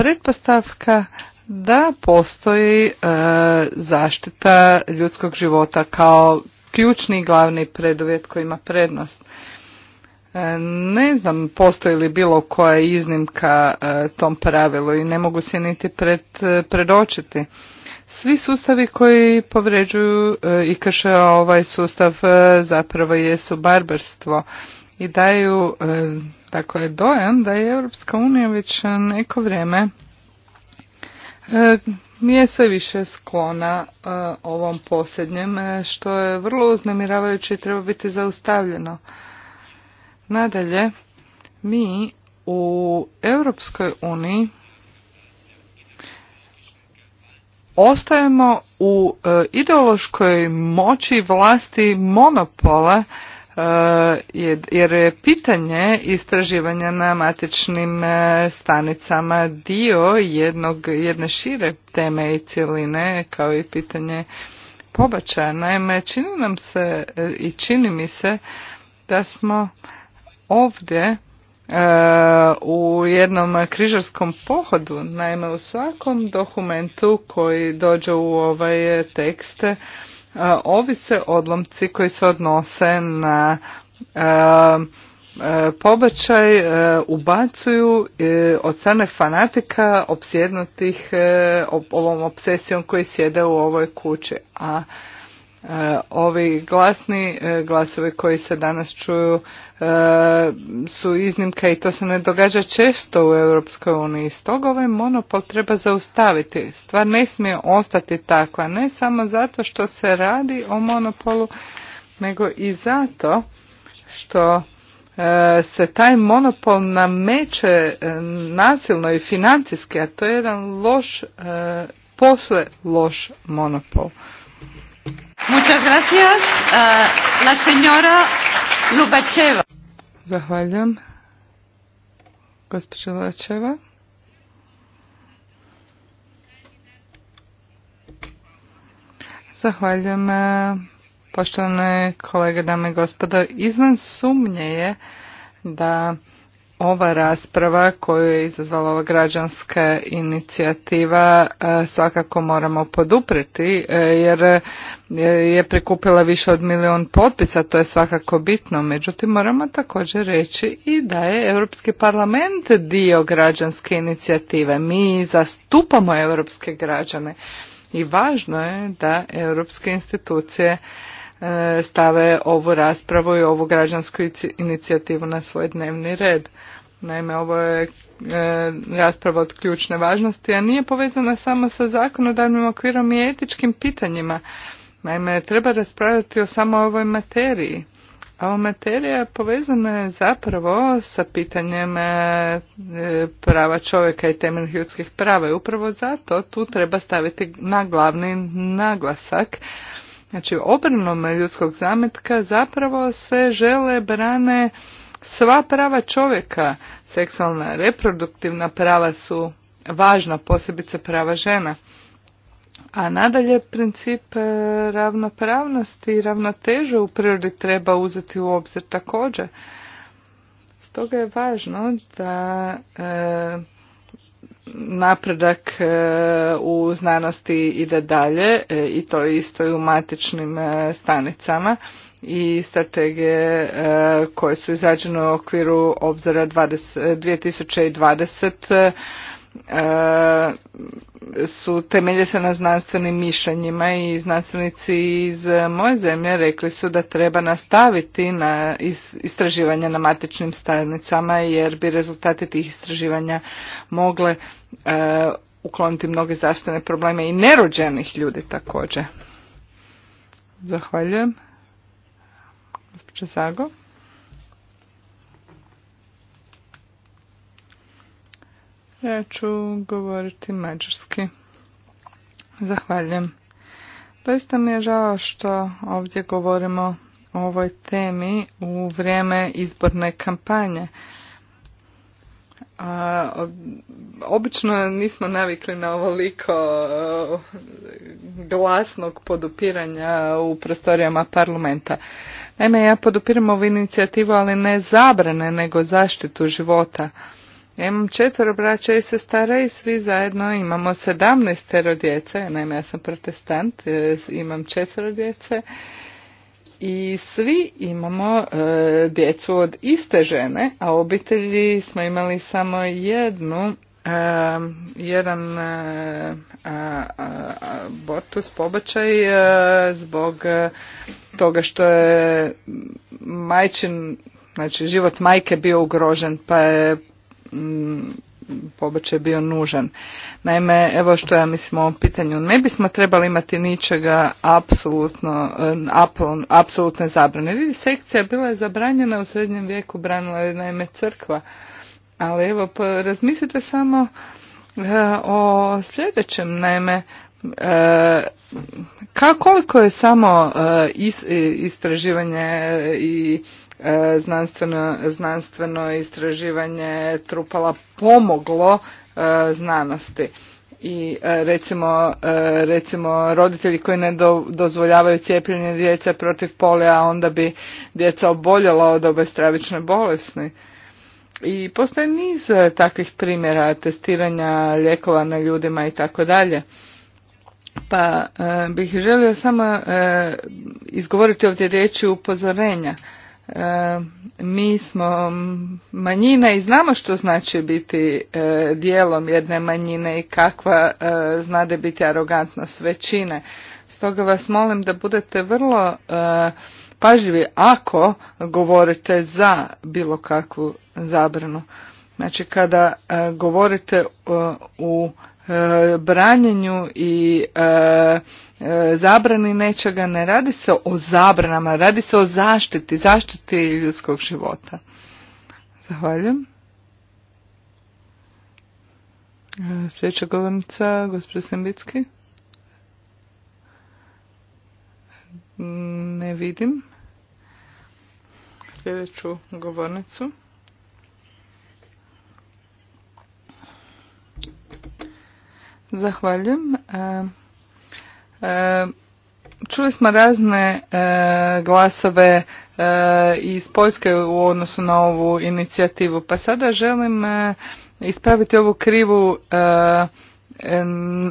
pretpostavka da postoji e, zaštita ljudskog života kao ključni i glavni preduvjet koji ima prednost. E, ne znam postoji li bilo koja iznimka e, tom pravilu i ne mogu se niti predočiti. Svi sustavi koji povređuju i krše ovaj sustav zapravo jesu barbarstvo i daju Dakle, dojam da je Europska unija već neko vrijeme nije e, sve više sklona e, ovom posljednjem, e, što je vrlo uznemiravajuće i treba biti zaustavljeno. Nadalje, mi u Europskoj uniji ostajemo u ideološkoj moći vlasti monopola E, jer je pitanje istraživanja na matičnim e, stanicama dio jednog, jedne šire teme i cjeline kao i pitanje pobačaja. Naime, čini nam se e, i čini mi se da smo ovdje u jednom križarskom pohodu. Naime, u svakom dokumentu koji dođe u ovaj tekst E, ovise odlomci koji se odnose na e, e, pobačaj ubacuju od strane fanatika opsjednutih ovom obsesijom koji sjede u ovoj kući. A E, ovi glasni e, glasovi koji se danas čuju e, su iznimka i to se ne događa često u Europskoj uniji. Stoga ovaj monopol treba zaustaviti. Stvar ne smije ostati takva, ne samo zato što se radi o monopolu, nego i zato što se taj monopol nameće nasilno i financijski, a to je jedan loš, posle loš monopol. Muchas gracias. Eh, la señora Lubacheva. Zahvaljujem. Gospođa Lubacheva. Zahvaljujem. Eh, poštovane kolege, dame i gospodo, izvan sumnje je da ova rasprava koju je izazvala ova građanska inicijativa e, svakako moramo poduprijeti e, jer je prikupila više od milijun potpisa, to je svakako bitno. Međutim, moramo također reći i da je Europski parlament dio građanske inicijative. Mi zastupamo europske građane i važno je da europske institucije E, stave ovu raspravu i ovu građansku inicijativu na svoj dnevni red. Naime, ovo je e, rasprava od ključne važnosti, a nije povezana samo sa zakonodavnim okvirom i etičkim pitanjima. Naime, treba raspravljati o samo ovoj materiji. A ova materija povezana zapravo sa pitanjem e, prava čovjeka i temeljnih ljudskih prava. I upravo zato tu treba staviti na glavni naglasak Znači obranom ljudskog zametka zapravo se žele brane sva prava čovjeka. Seksualna reproduktivna prava su važna, posebice prava žena. A nadalje princip e, ravnopravnosti i ravnoteže u prirodi treba uzeti u obzir također. Stoga je važno da e, napredak e, u znanosti ide dalje e, i to isto i u matičnim e, stanicama i strategije koje su izrađene u okviru obzora 2020 E, su temelje se na znanstvenim mišljenjima i znanstvenici iz e, moje zemlje rekli su da treba nastaviti na istraživanja na matičnim stanicama jer bi rezultati tih istraživanja mogle e, ukloniti mnoge zdravstvene probleme i nerođenih ljudi također. Zahvaljujem. Gospođa Zago. Ja ću govoriti mađarski. Zahvaljujem. Doista mi je žao što ovdje govorimo o ovoj temi u vrijeme izborne kampanje. A, obično nismo navikli na ovoliko e, glasnog podupiranja u prostorijama parlamenta. Naime, ja podupiram ovu inicijativu, ali ne zabrane, nego zaštitu života. Ja imam četvero braća i sestara i svi zajedno imamo sedamnaestero djece. Naime, ja sam protestant, e, imam četvero djece. I svi imamo e, djecu od iste žene, a obitelji smo imali samo jednu, e, jedan e, abortus, pobačaj zbog toga što je majčin, znači život majke bio ugrožen pa je Mm, pobačaj bio nužan. Naime, evo što ja mislim o ovom pitanju, ne bismo trebali imati ničega apsolutno, eh, apsolutne zabrane. Vidi, sekcija bila je zabranjena u srednjem vijeku, branila je naime crkva. Ali evo, pa razmislite samo eh, o sljedećem, naime, eh, koliko je samo istraživanje i znanstveno, znanstveno istraživanje trupala pomoglo e, znanosti i e, recimo, e, recimo roditelji koji ne dozvoljavaju cijepljenje djece protiv polija, onda bi djeca oboljela od ove stravične bolesti. I postoji niz takvih primjera testiranja lijekova na ljudima i tako dalje. Pa bih želio samo izgovoriti ovdje riječi upozorenja E, mi smo manjina i znamo što znači biti e, dijelom jedne manjine i kakva e, znade biti arogantnost većine. Stoga vas molim da budete vrlo pažljivi ako govorite za bilo kakvu zabranu. Znači kada govorite u branjenju i E, zabrani nečega, ne radi se o zabranama, radi se o zaštiti, zaštiti ljudskog života. Zahvaljujem. E, sljedeća govornica, gospodin Sembicki. Ne vidim. Sljedeću govornicu. Zahvaljujem. E, E, čuli smo razne e, glasove e, iz Poljske u odnosu na ovu inicijativu, pa sada želim ispraviti ovu krivu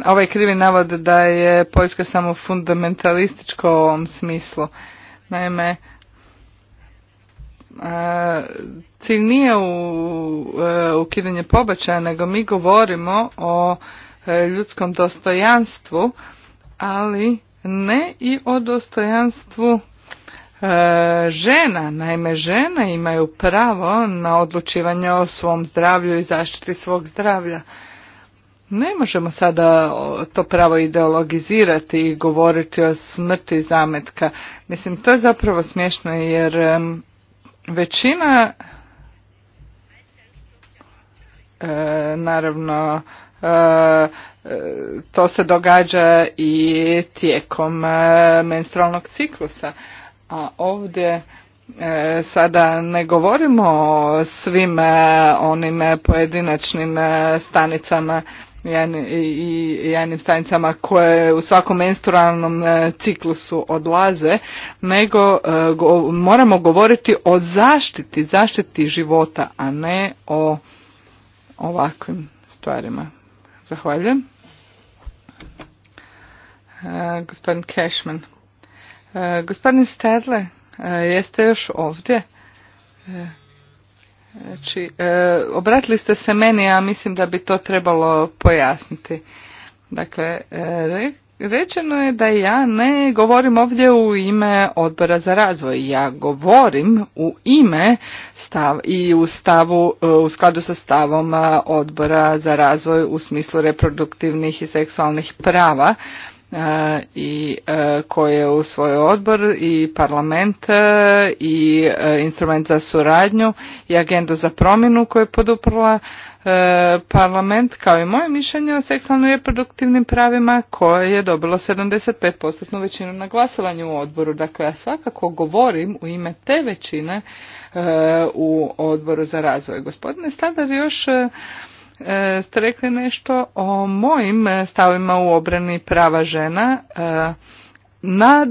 ovaj krivi navod da je Poljska samo fundamentalističko u ovom smislu. Naime, cilj nije u ukidanje pobačaja, nego mi govorimo o ljudskom dostojanstvu ali ne i o dostojanstvu e, žena, naime žene imaju pravo na odlučivanje o svom zdravlju i zaštiti svog zdravlja. Ne možemo sada to pravo ideologizirati i govoriti o smrti zametka. Mislim, to je zapravo smiješno jer većina e, naravno E, to se događa i tijekom e, menstrualnog ciklusa. A ovdje e, sada ne govorimo o svim onim pojedinačnim stanicama i jajnim stanicama koje u svakom menstrualnom ciklusu odlaze, nego moramo govoriti o zaštiti, zaštiti života, a ne o ovakvim stvarima. Zahvaljujem. E, gospodin Cashman. E, gospodin Stedle, e, jeste još ovdje? Znači, obratili ste se meni, a mislim da bi to trebalo pojasniti. Dakle, Rečeno je da ja ne govorim ovdje u ime odbora za razvoj, ja govorim u ime stav i u, stavu, e, u skladu sa stavom e, odbora za razvoj u smislu reproduktivnih i seksualnih prava e, i koje je u svoj odbor i parlament i instrument za suradnju i agendu za promjenu koju je poduprla E, parlament kao i moje mišljenje o seksualno reproduktivnim pravima koje je dobilo 75% većinu na glasovanju u odboru. Dakle, ja svakako govorim u ime te većine e, u odboru za razvoj. Gospodine Stadar, još e, ste rekli nešto o mojim stavima u obrani prava žena nad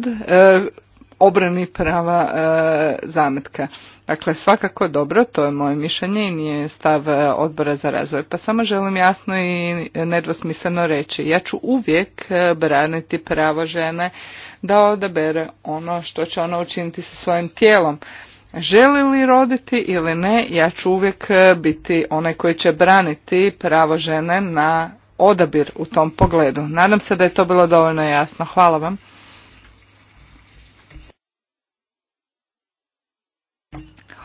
obrani prava e, zametka. Dakle, svakako je dobro, to je moje mišljenje i nije stav e, odbora za razvoj. Pa samo želim jasno i nedvosmisleno reći, ja ću uvijek e, braniti pravo žene da odabere ono što će ona učiniti sa svojim tijelom. Želi li roditi ili ne, ja ću uvijek biti onaj koji će braniti pravo žene na odabir u tom pogledu. Nadam se da je to bilo dovoljno jasno. Hvala vam.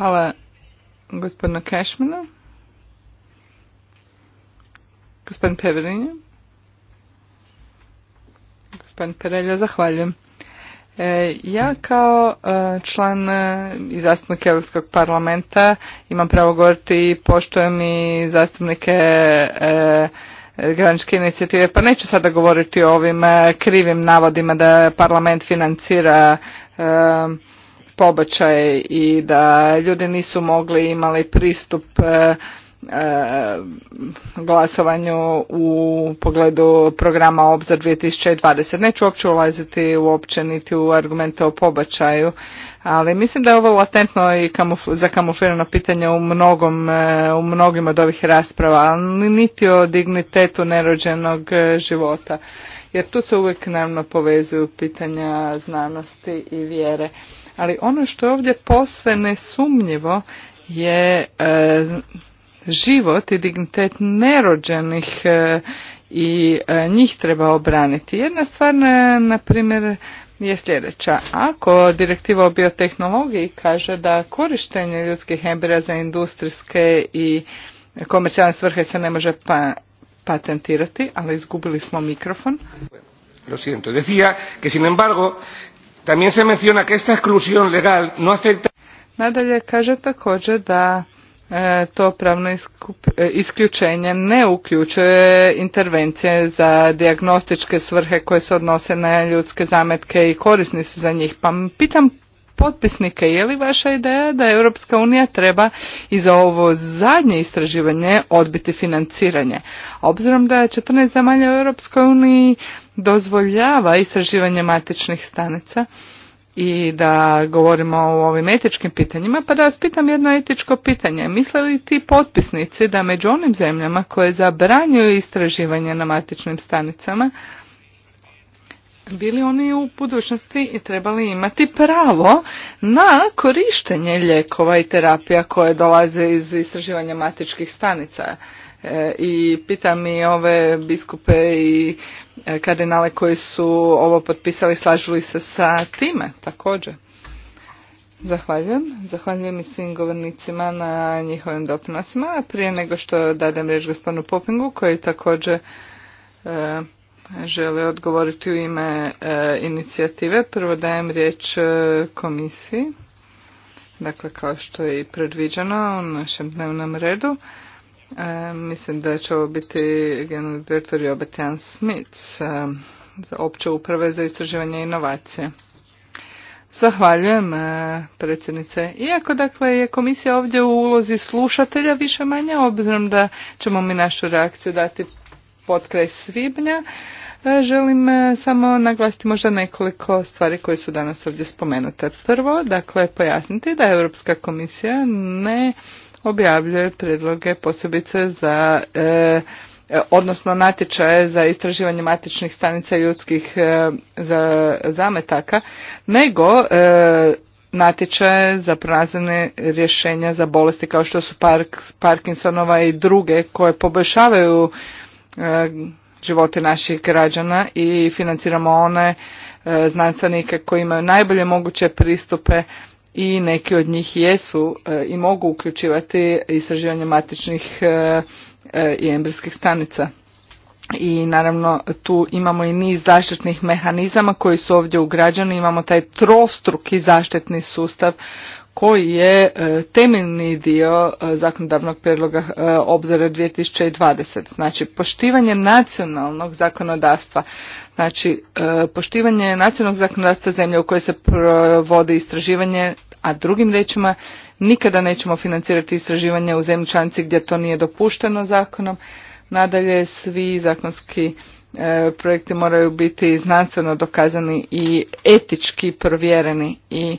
Hvala gospodinu Cashmanu. Gospodin Peverinje. Gospodin Perelja, zahvaljujem. E, ja kao e, član e, i zastupnik Europskog parlamenta imam pravo govoriti i poštujem i zastupnike e, inicijative, pa neću sada govoriti o ovim krivim navodima da parlament financira pobačaje i da ljudi nisu mogli imali pristup e, e, glasovanju u pogledu programa Obzor 2020. Neću uopće ulaziti uopće niti u argumente o pobačaju, ali mislim da je ovo latentno i kamufl zakamuflirano pitanje u, mnogom, e, u mnogim od ovih rasprava, ali niti o dignitetu nerođenog života. Jer tu se uvijek naravno povezuju pitanja znanosti i vjere. Ali ono što je ovdje posve nesumnjivo je e, život i dignitet nerođenih e, i e, njih treba obraniti. Jedna stvar, na primjer, je sljedeća. Ako direktiva o biotehnologiji kaže da korištenje ljudskih embrija za industrijske i komercijalne svrhe se ne može pa, patentirati, ali izgubili smo mikrofon. Lo siento, decía que sin embargo También se menciona legal Nadalje kaže također da e, to pravno e, isključenje ne uključuje intervencije za diagnostičke svrhe koje se odnose na ljudske zametke i korisni su za njih. Pa pitam potpisnike, je li vaša ideja da Europska unija treba i za ovo zadnje istraživanje odbiti financiranje? Obzirom da je 14 zemalja u Europskoj uniji dozvoljava istraživanje matičnih stanica i da govorimo o ovim etičkim pitanjima, pa da vas pitam jedno etičko pitanje. Misle li ti potpisnici da među onim zemljama koje zabranjuju istraživanje na matičnim stanicama, bili oni u budućnosti i trebali imati pravo na korištenje lijekova i terapija koje dolaze iz istraživanja matičkih stanica? E, i pitam i ove biskupe i e, kardinale koji su ovo potpisali, slažu li se sa time također. Zahvaljujem. Zahvaljujem i svim govornicima na njihovim doprinosima. Prije nego što dadem riječ gospodinu Popingu koji također žele želi odgovoriti u ime e, inicijative, prvo dajem riječ komisiji. Dakle, kao što je i predviđeno u našem dnevnom redu. E, mislim da će ovo biti generalni direktor Robert Jan Smith e, za opće uprave za istraživanje i inovacije. Zahvaljujem e, predsjednice. Iako dakle je komisija ovdje u ulozi slušatelja više manje, obzirom da ćemo mi našu reakciju dati pod kraj svibnja, e, želim samo naglasiti možda nekoliko stvari koje su danas ovdje spomenute. Prvo, dakle, pojasniti da Europska komisija ne objavljuje predloge posebice za e, odnosno natječaje za istraživanje matičnih stanica ljudskih e, za, zametaka, nego e, natječaje za pronazene rješenja za bolesti kao što su park, Parkinsonova i druge koje poboljšavaju živote naših građana i financiramo one znanstvenike koji imaju najbolje moguće pristupe i neki od njih jesu e, i mogu uključivati istraživanje matičnih e, e, i embrijskih stanica. I naravno tu imamo i niz zaštitnih mehanizama koji su ovdje ugrađeni, imamo taj trostruki zaštitni sustav koji je temeljni dio zakonodavnog prijedloga obzora 2020. Znači poštivanje nacionalnog zakonodavstva Znači, e, poštivanje nacionalnog zakonodavstva zemlje u kojoj se provodi istraživanje, a drugim riječima nikada nećemo financirati istraživanje u zemlji članci gdje to nije dopušteno zakonom. Nadalje, svi zakonski e, projekti moraju biti znanstveno dokazani i etički provjereni i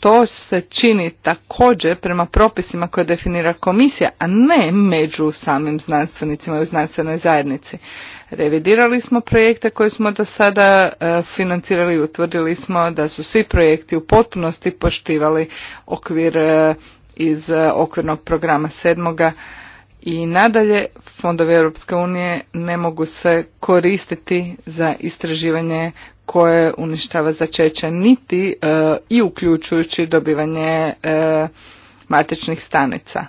to se čini također prema propisima koje definira komisija, a ne među samim znanstvenicima i u znanstvenoj zajednici. Revidirali smo projekte koje smo do sada e, financirali i utvrdili smo da su svi projekti u potpunosti poštivali okvir e, iz e, okvirnog programa sedmoga i nadalje fondovi Europske unije ne mogu se koristiti za istraživanje koje uništava začeće niti i uključujući dobivanje e, matičnih stanica.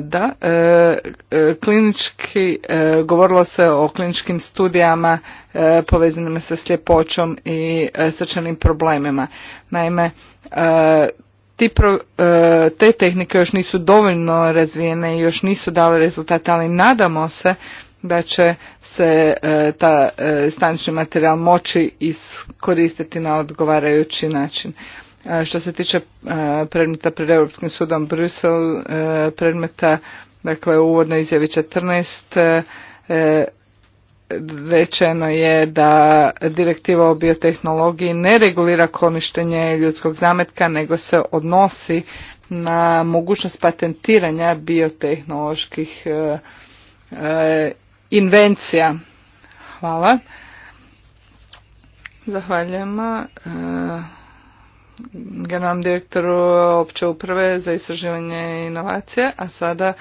da, E, klinički, e, govorilo se o kliničkim studijama e, povezanima sa sljepoćom i srčanim problemima. Naime, te tehnike još nisu dovoljno razvijene i još nisu dale rezultate, ali nadamo se da će se ta stanični materijal moći iskoristiti na odgovarajući način. što se tiče predmeta pred Europskim sudom Brusel, predmeta Dakle, u uvodnoj izjavi 14 e, e, rečeno je da direktiva o biotehnologiji ne regulira korištenje ljudskog zametka, nego se odnosi na mogućnost patentiranja biotehnoloških e, invencija. Hvala. Zahvaljujemo generalnom direktoru opće uprave za istraživanje i inovacije, a sada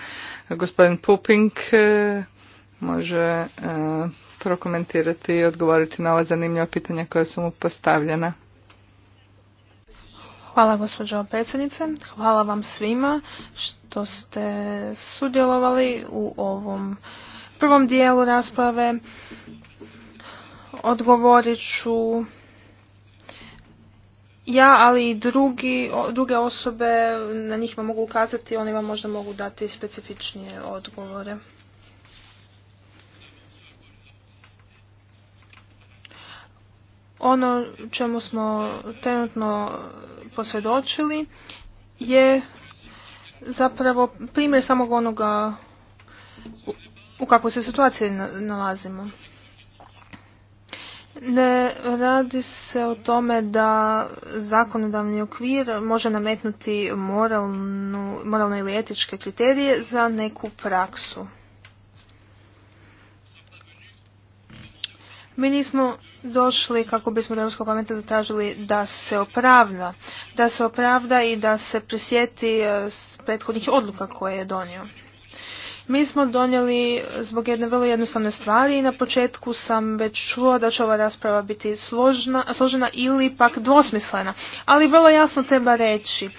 gospodin Puping e, može e, prokomentirati i odgovoriti na ova zanimljiva pitanja koja su mu postavljena. Hvala gospođo predsjednice, hvala vam svima što ste sudjelovali u ovom prvom dijelu rasprave. Odgovorit ću ja, ali i drugi, druge osobe, na njih vam mogu ukazati, oni vam možda mogu dati specifičnije odgovore. Ono čemu smo trenutno posvjedočili je zapravo primjer samog onoga u kakvoj se situaciji nalazimo. Ne radi se o tome da zakonodavni okvir može nametnuti moralnu, moralne ili etičke kriterije za neku praksu. Mi nismo došli kako bismo od Europskog parlamenta zatražili da se opravda, da se opravda i da se prisjeti eh, prethodnih odluka koje je donio. Mi smo donijeli zbog jedne vrlo jednostavne stvari i na početku sam već čuo da će ova rasprava biti složna, složena ili pak dvosmislena. Ali vrlo jasno treba reći,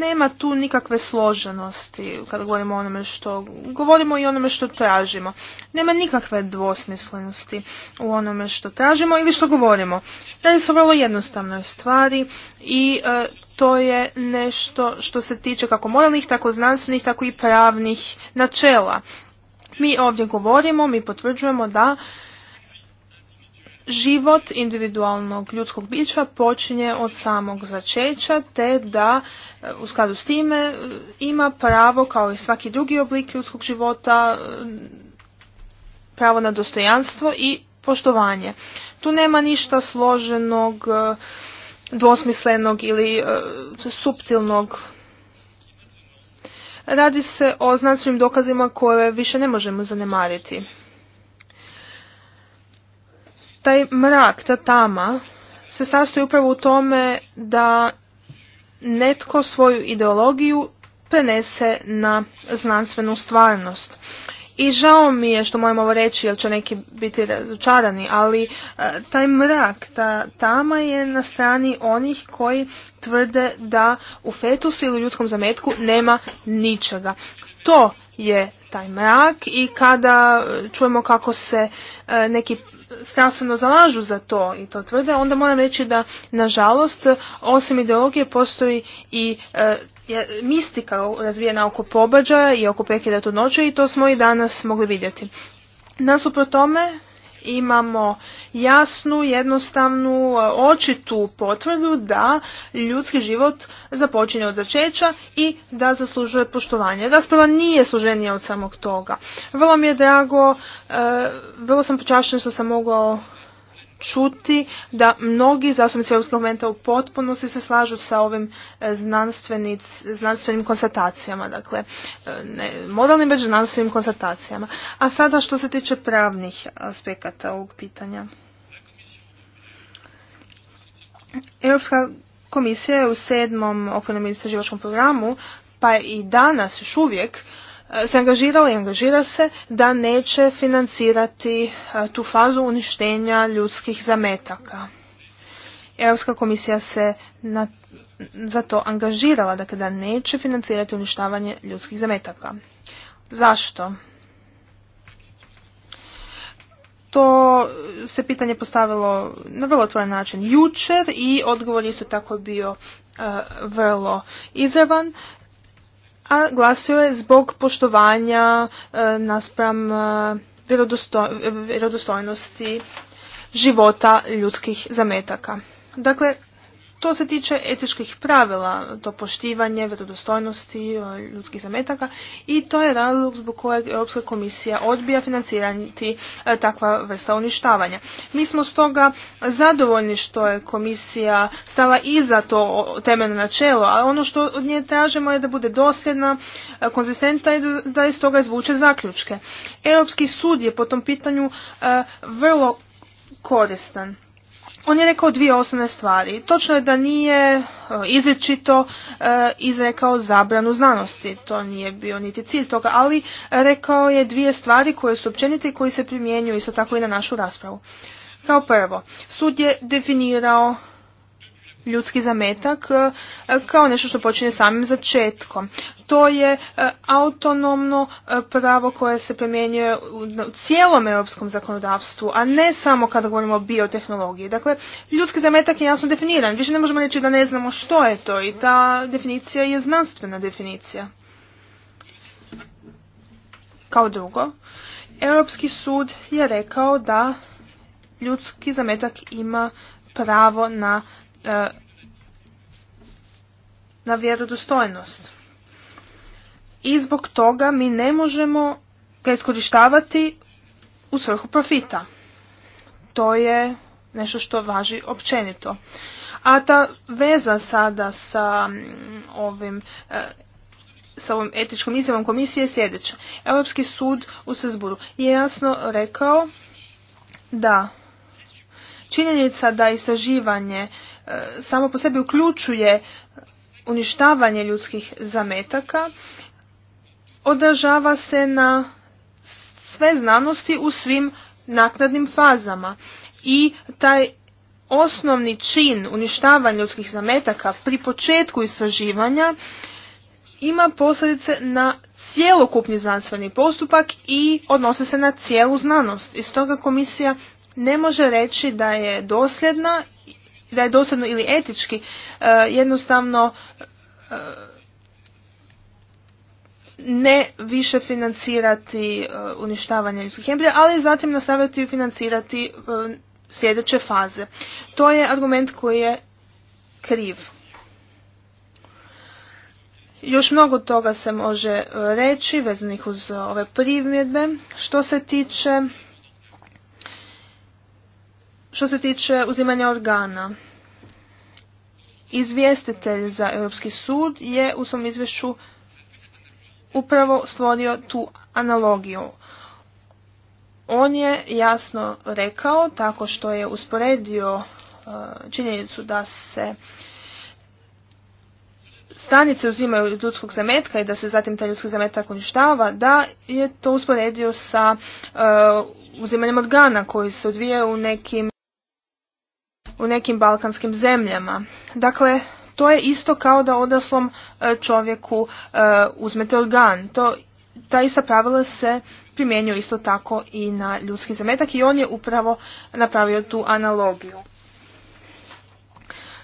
nema tu nikakve složenosti kada govorimo o onome što govorimo i onome što tražimo. Nema nikakve dvosmislenosti u onome što tražimo ili što govorimo. Radi su o vrlo jednostavnoj stvari i e, to je nešto što se tiče kako moralnih, tako znanstvenih, tako i pravnih načela. Mi ovdje govorimo, mi potvrđujemo da život individualnog ljudskog bića počinje od samog začeća te da u skladu s time ima pravo kao i svaki drugi oblik ljudskog života pravo na dostojanstvo i poštovanje. Tu nema ništa složenog dvosmislenog ili e, suptilnog. Radi se o znanstvenim dokazima koje više ne možemo zanemariti. Taj mrak, ta tama se sastoji upravo u tome da netko svoju ideologiju prenese na znanstvenu stvarnost. I žao mi je što mojem ovo reći jer će neki biti razočarani, ali e, taj mrak, ta tama je na strani onih koji tvrde da u fetusu ili ljudskom zametku nema ničega. To je taj mrak i kada e, čujemo kako se e, neki strastveno zalažu za to i to tvrde, onda moram reći da nažalost osim ideologije postoji i mistika razvijena oko pobađaja i oko prekida trudnoće i to smo i danas mogli vidjeti. Nasuprot tome imamo jasnu, jednostavnu, očitu potvrdu da ljudski život započinje od začeća i da zaslužuje poštovanje. Rasprava nije složenija od samog toga. Vrlo mi je drago, e, vrlo sam počašten što sam mogao čuti da mnogi zastupnici Europskog parlamenta u potpunosti se slažu sa ovim e, znanstvenim konstatacijama, dakle e, ne moralnim već znanstvenim konstatacijama. A sada što se tiče pravnih aspekata ovog pitanja. Europska komisija je u sedmom okvirnom istraživačkom programu pa i danas još uvijek E, se angažirala i angažira se da neće financirati e, tu fazu uništenja ljudskih zametaka. Europska komisija se na, za to angažirala, dakle da neće financirati uništavanje ljudskih zametaka. Zašto? To se pitanje postavilo na vrlo otvoren način jučer i odgovor isto tako bio e, vrlo izravan a glasio je zbog poštovanja e, naspram e, vjerodostojnosti života ljudskih zametaka. Dakle, to se tiče etičkih pravila, to poštivanje, vjerodostojnosti e, ljudskih zametaka i to je razlog zbog kojeg Europska komisija odbija financirati e, takva vrsta uništavanja. Mi smo stoga zadovoljni što je komisija stala iza to temeljno načelo, a ono što od nje tražimo je da bude dosljedna, e, konzistentna i da iz toga izvuče zaključke. Europski sud je po tom pitanju vrlo koristan on je rekao dvije osnovne stvari. Točno je da nije e, izričito e, izrekao zabranu znanosti. To nije bio niti cilj toga, ali rekao je dvije stvari koje su općenite i koji se primjenjuju isto tako i na našu raspravu. Kao prvo, sud je definirao ljudski zametak e, kao nešto što počinje samim začetkom. To je e, autonomno e, pravo koje se primjenjuje u cijelom europskom zakonodavstvu, a ne samo kada govorimo o biotehnologiji. Dakle, ljudski zametak je jasno definiran. Više ne možemo reći da ne znamo što je to i ta definicija je znanstvena definicija. Kao drugo, Europski sud je rekao da ljudski zametak ima pravo na E, na vjerodostojnost. I zbog toga mi ne možemo ga iskorištavati u svrhu profita. To je nešto što važi općenito. A ta veza sada sa mm, ovim e, sa ovom etičkom izjavom komisije je sljedeća. Europski sud u Sazburu je jasno rekao da Činjenica da istraživanje e, samo po sebi uključuje uništavanje ljudskih zametaka održava se na sve znanosti u svim naknadnim fazama i taj osnovni čin uništavanja ljudskih zametaka pri početku istraživanja ima posljedice na cjelokupni znanstveni postupak i odnose se na cijelu znanost. I toga komisija ne može reći da je dosljedna, da je dosljedno ili etički e, jednostavno e, ne više financirati e, uništavanje ljudskih embrija, ali zatim nastaviti financirati sljedeće faze. To je argument koji je kriv. Još mnogo toga se može reći vezanih uz ove primjedbe. Što se tiče što se tiče uzimanja organa, izvjestitelj za Europski sud je u svom izvješću upravo stvorio tu analogiju. On je jasno rekao, tako što je usporedio e, činjenicu da se stanice uzimaju ljudskog zametka i da se zatim taj ljudski zametak uništava, da je to usporedio sa e, uzimanjem organa koji se odvija u nekim u nekim balkanskim zemljama. Dakle, to je isto kao da odraslom e, čovjeku e, uzmete organ. To, ta ista pravila se primjenjuje isto tako i na ljudski zametak i on je upravo napravio tu analogiju.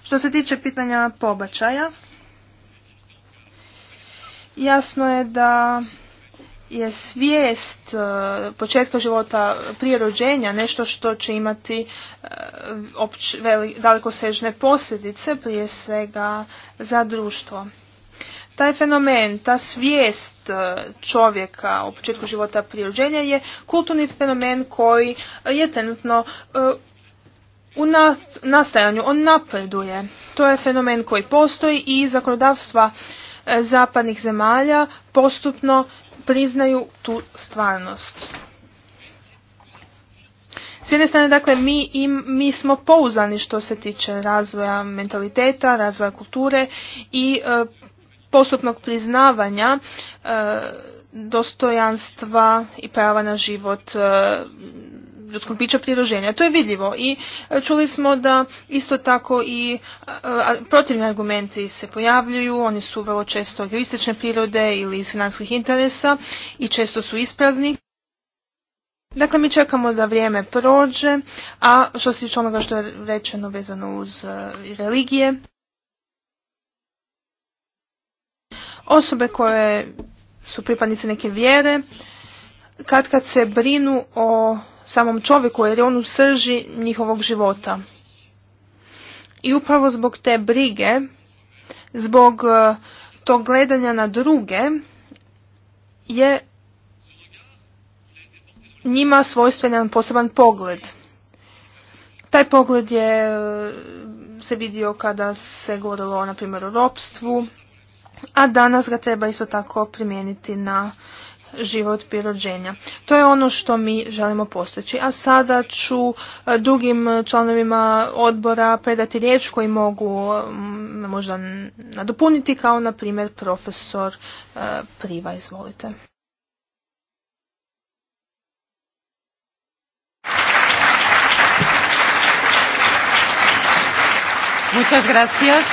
Što se tiče pitanja pobačaja, jasno je da je svijest e, početka života prije rođenja nešto što će imati e, opć, dalekosežne posljedice prije svega za društvo. Taj fenomen, ta svijest e, čovjeka o početku života prije rođenja je kulturni fenomen koji je trenutno u nastajanju, on napreduje. To je fenomen koji postoji i zakonodavstva zapadnih zemalja postupno priznaju tu stvarnost. S jedne strane, dakle, mi, im, mi smo pouzani što se tiče razvoja mentaliteta, razvoja kulture i e, postupnog priznavanja e, dostojanstva i prava na život e, ljudskog bića priroženja. To je vidljivo i e, čuli smo da isto tako i e, protivni argumenti se pojavljuju, oni su vrlo često egoistične prirode ili iz finanskih interesa i često su isprazni. Dakle, mi čekamo da vrijeme prođe, a što se tiče onoga što je rečeno vezano uz e, religije, osobe koje su pripadnice neke vjere, kad kad se brinu o samom čovjeku jer je on u srži njihovog života. I upravo zbog te brige, zbog e, tog gledanja na druge je njima svojstven poseban pogled. Taj pogled je e, se vidio kada se govorilo na primjer o ropstvu, a danas ga treba isto tako primijeniti na život prirođenja. To je ono što mi želimo postići. A sada ću e, drugim članovima odbora predati riječ koji mogu mm, možda nadopuniti kao na primjer profesor e, Priva. Izvolite. Muchas gracias.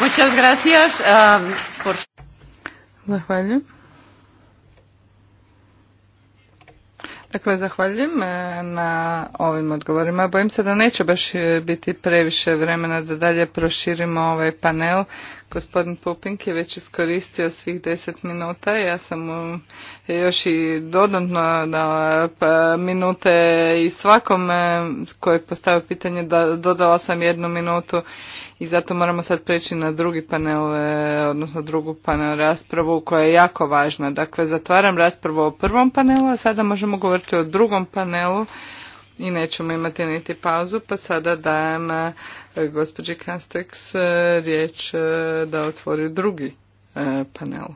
Muchas gracias. Um, por... Zahvaljujem. Dakle, zahvaljujem e, na ovim odgovorima. Bojim se da neće baš e, biti previše vremena da dalje proširimo ovaj panel Gospodin Pupink je već iskoristio svih deset minuta. Ja sam još i dodatno dala pa, minute i svakom koji je postavio pitanje dodala sam jednu minutu i zato moramo sad preći na drugi panel, e, odnosno drugu panel raspravu koja je jako važna. Dakle, zatvaram raspravu o prvom panelu, a sada možemo govoriti o drugom panelu i nećemo imati niti pauzu, pa sada dajem e, gospođi Kastex e, riječ e, da otvori drugi panel.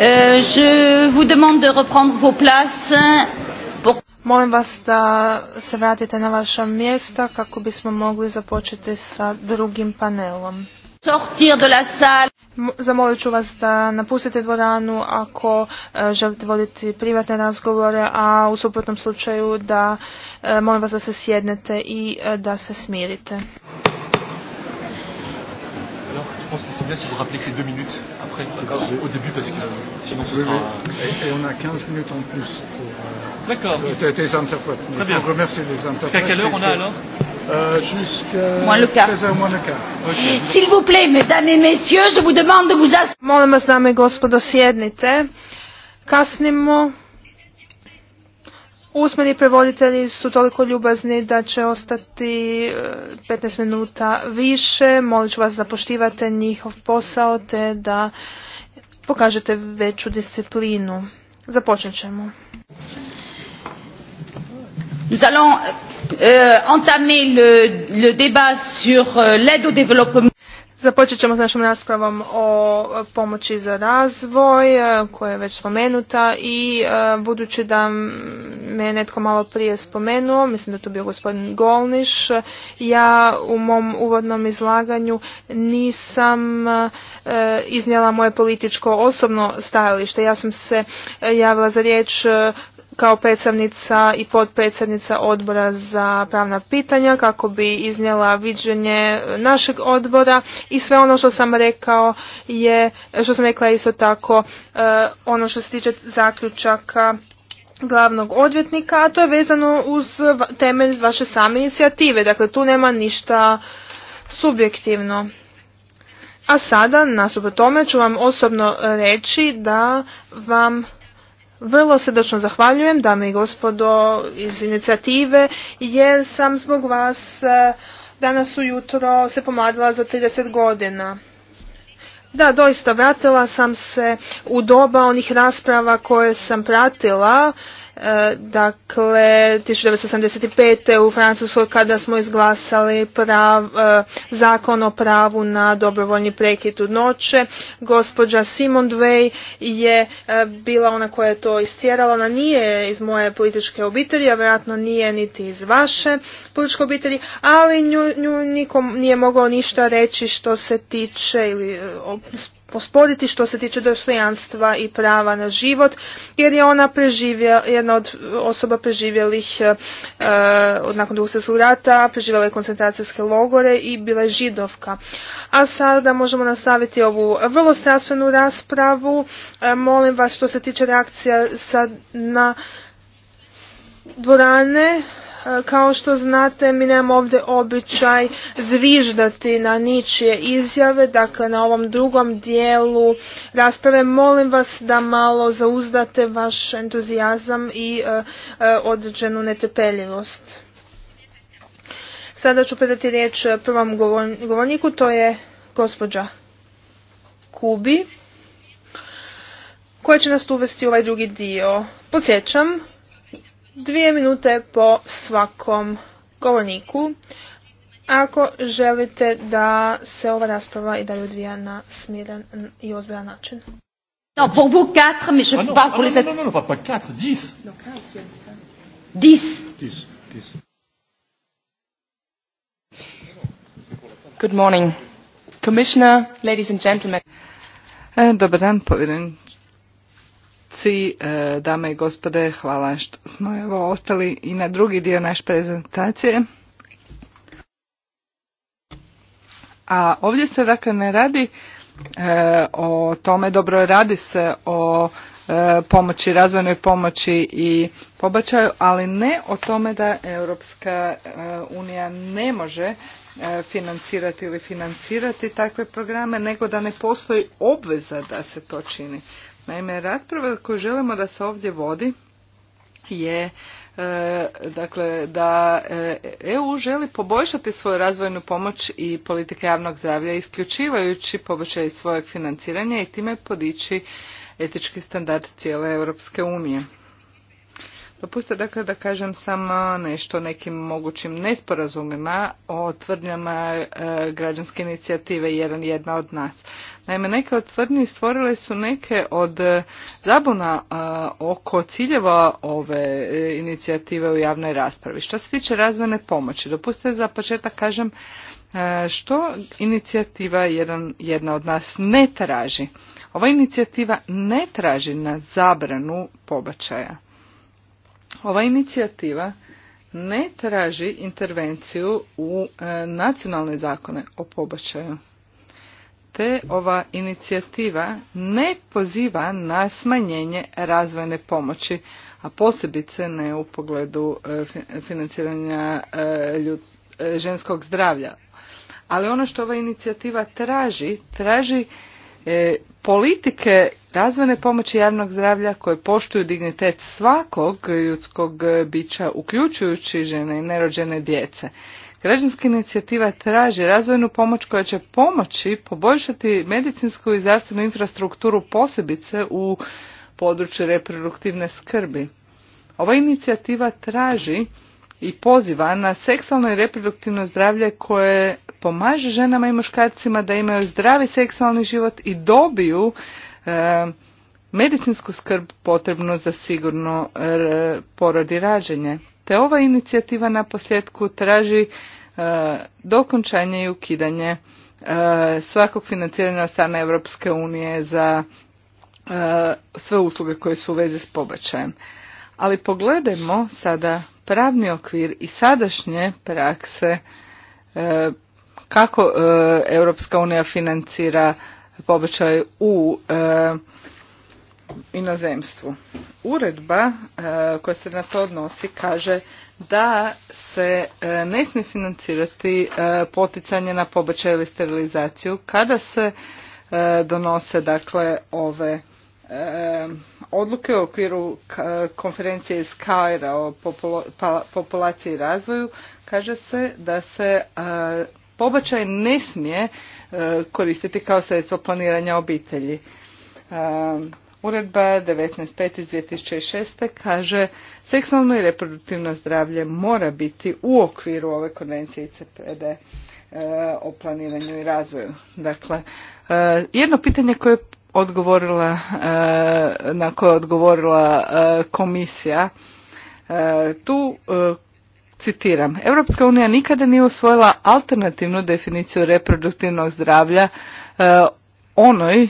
Euh, je Molim vas da se vratite na vaša mjesta kako bismo mogli započeti sa drugim panelom. Zamolit ću vas da napustite dvoranu ako e, želite voditi privatne razgovore, a u suprotnom slučaju da e, molim vas da se sjednete i e, da se smirite c'est bien si vous rappelez que c'est deux minutes après, au début, parce que euh, sinon ce oui, sera... Et, et, on a 15 minutes en plus pour... Euh, d'accord. Les euh, interprètes. Très bien. remercier les interprètes. Jusqu'à quelle heure on a alors euh, Jusqu'à... Moins le quart. Moins le quart. Okay. S'il vous plaît, mesdames et messieurs, je vous demande de vous asseoir. Molim vas, dame i gospodo, sjednite. Kasnimo. Usmeni prevoditelji su toliko ljubazni da će ostati 15 e, minuta više. Molit ću vas da poštivate njihov posao te da pokažete veću disciplinu. Započet ćemo. Nous allons euh, entamer le, le débat sur e, l'aide au développement. Započet ćemo s našom raspravom o pomoći za razvoj e, koja je već spomenuta i e, budući da me netko malo prije spomenuo, mislim da to bio gospodin Golniš, ja u mom uvodnom izlaganju nisam e, iznijela moje političko osobno stajalište. Ja sam se javila za riječ kao predstavnica i podpredsjednica odbora za pravna pitanja kako bi iznijela viđenje našeg odbora i sve ono što sam rekao je, što sam rekla isto tako, eh, ono što se tiče zaključaka glavnog odvjetnika, a to je vezano uz temelj vaše same inicijative. Dakle, tu nema ništa subjektivno. A sada, nasuprot tome, ću vam osobno reći da vam vrlo srdečno zahvaljujem, dame i gospodo, iz inicijative, jer sam zbog vas e, danas ujutro se pomladila za 30 godina. Da, doista, vratila sam se u doba onih rasprava koje sam pratila E, dakle 1985. u Francuskoj kada smo izglasali prav, e, zakon o pravu na dobrovoljni prekid noće, Gospođa Simon Dwayne je e, bila ona koja je to istjerala. Ona nije iz moje političke obitelji, a vjerojatno nije niti iz vaše političke obitelji, ali nju, nju nije mogao ništa reći što se tiče ili osporiti što se tiče dostojanstva i prava na život jer je ona preživjela, jedna od osoba preživjelih e, nakon drugog svjetskog rata, preživjela je koncentracijske logore i bila je židovka. A sada možemo nastaviti ovu vrlo strastvenu raspravu. E, molim vas što se tiče reakcija sad na dvorane. E, kao što znate, mi nemamo ovdje običaj zviždati na ničije izjave, dakle na ovom drugom dijelu rasprave. Molim vas da malo zauzdate vaš entuzijazam i e, e, određenu netrpeljivost. Sada ću predati riječ prvom govorniku, to je gospođa Kubi, koja će nas uvesti u ovaj drugi dio. Podsjećam dvije minute po svakom govorniku ako želite da se ova rasprava i dalje odvija na smiren i ozbiljan način. Non, pour vous quatre, mais je ah non, parle ah pour non, les... Non, non, non, pas, pas quatre, dix. dix. Dix. Dix. Good morning. Commissioner, ladies and gentlemen. Eh, dobar dan, povjerenik i e, dame i gospode, hvala što smo evo ostali i na drugi dio naše prezentacije. A ovdje se dakle ne radi e, o tome, dobro radi se o e, pomoći, razvojnoj pomoći i pobačaju, ali ne o tome da Europska unija ne može financirati ili financirati takve programe, nego da ne postoji obveza da se to čini. Naime, rasprava koju želimo da se ovdje vodi je e, dakle da EU e želi poboljšati svoju razvojnu pomoć i politike javnog zdravlja isključivajući poboljšaj svojeg financiranja i time podići etički standard cijele Europske unije. Dopustite dakle da kažem samo nešto o nekim mogućim nesporazumima o tvrdnjama e, građanske inicijative jedan jedna od nas. Naime, neke od tvrdnji stvorile su neke od e, zabuna e, oko ciljeva ove e, inicijative u javnoj raspravi. Što se tiče razvojne pomoći, dopustite za početak kažem što inicijativa jedna od nas ne traži. Ova inicijativa ne traži na zabranu pobačaja. Ova inicijativa ne traži intervenciju u nacionalne zakone o pobačaju te ova inicijativa ne poziva na smanjenje razvojne pomoći, a posebice ne u pogledu e, financiranja e, e, ženskog zdravlja. Ali ono što ova inicijativa traži, traži politike razvojne pomoći javnog zdravlja koje poštuju dignitet svakog ljudskog bića, uključujući žene i nerođene djece. Građanska inicijativa traži razvojnu pomoć koja će pomoći poboljšati medicinsku i zdravstvenu infrastrukturu posebice u području reproduktivne skrbi. Ova inicijativa traži i poziva na seksualno i reproduktivno zdravlje koje pomaže ženama i muškarcima da imaju zdravi seksualni život i dobiju e, medicinsku skrb potrebnu za sigurno e, porod rađenje te ova inicijativa na posljedku traži e, dokončanje i ukidanje e, svakog financiranja od strane Europske unije za e, sve usluge koje su u vezi s pobačajem. Ali pogledajmo sada pravni okvir i sadašnje prakse kako Europska unija financira pobačaj u inozemstvu. Uredba e, koja se na to odnosi kaže da se e, ne smije financirati e, poticanje na pobačaj ili sterilizaciju kada se donose dakle ove odluke u okviru konferencije iz Kaira o pa, populaciji i razvoju kaže se da se pobačaj ne smije koristiti kao sredstvo planiranja obitelji. Uredba 19.5 iz 2006. kaže seksualno i reproduktivno zdravlje mora biti u okviru ove konvencije ICPD e, o planiranju i razvoju. Dakle, e, jedno pitanje koje je odgovorila, e, na koje je odgovorila komisija, tu citiram, Europska unija nikada nije usvojila alternativnu definiciju reproduktivnog zdravlja onoj e,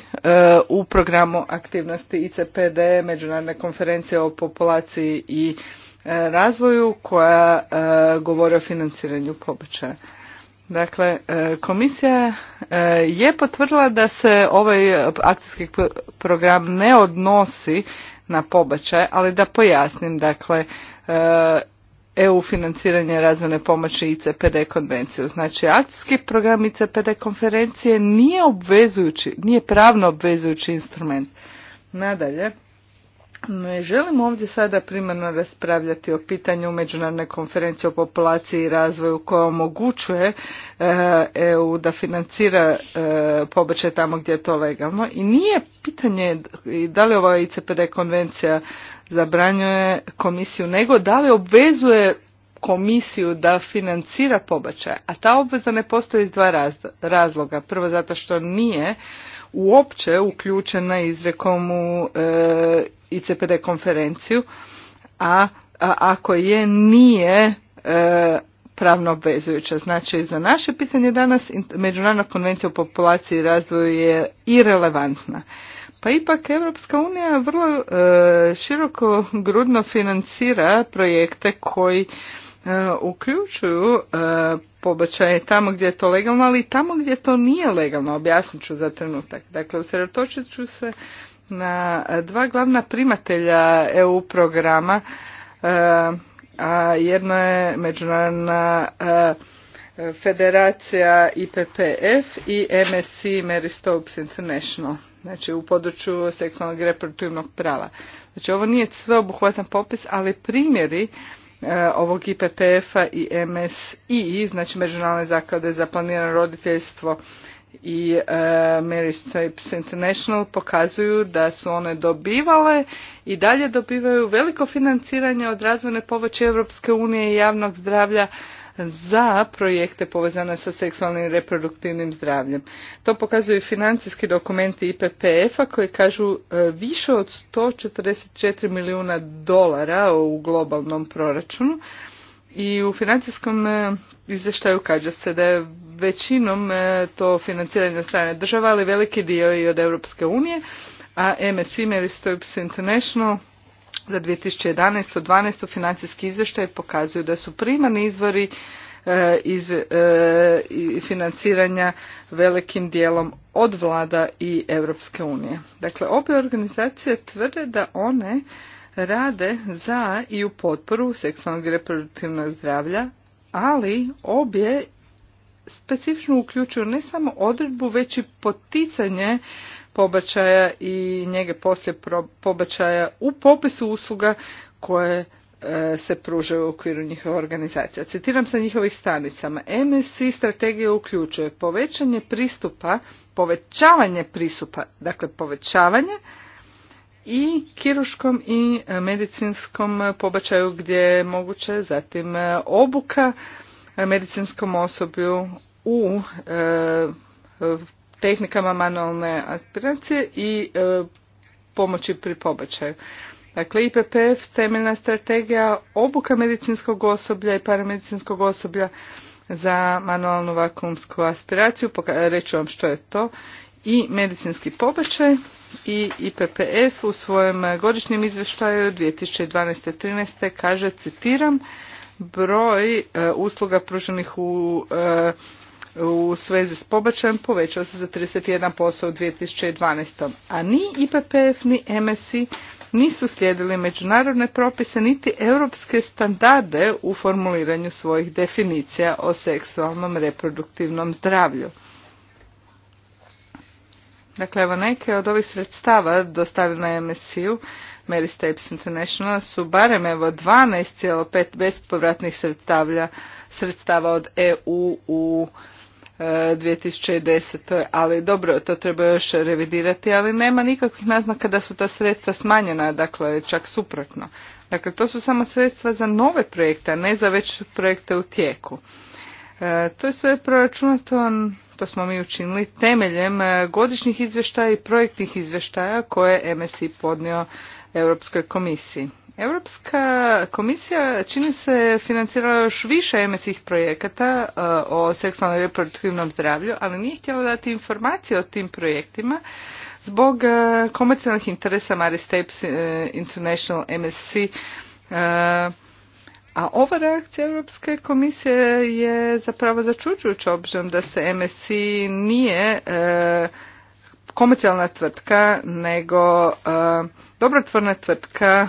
u programu aktivnosti ICPD, Međunarodne konferencije o populaciji i e, razvoju koja e, govori o financiranju pobačaja. Dakle, komisija je potvrdila da se ovaj akcijski program ne odnosi na pobačaj, ali da pojasnim, dakle, EU financiranje razvojne pomoći ICPD konvenciju. Znači, akcijski program ICPD konferencije nije obvezujući, nije pravno obvezujući instrument. Nadalje, ne želim ovdje sada primarno raspravljati o pitanju Međunarodne konferencije o populaciji i razvoju koja omogućuje eh, EU da financira eh, pobačaj tamo gdje je to legalno. I nije pitanje da li ova ICPD konvencija zabranjuje komisiju, nego da li obvezuje komisiju da financira pobačaj. A ta obveza ne postoji iz dva razloga. Prvo zato što nije uopće uključena izrekom u e, ICPD konferenciju, a, ako je nije e, pravno obvezujuća. Znači, za naše pitanje danas Međunarodna konvencija o populaciji i razvoju je irelevantna. Pa ipak Europska unija vrlo e, široko grudno financira projekte koji e, uključuju e, pobačaje tamo gdje je to legalno, ali i tamo gdje to nije legalno, objasnit ću za trenutak. Dakle, usredotočit ću se na dva glavna primatelja EU programa, a jedno je Međunarodna federacija IPPF i MSC Mary Stopes International znači u području seksualnog reproduktivnog prava. Znači ovo nije sveobuhvatan popis, ali primjeri e, ovog IPPF-a i MSI, znači Međunarodne zaklade za planirano roditeljstvo i e, Mary International pokazuju da su one dobivale i dalje dobivaju veliko financiranje od razvojne poveće Europske unije i javnog zdravlja za projekte povezane sa seksualnim i reproduktivnim zdravljem. To pokazuju financijski dokumenti IPPF-a koji kažu e, više od 144 milijuna dolara u globalnom proračunu i u financijskom e, izvještaju kaže se da je većinom e, to financiranje od strane država, ali veliki dio i od Europske unije, a MSI, Mary International, za 2011. 12. financijski izvještaj pokazuju da su primarni izvori e, iz, e, financiranja velikim dijelom od vlada i Europske unije. Dakle, obje organizacije tvrde da one rade za i u potporu seksualnog i reproduktivnog zdravlja, ali obje specifično uključuju ne samo odredbu, već i poticanje pobačaja i njege poslije pobačaja u popisu usluga koje e, se pružaju u okviru njihove organizacija. Citiram sa njihovih stanicama. MSI strategija uključuje povećanje pristupa, povećavanje pristupa, dakle povećavanje i kiruškom i medicinskom pobačaju gdje je moguće, zatim e, obuka medicinskom osoblju u e, tehnikama manualne aspiracije i e, pomoći pri pobačaju. Dakle, IPPF, temeljna strategija, obuka medicinskog osoblja i paramedicinskog osoblja za manualnu vakuumsku aspiraciju, reću vam što je to, i medicinski pobačaj i IPPF u svojem godišnjem izvještaju 2012-2013 kaže, citiram, broj e, usluga pruženih u e, u svezi s pobačajem povećao se za 31% u 2012. A ni IPPF ni MSI nisu slijedili međunarodne propise niti europske standarde u formuliranju svojih definicija o seksualnom reproduktivnom zdravlju. Dakle, evo neke od ovih sredstava dostavljena MSI-u, Mary Stapes International, su barem evo 12,5 bespovratnih sredstava od EU u 2010. E, ali dobro, to treba još revidirati, ali nema nikakvih naznaka da su ta sredstva smanjena, dakle čak suprotno. Dakle, to su samo sredstva za nove projekte, a ne za već projekte u tijeku. E, to je sve proračunato, to smo mi učinili, temeljem e, godišnjih izvještaja i projektnih izvještaja koje je MSI podnio Europskoj komisiji. Europska komisija čini se financirala još više MSI projekata uh, o seksualnom i reproduktivnom zdravlju, ali nije htjela dati informacije o tim projektima zbog uh, komercijalnih interesa Mary uh, International MSC. A ova reakcija Europske komisije je zapravo začuđujuća obzirom da se MSC nije komercijalna tvrtka nego e, dobrotvorna tvrtka e,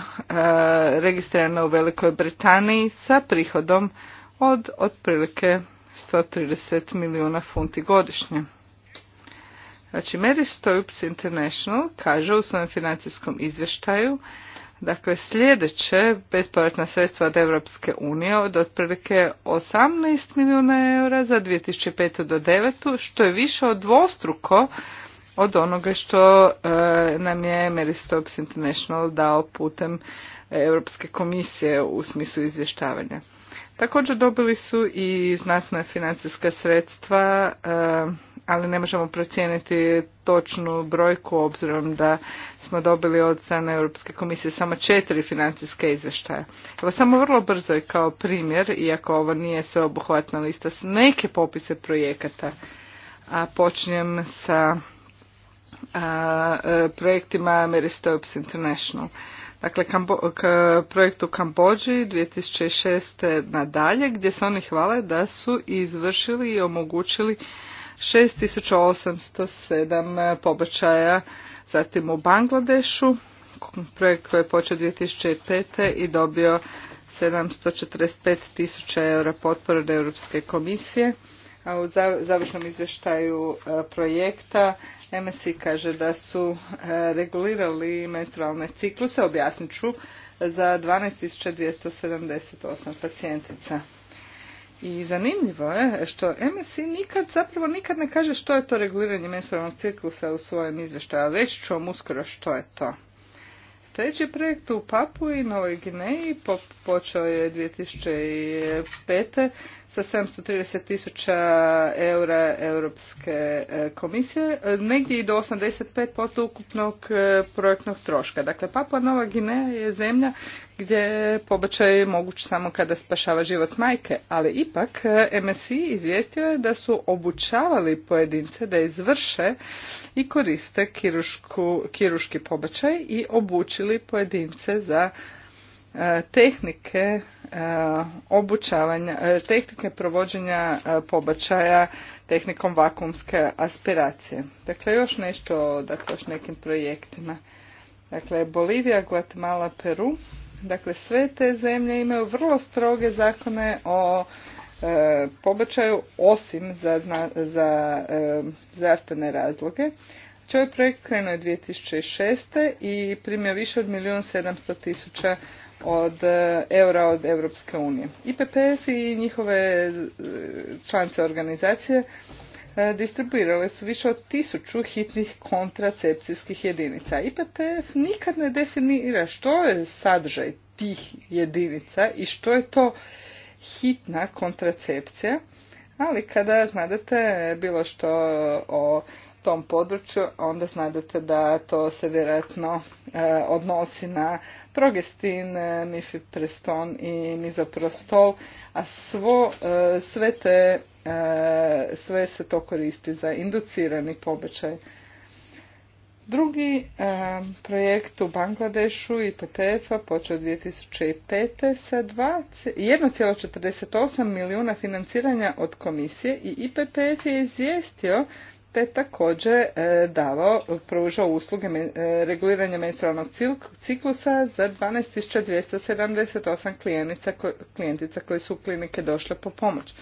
registrirana u Velikoj Britaniji sa prihodom od otprilike 130 milijuna funti godišnje. Znači, Mary Stoops International kaže u svojem financijskom izvještaju Dakle, sljedeće bespovratna sredstva od Europske unije od otprilike 18 milijuna eura za 2005. do 2009. što je više od dvostruko od onoga što e, nam je Mary International dao putem Europske komisije u smislu izvještavanja. Također dobili su i znatna financijska sredstva, e, ali ne možemo procijeniti točnu brojku obzirom da smo dobili od strane Europske komisije samo četiri financijske izvještaja. Evo samo vrlo brzo je kao primjer, iako ovo nije sveobuhvatna lista, neke popise projekata, a počinjem sa a, e, projektima Meristops International. Dakle, k, projekt u Kambođi 2006. nadalje gdje se oni hvale da su izvršili i omogućili 6807 pobačaja, zatim u Bangladešu, projekt koji je počeo 2005. i dobio 745 tisuća eura potpore od Europske komisije. A u završnom izvještaju e, projekta MSI kaže da su e, regulirali menstrualne cikluse, objasnit ću, za 12.278 pacijentica. I zanimljivo je što MSI nikad, zapravo nikad ne kaže što je to reguliranje menstrualnog ciklusa u svojem izvještaju, ali reći ću vam uskoro što je to. Treći projekt u Papu i Novoj Gineji počeo je 2005. sa 730 tisuća eura Europske e, komisije, e, negdje i do 85% ukupnog e, projektnog troška. Dakle, Papua Nova Gineja je zemlja gdje pobačaj je moguć samo kada spašava život majke, ali ipak MSI izvijestio je da su obučavali pojedince da izvrše i koriste kiruški pobačaj i obučili pojedince za e, tehnike e, obučavanja, e, tehnike provođenja pobačaja tehnikom vakumske aspiracije. Dakle, još nešto, dakle, nekim projektima. Dakle, Bolivija, Guatemala, Peru. Dakle, sve te zemlje imaju vrlo stroge zakone o E, pobačaju osim za, za e, zdravstvene razloge. Čovjek projekt krenuo je 2006. i primio više od milijun sedamsto tisuća od e, eura od Europske unije. IPPF i njihove članice organizacije distribuirale su više od tisuću hitnih kontracepcijskih jedinica. IPPF nikad ne definira što je sadržaj tih jedinica i što je to hitna kontracepcija, ali kada znadete bilo što o tom području, onda znadete da to se vjerojatno e, odnosi na progestin, e, mifipreston i mizoprostol, a svo, e, sve, te, sve se to koristi za inducirani pobačaj. Drugi e, projekt u Bangladešu i PPF-a počeo 2005. sa 1,48 milijuna financiranja od komisije i IPPF je izvijestio te također e, davao, pružao usluge e, reguliranja menstrualnog ciklusa za 12.278 klijentica, klijentica koje su u klinike došle po pomoć.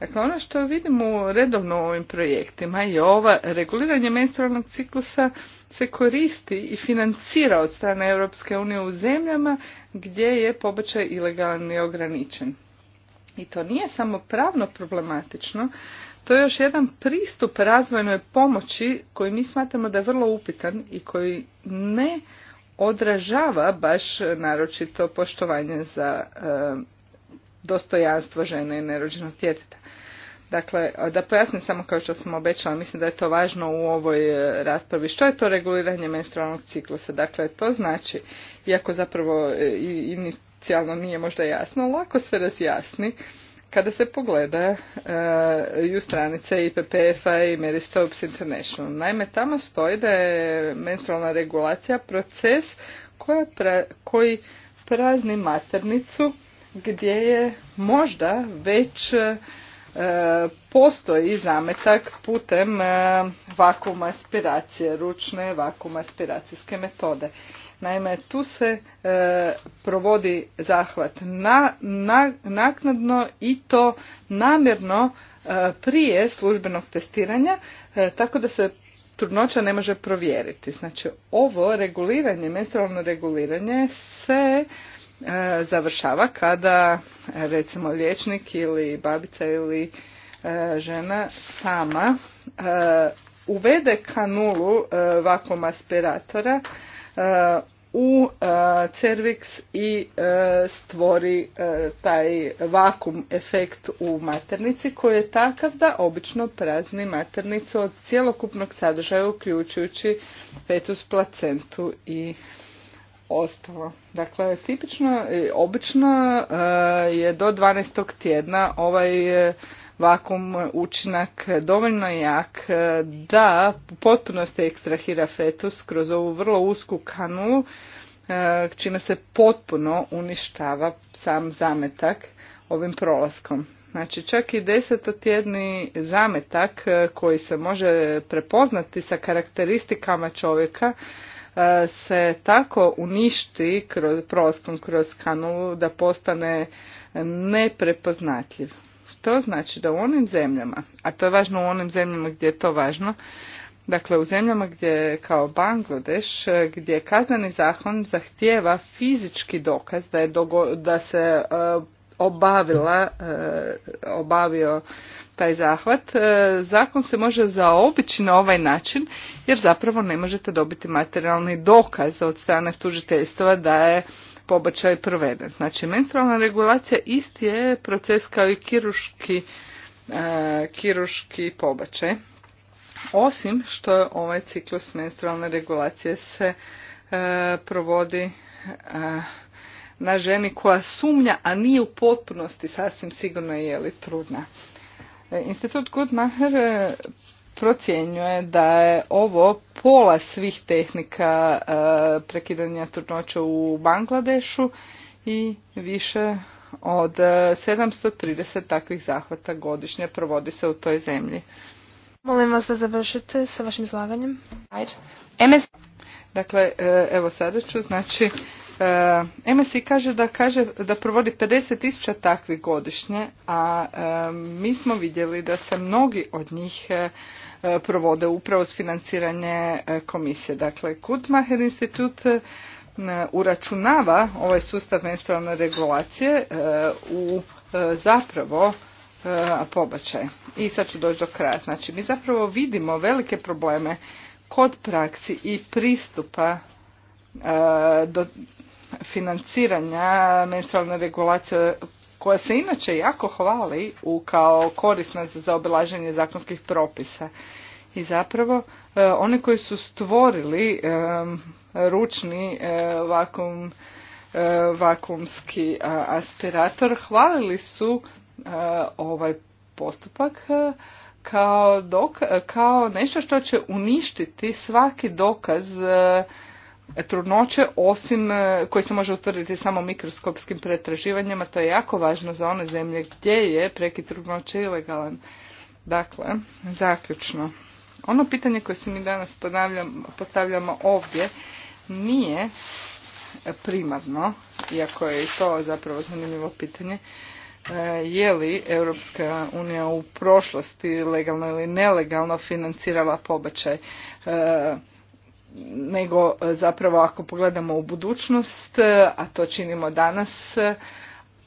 Dakle, ono što vidimo redovno u ovim projektima je ova reguliranje menstrualnog ciklusa se koristi i financira od strane Europske unije u zemljama gdje je pobačaj ilegalan i ograničen. I to nije samo pravno problematično, to je još jedan pristup razvojnoj pomoći koji mi smatramo da je vrlo upitan i koji ne odražava baš naročito poštovanje za e, dostojanstvo žene i nerođenog djeteta. Dakle, da pojasnim samo kao što sam obećala, mislim da je to važno u ovoj e, raspravi. Što je to reguliranje menstrualnog ciklusa? Dakle, to znači, iako zapravo e, inicijalno nije možda jasno, lako se razjasni kada se pogleda e, i u stranice IPPF-a i Mary International. Naime, tamo stoji da je menstrualna regulacija proces koji prazni maternicu gdje je možda već E, postoji zametak putem e, vakuma aspiracije, ručne vakuma aspiracijske metode. Naime, tu se e, provodi zahvat na, naknadno i to namjerno prije službenog testiranja, tako da se trudnoća ne može provjeriti. Znači, ovo reguliranje, menstrualno reguliranje se E, završava kada e, recimo liječnik ili babica ili e, žena sama uvede kanulu vakum aspiratora u cerviks i stvori taj vakum efekt u maternici koji je takav da obično prazni maternicu od cjelokupnog sadržaja uključujući fetus placentu i ostalo. Dakle, tipično, e, obično e, je do 12. tjedna ovaj e, vakum učinak dovoljno jak da potpuno se ekstrahira fetus kroz ovu vrlo usku kanu čime se potpuno uništava sam zametak ovim prolaskom. Znači čak i desetotjedni zametak koji se može prepoznati sa karakteristikama čovjeka E, se tako uništi kroz, prolaskom kroz kanulu da postane neprepoznatljiv. To znači da u onim zemljama, a to je važno u onim zemljama gdje je to važno, dakle u zemljama gdje kao Bangladeš, e, gdje kazneni zakon zahtijeva fizički dokaz da, je da se e, obavila, obavio taj zahvat, e, zakon se može zaobići na ovaj način jer zapravo ne možete dobiti materijalni dokaz od strane tužiteljstva da je pobačaj proveden. Znači, menstrualna regulacija isti je proces kao i kiruški, e, kiruški pobačaj. Osim što ovaj ciklus menstrualne regulacije se e, provodi na ženi koja sumnja, a nije u potpunosti sasvim sigurno je li trudna. Institut Goodmacher e, procjenjuje da je ovo pola svih tehnika e, prekidanja trudnoća u Bangladešu i više od 730 e, takvih zahvata godišnje provodi se u toj zemlji. Molim vas da završite sa vašim izlaganjem. Dakle, evo sada ću znači E, MSI kaže da kaže da provodi 50 tisuća takvih godišnje, a e, mi smo vidjeli da se mnogi od njih e, provode upravo s financiranje komisije. Dakle, Kutmacher institut uračunava ovaj sustav menstrualne regulacije u zapravo pobačaj. I sad ću doći do kraja. Znači, mi zapravo vidimo velike probleme kod praksi i pristupa do financiranja menstrualne regulacije koja se inače jako hvali u kao korisna za zaobilaženje zakonskih propisa. I zapravo e, oni koji su stvorili e, ručni e, vakum, vakumski aspirator hvalili su ovaj postupak kao, dok, kao nešto što će uništiti svaki dokaz trudnoće, osim e, koji se može utvrditi samo mikroskopskim pretraživanjima, to je jako važno za one zemlje gdje je prekid trudnoće ilegalan. Dakle, zaključno. Ono pitanje koje se mi danas postavljamo ovdje nije primarno, iako je i to zapravo zanimljivo pitanje, e, je li Europska unija u prošlosti legalno ili nelegalno financirala pobačaj. E, nego e, zapravo ako pogledamo u budućnost, e, a to činimo danas, e,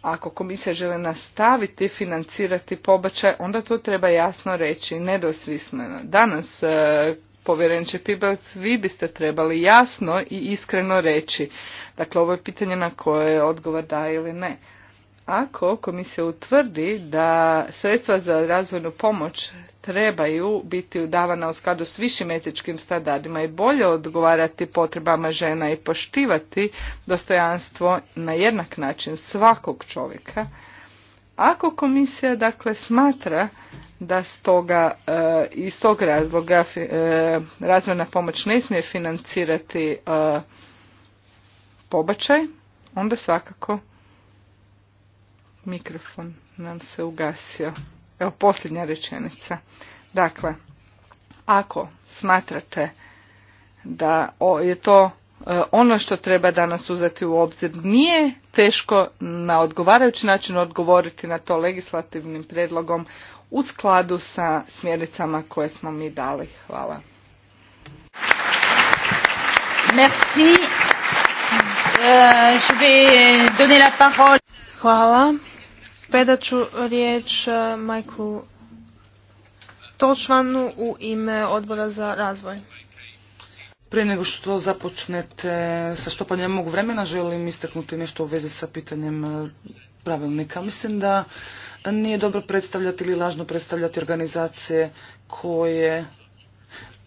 ako komisija žele nastaviti financirati pobačaj, onda to treba jasno reći, nedosvismeno. Danas, povjerenče Pibelc, vi biste trebali jasno i iskreno reći. Dakle, ovo je pitanje na koje odgovor da ili ne. Ako komisija utvrdi da sredstva za razvojnu pomoć trebaju biti udavana u skladu s višim etičkim standardima i bolje odgovarati potrebama žena i poštivati dostojanstvo na jednak način svakog čovjeka. Ako komisija dakle smatra da stoga e, iz tog razloga e, razvojna pomoć ne smije financirati e, pobačaj, onda svakako mikrofon nam se ugasio. Evo posljednja rečenica. Dakle, ako smatrate da je to e, ono što treba danas uzeti u obzir, nije teško na odgovarajući način odgovoriti na to legislativnim prijedlogom u skladu sa smjernicama koje smo mi dali. Hvala. Merci. Euh, Hvala. Predat ću riječ e, Michaelu Točvanu u ime odbora za razvoj. Prije nego što započnete sa štopanjem mog vremena, želim istaknuti nešto u vezi sa pitanjem e, pravilnika. Mislim da nije dobro predstavljati ili lažno predstavljati organizacije koje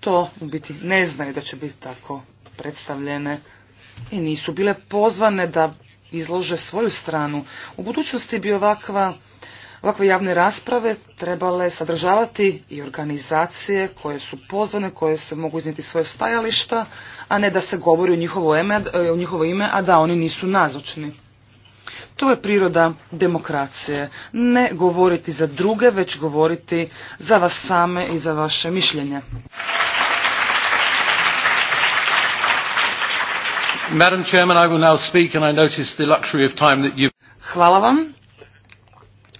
to u biti ne znaju da će biti tako predstavljene i nisu bile pozvane da izlože svoju stranu. U budućnosti bi ovakva, ovakve javne rasprave trebale sadržavati i organizacije koje su pozvane, koje se mogu iznijeti svoje stajališta, a ne da se govori u njihovo ime, njihovo ime a da oni nisu nazočni. To je priroda demokracije. Ne govoriti za druge, već govoriti za vas same i za vaše mišljenje. Hvala vam.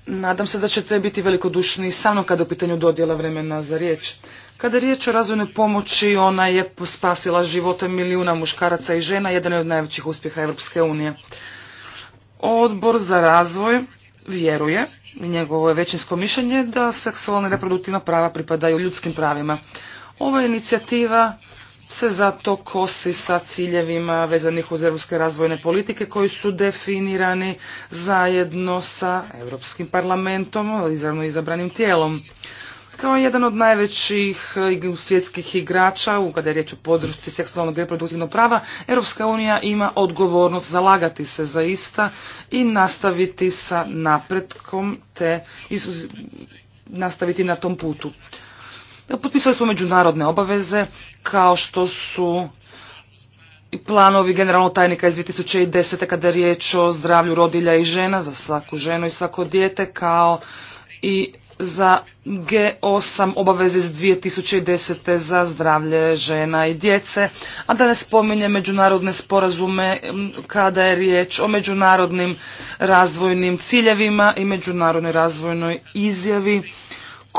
Nadam se da ćete biti velikodušni sa mnom kada je u pitanju dodjela vremena za riječ. Kada je riječ o razvojnoj pomoći, ona je spasila živote milijuna muškaraca i žena, jedan je od najvećih uspjeha Europske unije. Odbor za razvoj vjeruje, i njegovo je većinsko mišljenje, da seksualna i reproduktivna prava pripadaju ljudskim pravima. Ova inicijativa se zato kosi sa ciljevima vezanih uz europske razvojne politike koji su definirani zajedno sa Europskim parlamentom, izravno izabranim tijelom. Kao jedan od najvećih svjetskih igrača, u kada je riječ o podršci seksualnog reproduktivnog prava, Europska unija ima odgovornost zalagati se za ista i nastaviti sa napretkom te nastaviti na tom putu potpisali smo međunarodne obaveze kao što su planovi generalnog tajnika iz 2010. kada je riječ o zdravlju rodilja i žena za svaku ženu i svako dijete kao i za G8 obaveze iz 2010. za zdravlje žena i djece, a da ne spominje međunarodne sporazume kada je riječ o međunarodnim razvojnim ciljevima i međunarodnoj razvojnoj izjavi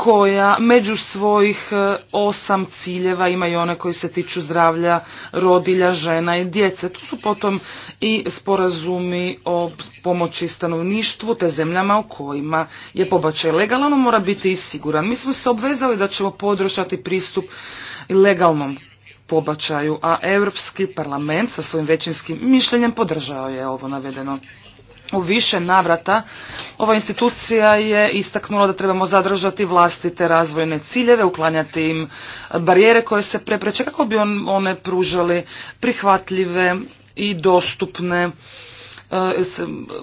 koja među svojih e, osam ciljeva ima i one koji se tiču zdravlja rodilja, žena i djece. Tu su potom i sporazumi o pomoći stanovništvu te zemljama u kojima je pobačaj legalan, ono mora biti i siguran. Mi smo se obvezali da ćemo podržati pristup legalnom pobačaju, a Europski parlament sa svojim većinskim mišljenjem podržao je ovo navedeno u više navrata ova institucija je istaknula da trebamo zadržati vlastite razvojne ciljeve, uklanjati im barijere koje se prepreče kako bi one pružali prihvatljive i dostupne E,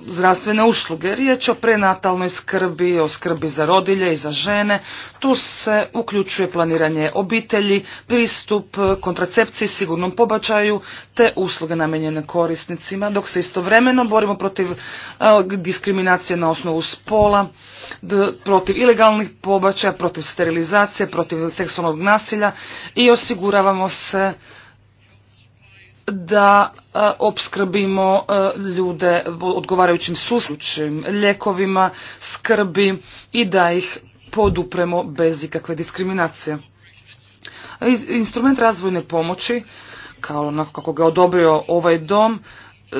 zdravstvene usluge. Riječ o prenatalnoj skrbi, o skrbi za rodilje i za žene. Tu se uključuje planiranje obitelji, pristup e, kontracepciji, sigurnom pobačaju te usluge namijenjene korisnicima, dok se istovremeno borimo protiv e, diskriminacije na osnovu spola, protiv ilegalnih pobačaja, protiv sterilizacije, protiv seksualnog nasilja i osiguravamo se da e, opskrbimo e, ljude odgovarajućim susrećim ljekovima, skrbi i da ih podupremo bez ikakve diskriminacije. Instrument razvojne pomoći, kao onako kako ga odobrio ovaj dom,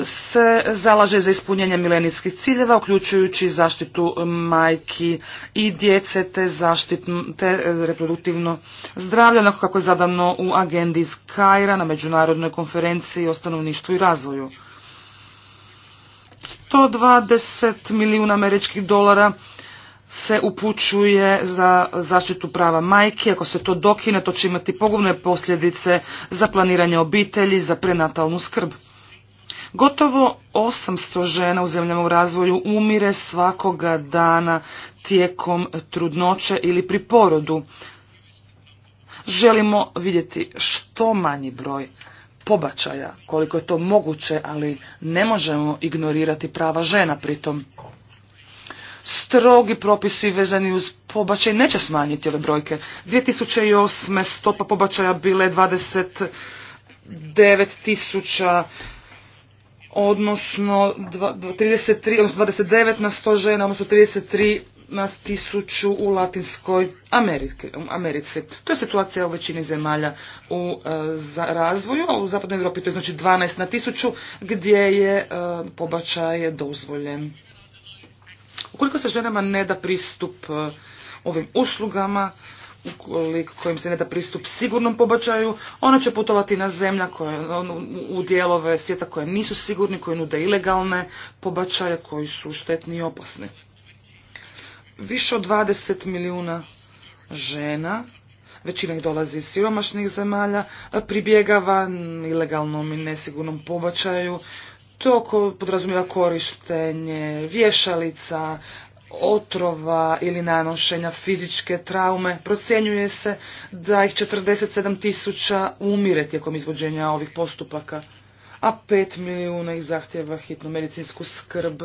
se zalaže za ispunjenje milenijskih ciljeva, uključujući zaštitu majki i djece te zaštitno te e, reproduktivno zdravlje, onako kako je zadano u agendi iz Kajra na Međunarodnoj konferenciji o stanovništvu i razvoju. 120 milijuna američkih dolara se upućuje za zaštitu prava majke. Ako se to dokine, to će imati pogubne posljedice za planiranje obitelji, za prenatalnu skrb. Gotovo 800 žena u zemljama u razvoju umire svakoga dana tijekom trudnoće ili pri porodu. Želimo vidjeti što manji broj pobačaja, koliko je to moguće, ali ne možemo ignorirati prava žena pritom. Strogi propisi vezani uz pobačaj neće smanjiti ove brojke. 2008. stopa pobačaja bile 29.000. tisuća odnosno 33, odnosno 29 na 100 žena, odnosno 33 na 1000 u Latinskoj Americi. To je situacija u većini zemalja u e, za razvoju, a u Zapadnoj Europi to je znači 12 na 1000 gdje je e, pobačaj dozvoljen. Ukoliko se ženama ne da pristup e, ovim uslugama, ukoliko se ne da pristup sigurnom pobačaju, ona će putovati na zemlja koje, ono, u dijelove svijeta koje nisu sigurni, koji nude ilegalne pobačaje koji su štetni i opasni. Više od 20 milijuna žena, većina dolazi iz siromašnih zemalja, pribjegava ilegalnom i nesigurnom pobačaju, to podrazumijeva korištenje vješalica, otrova ili nanošenja fizičke traume. Procjenjuje se da ih 47 tisuća umire tijekom izvođenja ovih postupaka, a 5 milijuna ih zahtjeva hitnu medicinsku skrb.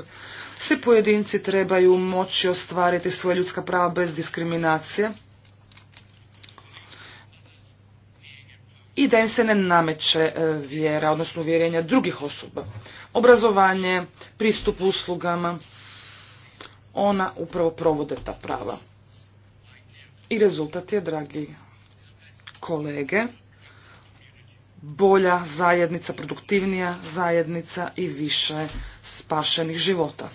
Svi pojedinci trebaju moći ostvariti svoje ljudska prava bez diskriminacije i da im se ne nameće e, vjera, odnosno uvjerenja drugih osoba. Obrazovanje, pristup uslugama, ona upravo provode ta prava. I rezultat je, dragi kolege, bolja zajednica, produktivnija zajednica i više spašenih života.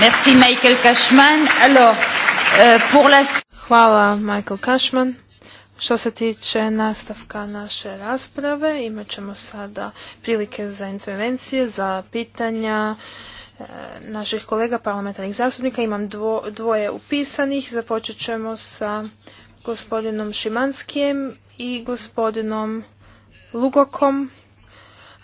Merci Michael Cashman. Euh, Hvala Michael Cashman. Što se tiče nastavka naše rasprave, imat ćemo sada prilike za intervencije, za pitanja e, naših kolega parlamentarnih zastupnika. Imam dvoje upisanih. Započet ćemo sa gospodinom Šimanskijem i gospodinom Lugokom,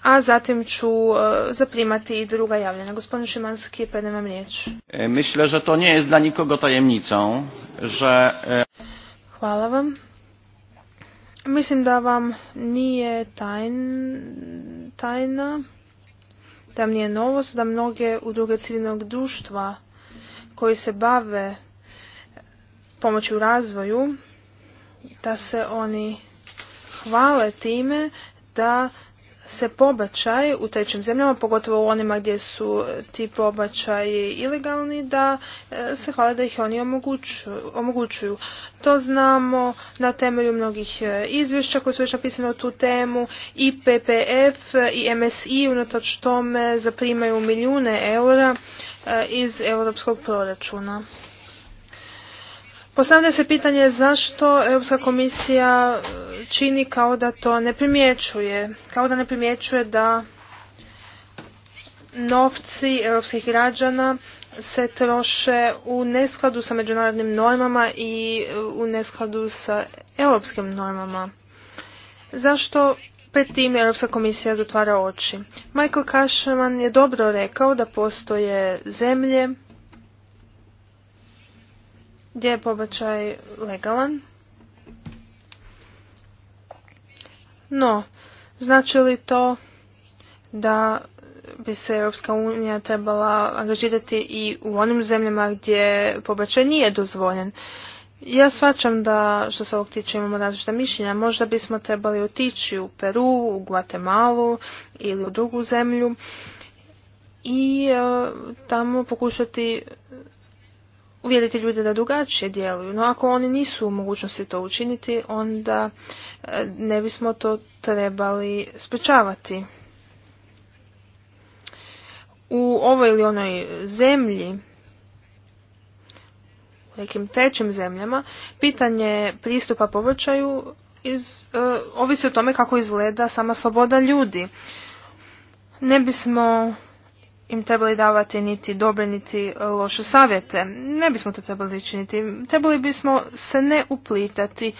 a zatim ću e, zaprimati i druga javljena. Gospodin Šimanski, pa vam riječ. E, to nie jest dla nikogo tajemnicą, że... Hvala vam. Mislim da vam nije tajna, da vam nije novost, da mnoge udruge civilnog društva koji se bave pomoću u razvoju, da se oni hvale time da se pobačaj u trećim zemljama, pogotovo u onima gdje su eh, ti pobačaji ilegalni, da eh, se hvala da ih oni omogućuju. To znamo na temelju mnogih eh, izvješća koje su već napisane o tu temu. I PPF i MSI unatoč tome zaprimaju milijune eura iz europskog proračuna. Postavlja se pitanje zašto Europska komisija e, čini kao da to ne primjećuje, kao da ne primjećuje da novci europskih građana se troše u neskladu sa međunarodnim normama i e, u neskladu sa europskim normama. Zašto pred tim Europska komisija zatvara oči? Michael Cashman je dobro rekao da postoje zemlje gdje je pobačaj legalan. No, znači li to da bi se Europska unija trebala angažirati i u onim zemljama gdje pobačaj nije dozvoljen? Ja svačam da što se ovog tiče imamo različita mišljenja. Možda bismo trebali otići u Peru, u Guatemalu ili u drugu zemlju i e, tamo pokušati uvjeriti ljude da drugačije djeluju. No ako oni nisu u mogućnosti to učiniti, onda e, ne bismo to trebali sprečavati. U ovoj ili onoj zemlji, u nekim trećim zemljama, pitanje pristupa povrćaju iz, e, ovisi o tome kako izgleda sama sloboda ljudi. Ne bismo im trebali davati niti dobre niti e, loše savjete. Ne bismo to trebali činiti. Trebali bismo se ne uplitati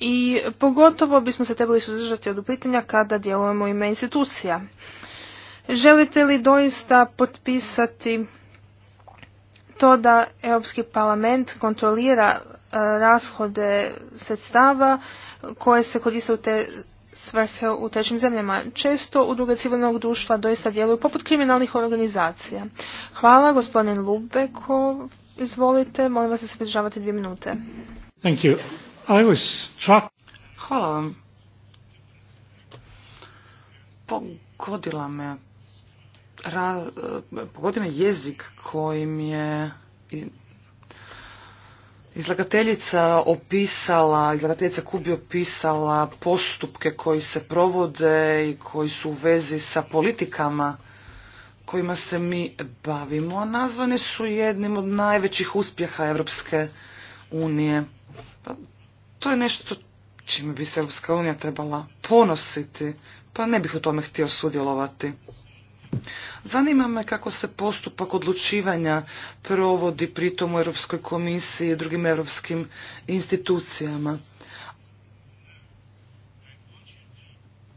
i pogotovo bismo se trebali suzdržati od uplitanja kada djelujemo ime institucija. Želite li doista potpisati to da Europski parlament kontrolira e, rashode sredstava koje se koriste u te svrhe u trećim zemljama. Često udruge civilnog društva doista djeluju poput kriminalnih organizacija. Hvala, gospodin Lubeko. Izvolite, molim vas da se pridržavate dvije minute. Thank you. I Hvala vam. Pogodila me, pogodila me jezik kojim je Izlagateljica opisala, izlagateljica Kubi opisala postupke koji se provode i koji su u vezi sa politikama kojima se mi bavimo, a nazvane su jednim od najvećih uspjeha Evropske unije. Pa, to je nešto čime bi se Evropska unija trebala ponositi, pa ne bih u tome htio sudjelovati. Zanima me kako se postupak odlučivanja provodi pritom u Europskoj komisiji i drugim europskim institucijama.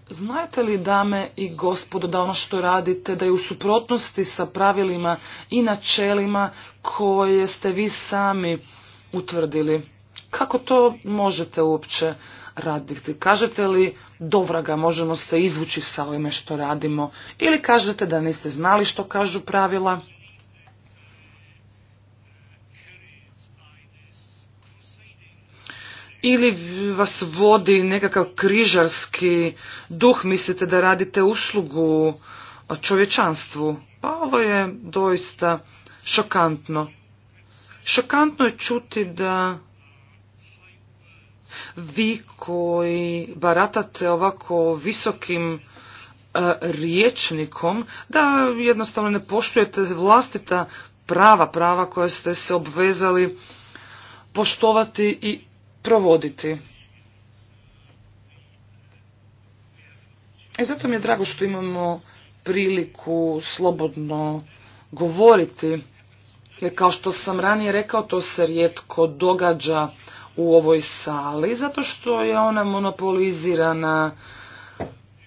Znate li, dame i gospodo, da ono što radite, da je u suprotnosti sa pravilima i načelima koje ste vi sami utvrdili? Kako to možete uopće raditi. Kažete li, ga možemo se izvući sa ovime što radimo, ili kažete da niste znali što kažu pravila, ili vas vodi nekakav križarski duh, mislite da radite uslugu čovječanstvu. Pa ovo je doista šokantno. Šokantno je čuti da vi koji baratate ovako visokim e, riječnikom, da jednostavno ne poštujete vlastita prava, prava koje ste se obvezali poštovati i provoditi. I e, zato mi je drago što imamo priliku slobodno govoriti, jer kao što sam ranije rekao, to se rijetko događa u ovoj sali, zato što je ona monopolizirana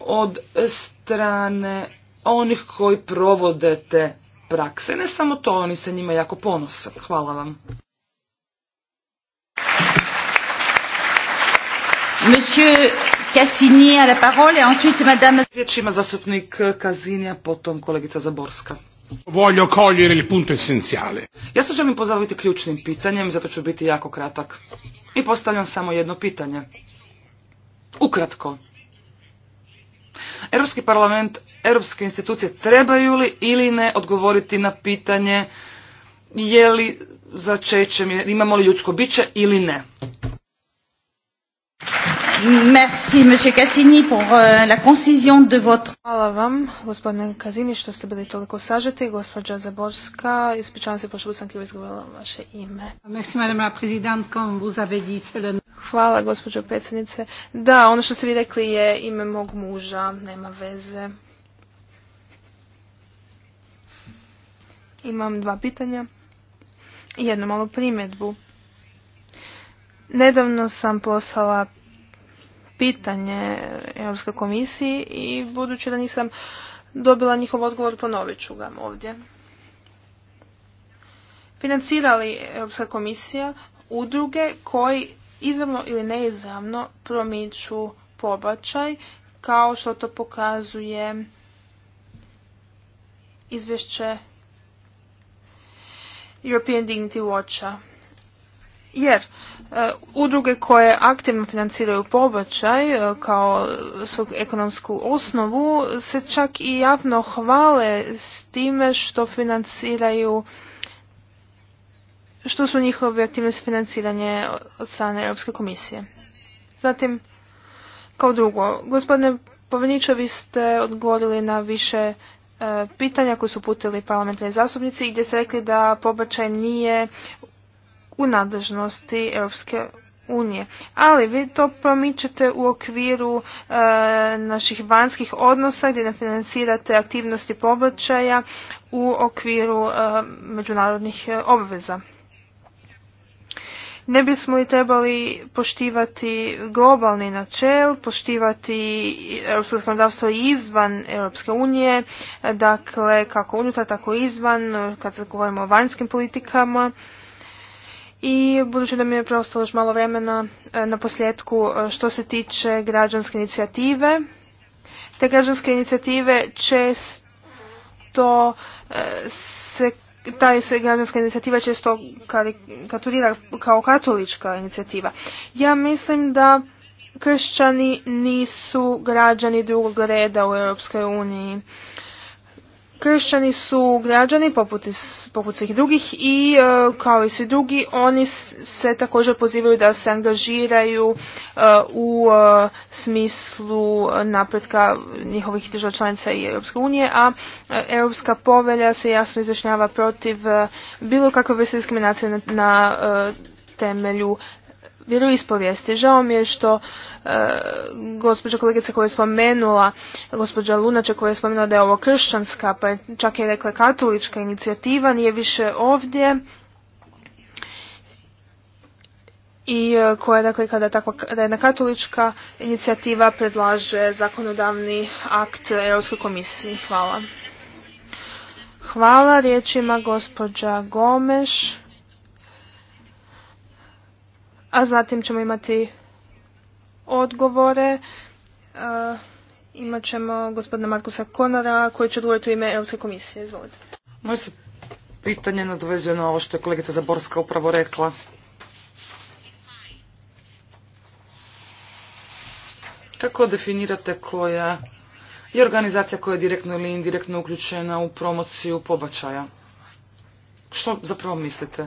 od strane onih koji provode te prakse. Ne samo to, oni se njima jako ponose. Hvala vam. Monsieur Cassini a la Riječ ima zastupnik Kazinija, potom kolegica Zaborska. Voglio cogliere il punto essenziale. Ja se želim pozabaviti ključnim pitanjem, zato ću biti jako kratak. I postavljam samo jedno pitanje. Ukratko. Europski parlament, europske institucije trebaju li ili ne odgovoriti na pitanje je li za imamo li ljudsko biće ili ne. Merci, monsieur Cassini, pour euh, la concision de votre... Hvala vam, gospodine Kazini, što ste bili toliko sažeti. Gospođa Zaborska, ispričavam se, pošto sam krivo izgovorila vaše ime. Merci, madame la présidente, comme vous avez dit, c'est Hvala, gospođo predsjednice. Da, ono što ste vi rekli je ime mog muža, nema veze. Imam dva pitanja i jednu malu primjedbu. Nedavno sam poslala pitanje Europske komisiji i budući da nisam dobila njihov odgovor, ponovit ću ga ovdje. Financira li Europska komisija udruge koji izravno ili neizravno promiču pobačaj kao što to pokazuje izvješće European Dignity Watcha jer e, udruge koje aktivno financiraju pobačaj e, kao svog ekonomsku osnovu se čak i javno hvale s time što financiraju što su njihove aktivnosti financiranje od strane Europske komisije. Zatim, kao drugo, gospodine Poveniče, vi ste odgovorili na više e, pitanja koje su putili parlamentarni zastupnici i gdje ste rekli da pobačaj nije u nadležnosti Europske unije. Ali vi to promičete u okviru e, naših vanjskih odnosa gdje ne financirate aktivnosti pobačaja u okviru e, međunarodnih e, obveza. Ne bismo li trebali poštivati globalni načel, poštivati europsko zakonodavstvo izvan Europske unije, dakle kako unutar, tako izvan, kad govorimo o vanjskim politikama, i budući da mi je preostalo još malo vremena e, na posljedku e, što se tiče građanske inicijative, te građanske inicijative često e, se ta se građanska inicijativa često karikaturira kao katolička inicijativa. Ja mislim da kršćani nisu građani drugog reda u Europskoj uniji. Kršćani su građani poput, poput svih drugih i e, kao i svi drugi oni se također pozivaju da se angažiraju e, u e, smislu napretka njihovih država članica i Europske unije, a Europska povelja se jasno izjašnjava protiv bilo kakve vrste diskriminacije na temelju vjeroispovijesti. Žao mi je što e, gospođa kolegica koja je spomenula, gospođa Lunače koja je spomenula da je ovo kršćanska, pa je čak je rekla katolička inicijativa, nije više ovdje. I e, koja je dakle kada takva, da jedna katolička inicijativa predlaže zakonodavni akt Europskoj komisiji. Hvala. Hvala riječima gospođa Gomeš a zatim ćemo imati odgovore. Uh, imat ćemo gospodina Markusa Konara koji će odgovoriti u ime Europske komisije. Izvolite. Moje se pitanje nadvezuje na ovo što je kolegica Zaborska upravo rekla. Kako definirate koja je organizacija koja je direktno ili indirektno uključena u promociju pobačaja? Što zapravo mislite?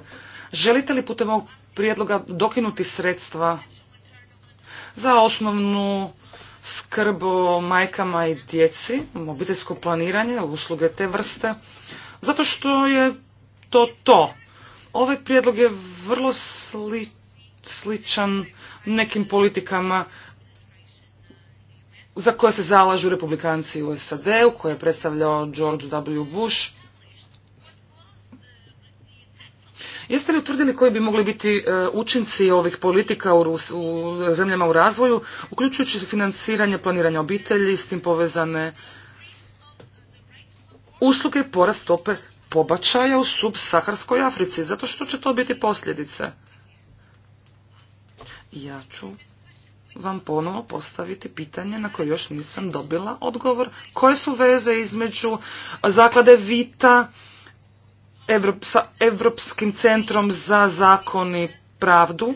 Želite li putem ovog prijedloga dokinuti sredstva za osnovnu skrb o majkama i djeci, obiteljsko planiranje, usluge te vrste, zato što je to to. Ovaj prijedlog je vrlo sličan nekim politikama za koje se zalažu republikanci u SAD-u, koje je predstavljao George W. Bush. Jeste li utvrdili koji bi mogli biti e, učinci ovih politika u, zemljama u razvoju, uključujući financiranje planiranja obitelji, s tim povezane usluge porast stope pobačaja u subsaharskoj Africi, zato što će to biti posljedice? Ja ću vam ponovo postaviti pitanje na koje još nisam dobila odgovor. Koje su veze između zaklade Vita europskim Evropskim centrom za zakon i pravdu,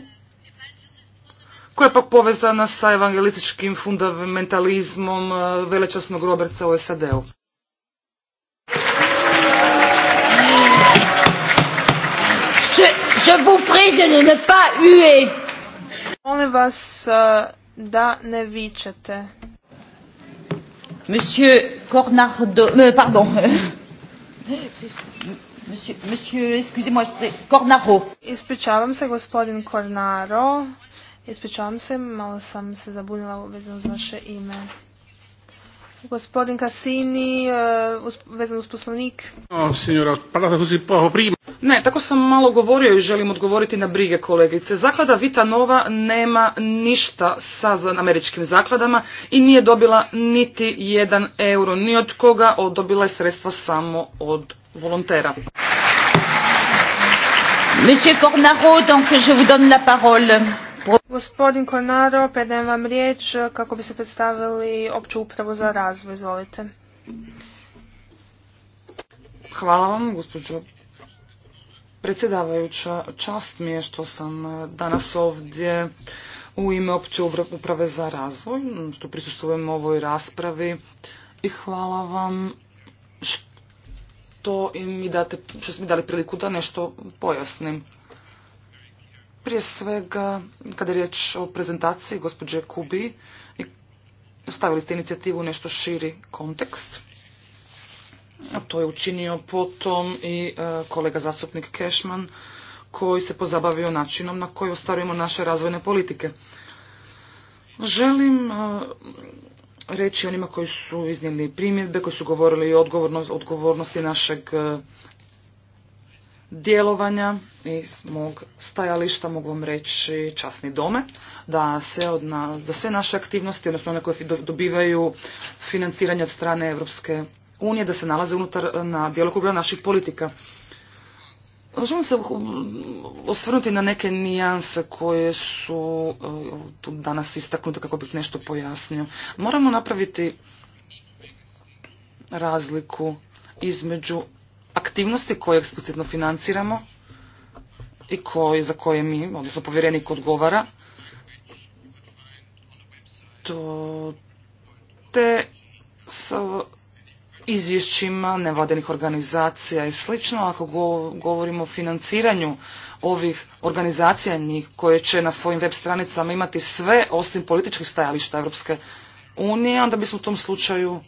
koja je pak povezana sa evangelističkim fundamentalizmom e, velečasnog Roberta u SAD-u. Je vous prie de ne pas huer. Molim vas e, da ne vičete. Monsieur Cornardo, e, pardon. Monsieur, excusez-moi, Cornaro. Ispričavam se, gospodin Cornaro. Ispričavam se, malo sam se zabunila vezano za vaše ime. Gospodin Cassini, e, vezan uz poslovnik. Ne, tako sam malo govorio i želim odgovoriti na brige kolegice. Zaklada Vita Nova nema ništa sa američkim zakladama i nije dobila niti jedan euro ni od koga, odobila je sredstva samo od volontera. Monsieur Cornaro, donc je vous donne la parole. Gospodin Konaro, predajem vam riječ kako bi se predstavili opću upravu za razvoj. Izvolite. Hvala vam, gospođo predsjedavajuća. Čast mi je što sam danas ovdje u ime opće uprave za razvoj, što prisustujem ovoj raspravi i hvala vam što, mi date, što mi dali priliku da nešto pojasnim. Prije svega, kada je riječ o prezentaciji gospođe Kubi, stavili ste inicijativu u nešto širi kontekst. A to je učinio potom i e, kolega zastupnik Kešman, koji se pozabavio načinom na koji ostvarujemo naše razvojne politike. Želim e, reći onima koji su iznijeli primjedbe, koji su govorili o odgovornosti našeg e, djelovanja i s mog stajališta mogu vam reći časni dome, da, od da sve naše aktivnosti, odnosno one koje dobivaju financiranje od strane Europske unije, da se nalaze unutar na djelokruga naših politika. Želim se osvrnuti na neke nijanse koje su danas istaknute kako bih nešto pojasnio. Moramo napraviti razliku između aktivnosti koje eksplicitno financiramo i koje za koje mi, odnosno povjerenik odgovara, to te sa izvješćima nevladinih organizacija i slično, ako govorimo o financiranju ovih organizacija koje će na svojim web stranicama imati sve osim političkih stajališta Europske unije, onda bismo u tom slučaju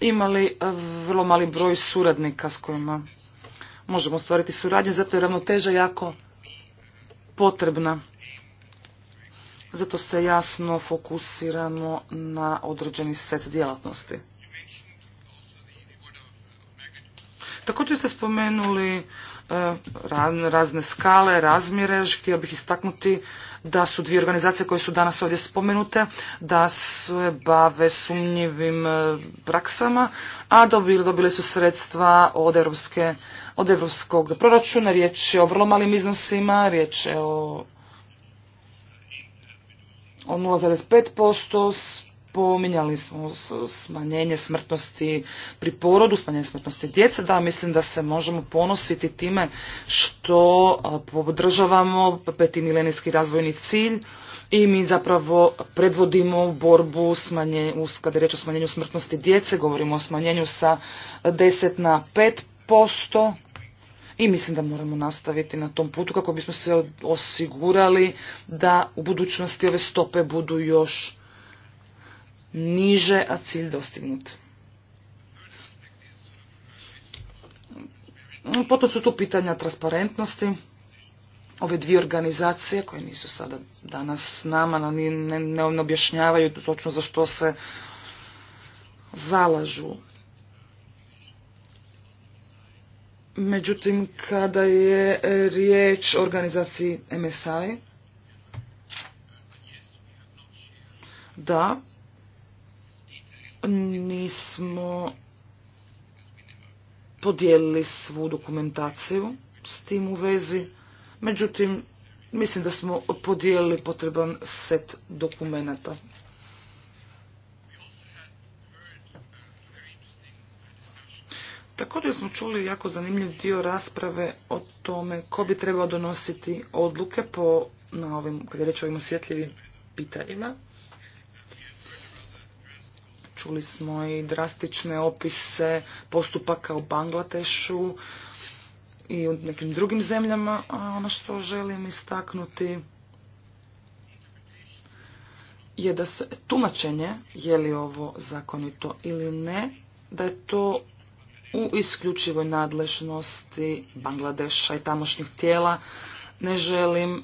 imali e, vrlo mali broj suradnika s kojima možemo ostvariti suradnje, zato je ravnoteža jako potrebna. Zato se jasno fokusiramo na određeni set djelatnosti. Također ste spomenuli e, razne skale, razmjere, htio bih istaknuti da su dvije organizacije koje su danas ovdje spomenute, da se bave sumnjivim e, praksama, a dobile su sredstva od, europske, od europskog proračuna. Riječ je o vrlo malim iznosima, riječ je o, o 0,5% spominjali smo smanjenje smrtnosti pri porodu, smanjenje smrtnosti djece, da mislim da se možemo ponositi time što podržavamo peti milenijski razvojni cilj i mi zapravo predvodimo borbu smanje, kada je riječ o smanjenju smrtnosti djece, govorimo o smanjenju sa 10 na 5%, i mislim da moramo nastaviti na tom putu kako bismo se osigurali da u budućnosti ove stope budu još niže, a cilj dostignut. Potom su tu pitanja transparentnosti. Ove dvije organizacije koje nisu sada danas s nama, no ne, ne, ne objašnjavaju točno za što se zalažu. Međutim, kada je e, riječ o organizaciji MSI, da, nismo podijelili svu dokumentaciju s tim u vezi. Međutim, mislim da smo podijelili potreban set dokumenata. Također smo čuli jako zanimljiv dio rasprave o tome ko bi trebao donositi odluke po, na ovim, kada je ovim osjetljivim pitanjima. Čuli smo i drastične opise postupaka u Bangladešu i u nekim drugim zemljama, a ono što želim istaknuti je da se tumačenje, je li ovo zakonito ili ne, da je to u isključivoj nadležnosti Bangladeša i tamošnjih tijela. Ne želim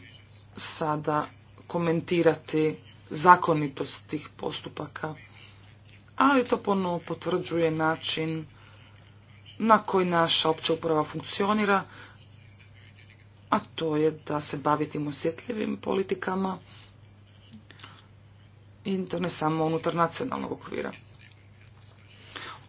sada komentirati zakonitost tih postupaka ali to ponovno potvrđuje način na koji naša opća uprava funkcionira, a to je da se bavi osjetljivim politikama i to ne samo unutar nacionalnog okvira.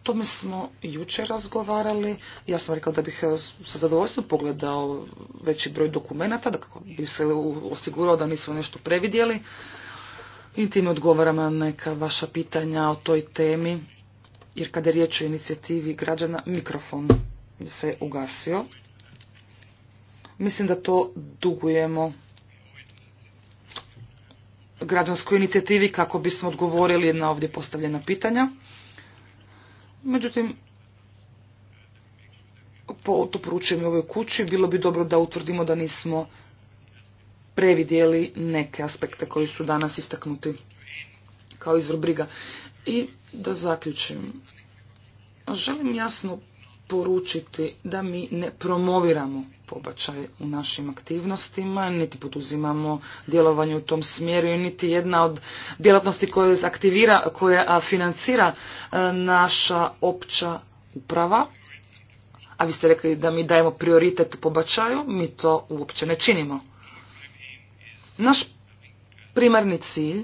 O tome smo jučer razgovarali. Ja sam rekao da bih eh, sa zadovoljstvom pogledao veći broj dokumenata, da kako se osigurao da nismo nešto previdjeli. I time odgovaram na neka vaša pitanja o toj temi, jer kada je riječ o inicijativi građana, mikrofon se ugasio. Mislim da to dugujemo građanskoj inicijativi kako bismo odgovorili na ovdje postavljena pitanja. Međutim, po, to poručujem u ovoj kući, bilo bi dobro da utvrdimo da nismo previdjeli neke aspekte koji su danas istaknuti kao izvor briga. I da zaključim, želim jasno poručiti da mi ne promoviramo pobačaj u našim aktivnostima, niti poduzimamo djelovanje u tom smjeru niti jedna od djelatnosti koje aktivira, koja financira e, naša opća uprava. A vi ste rekli da mi dajemo prioritet pobačaju, mi to uopće ne činimo. Naš primarni cilj,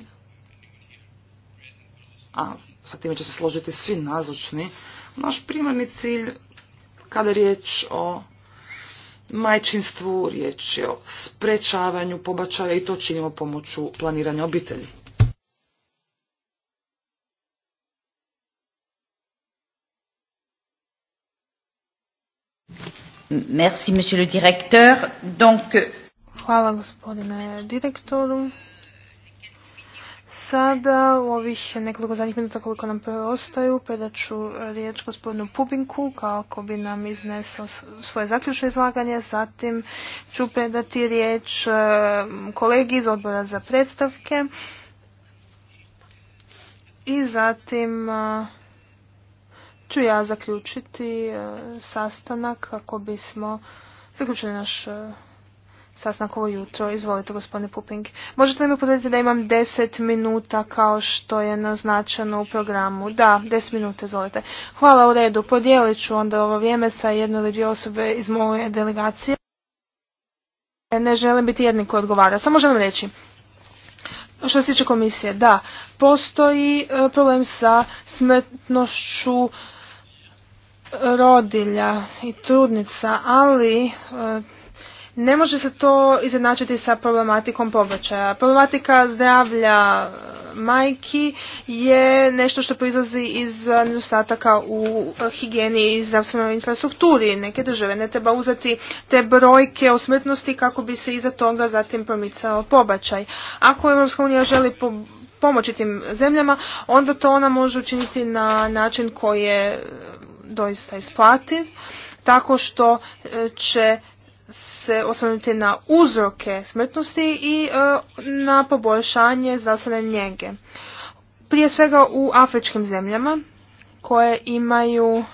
a sa time će se složiti svi nazočni, naš primarni cilj kada je riječ o majčinstvu, riječ je o sprečavanju pobačaja i to činimo pomoću planiranja obitelji. Merci, monsieur le directeur. Donc, Hvala gospodine direktoru. Sada u ovih nekoliko zadnjih minuta koliko nam preostaju predat ću riječ gospodinu Pubinku kako bi nam iznesao svoje zaključno izlaganje. Zatim ću predati riječ e, kolegi iz odbora za predstavke i zatim e, ću ja zaključiti e, sastanak kako bismo zaključili naš ovo jutro. Izvolite, gospodine Puping. Možete li mi podeliti da imam 10 minuta kao što je naznačeno u programu? Da, 10 minuta, izvolite. Hvala u redu. Podijelit ću onda ovo vrijeme sa jedno ili dvije osobe iz moje delegacije. Ne želim biti jedni koji odgovara. Samo želim reći. Što se tiče komisije, da, postoji e, problem sa smrtnošću rodilja i trudnica, ali e, ne može se to izjednačiti sa problematikom pobačaja. Problematika zdravlja e, majki je nešto što proizlazi iz nedostataka u e, higijeni i zdravstvenoj infrastrukturi. Neke države ne treba uzeti te brojke o smrtnosti kako bi se iza toga zatim promicao pobačaj. Ako Europska unija želi pomoći tim zemljama, onda to ona može učiniti na način koji je e, doista isplativ, tako što će se osvrnuti na uzroke smrtnosti i e, na poboljšanje zdravstvene njege. Prije svega u afričkim zemljama koje imaju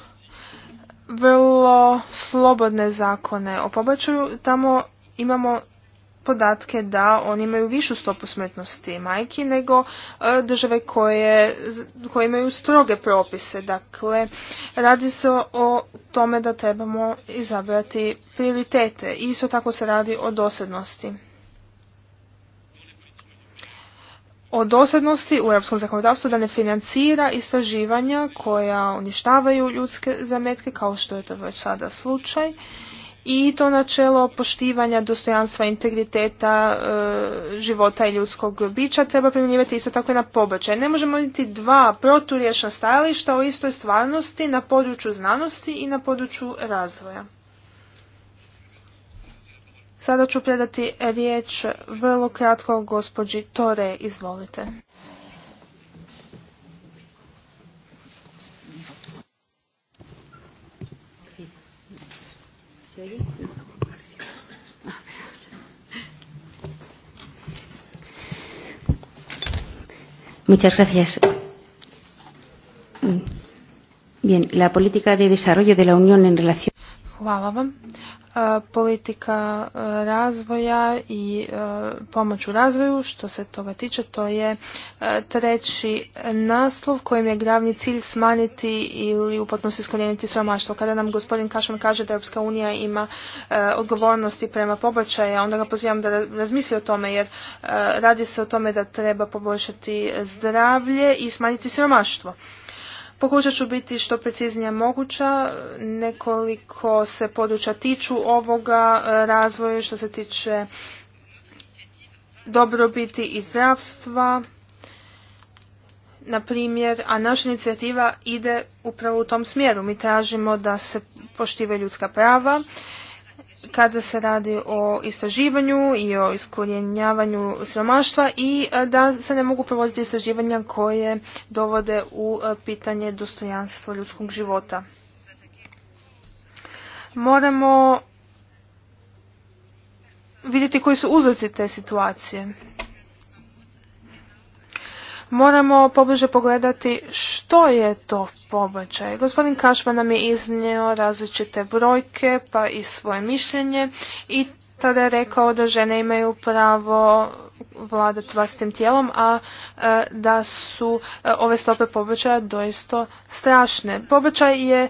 vrlo slobodne zakone o pobačaju, tamo imamo podatke da oni imaju višu stopu smrtnosti majki nego e, države koje, koje imaju stroge propise. Dakle, radi se o tome da trebamo izabrati prioritete i isto tako se radi o dosljednosti. o dosadnosti u europskom zakonodavstvu da ne financira istraživanja koja uništavaju ljudske zametke kao što je to već sada slučaj i to načelo poštivanja dostojanstva integriteta e, života i ljudskog bića treba primjenjivati isto tako i na pobačaj. Ne možemo imati dva proturječna stajališta o istoj stvarnosti na području znanosti i na području razvoja. Sada ću predati riječ vrlo kratko gospođi Tore, izvolite. Muchas gracias. Bien, la política de desarrollo de la Unión en relación E, politika e, razvoja i e, pomoć u razvoju, što se toga tiče, to je treći naslov kojim je glavni cilj smanjiti ili u potpunosti iskorijeniti siromaštvo. Kada nam gospodin Kašman kaže da Europska unija ima odgovornosti prema pobačaju, onda ga pozivam da razmisli o tome jer radi se o tome da treba poboljšati zdravlje i smanjiti siromaštvo. Pokušat ću biti što preciznije moguća, nekoliko se područja tiču ovoga e, razvoja što se tiče dobrobiti i zdravstva, na primjer, a naša inicijativa ide upravo u tom smjeru. Mi tražimo da se poštive ljudska prava, kada se radi o istraživanju i o iskorjenjavanju siromaštva i e, da se ne mogu provoditi istraživanja koje dovode u e, pitanje dostojanstvo ljudskog života. Moramo vidjeti koji su uzroci te situacije. Moramo pobliže pogledati što je to pobačaj. Gospodin Kašman nam je iznio različite brojke pa i svoje mišljenje i tada je rekao da žene imaju pravo vladati vlastitim tijelom, a e, da su e, ove stope pobačaja doista strašne. Pobačaj je e,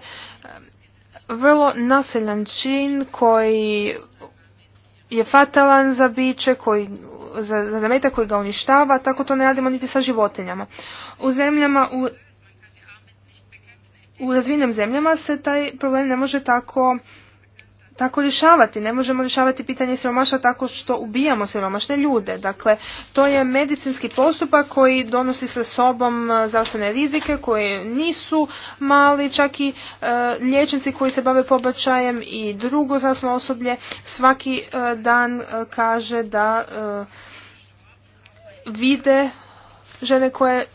vrlo nasiljan čin koji je fatalan za biće, koji, za, za koji ga uništava, tako to ne radimo niti sa životinjama. U zemljama u u razvijenim zemljama se taj problem ne može tako tako rješavati. Ne možemo rješavati pitanje siromaštva tako što ubijamo siromašne ljude. Dakle, to je medicinski postupak koji donosi sa sobom e, zdravstvene rizike koje nisu mali, čak i e, liječnici koji se bave pobačajem i drugo zdravstveno osoblje svaki e, dan kaže da vide žene koje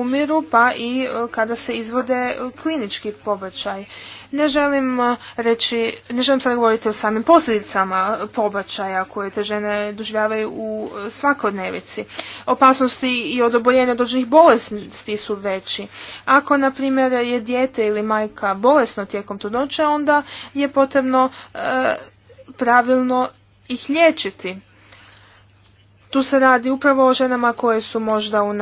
umiru pa i e, kada se izvode e, klinički pobačaj. Ne želim e, reći, ne želim sad govoriti o samim posljedicama pobačaja koje te žene doživljavaju u svakodnevici. Opasnosti i od oboljenja bolesti su veći. Ako, na primjer, je dijete ili majka bolesno tijekom trudnoće, onda je potrebno pravilno ih liječiti. Tu se radi upravo o ženama koje su možda u,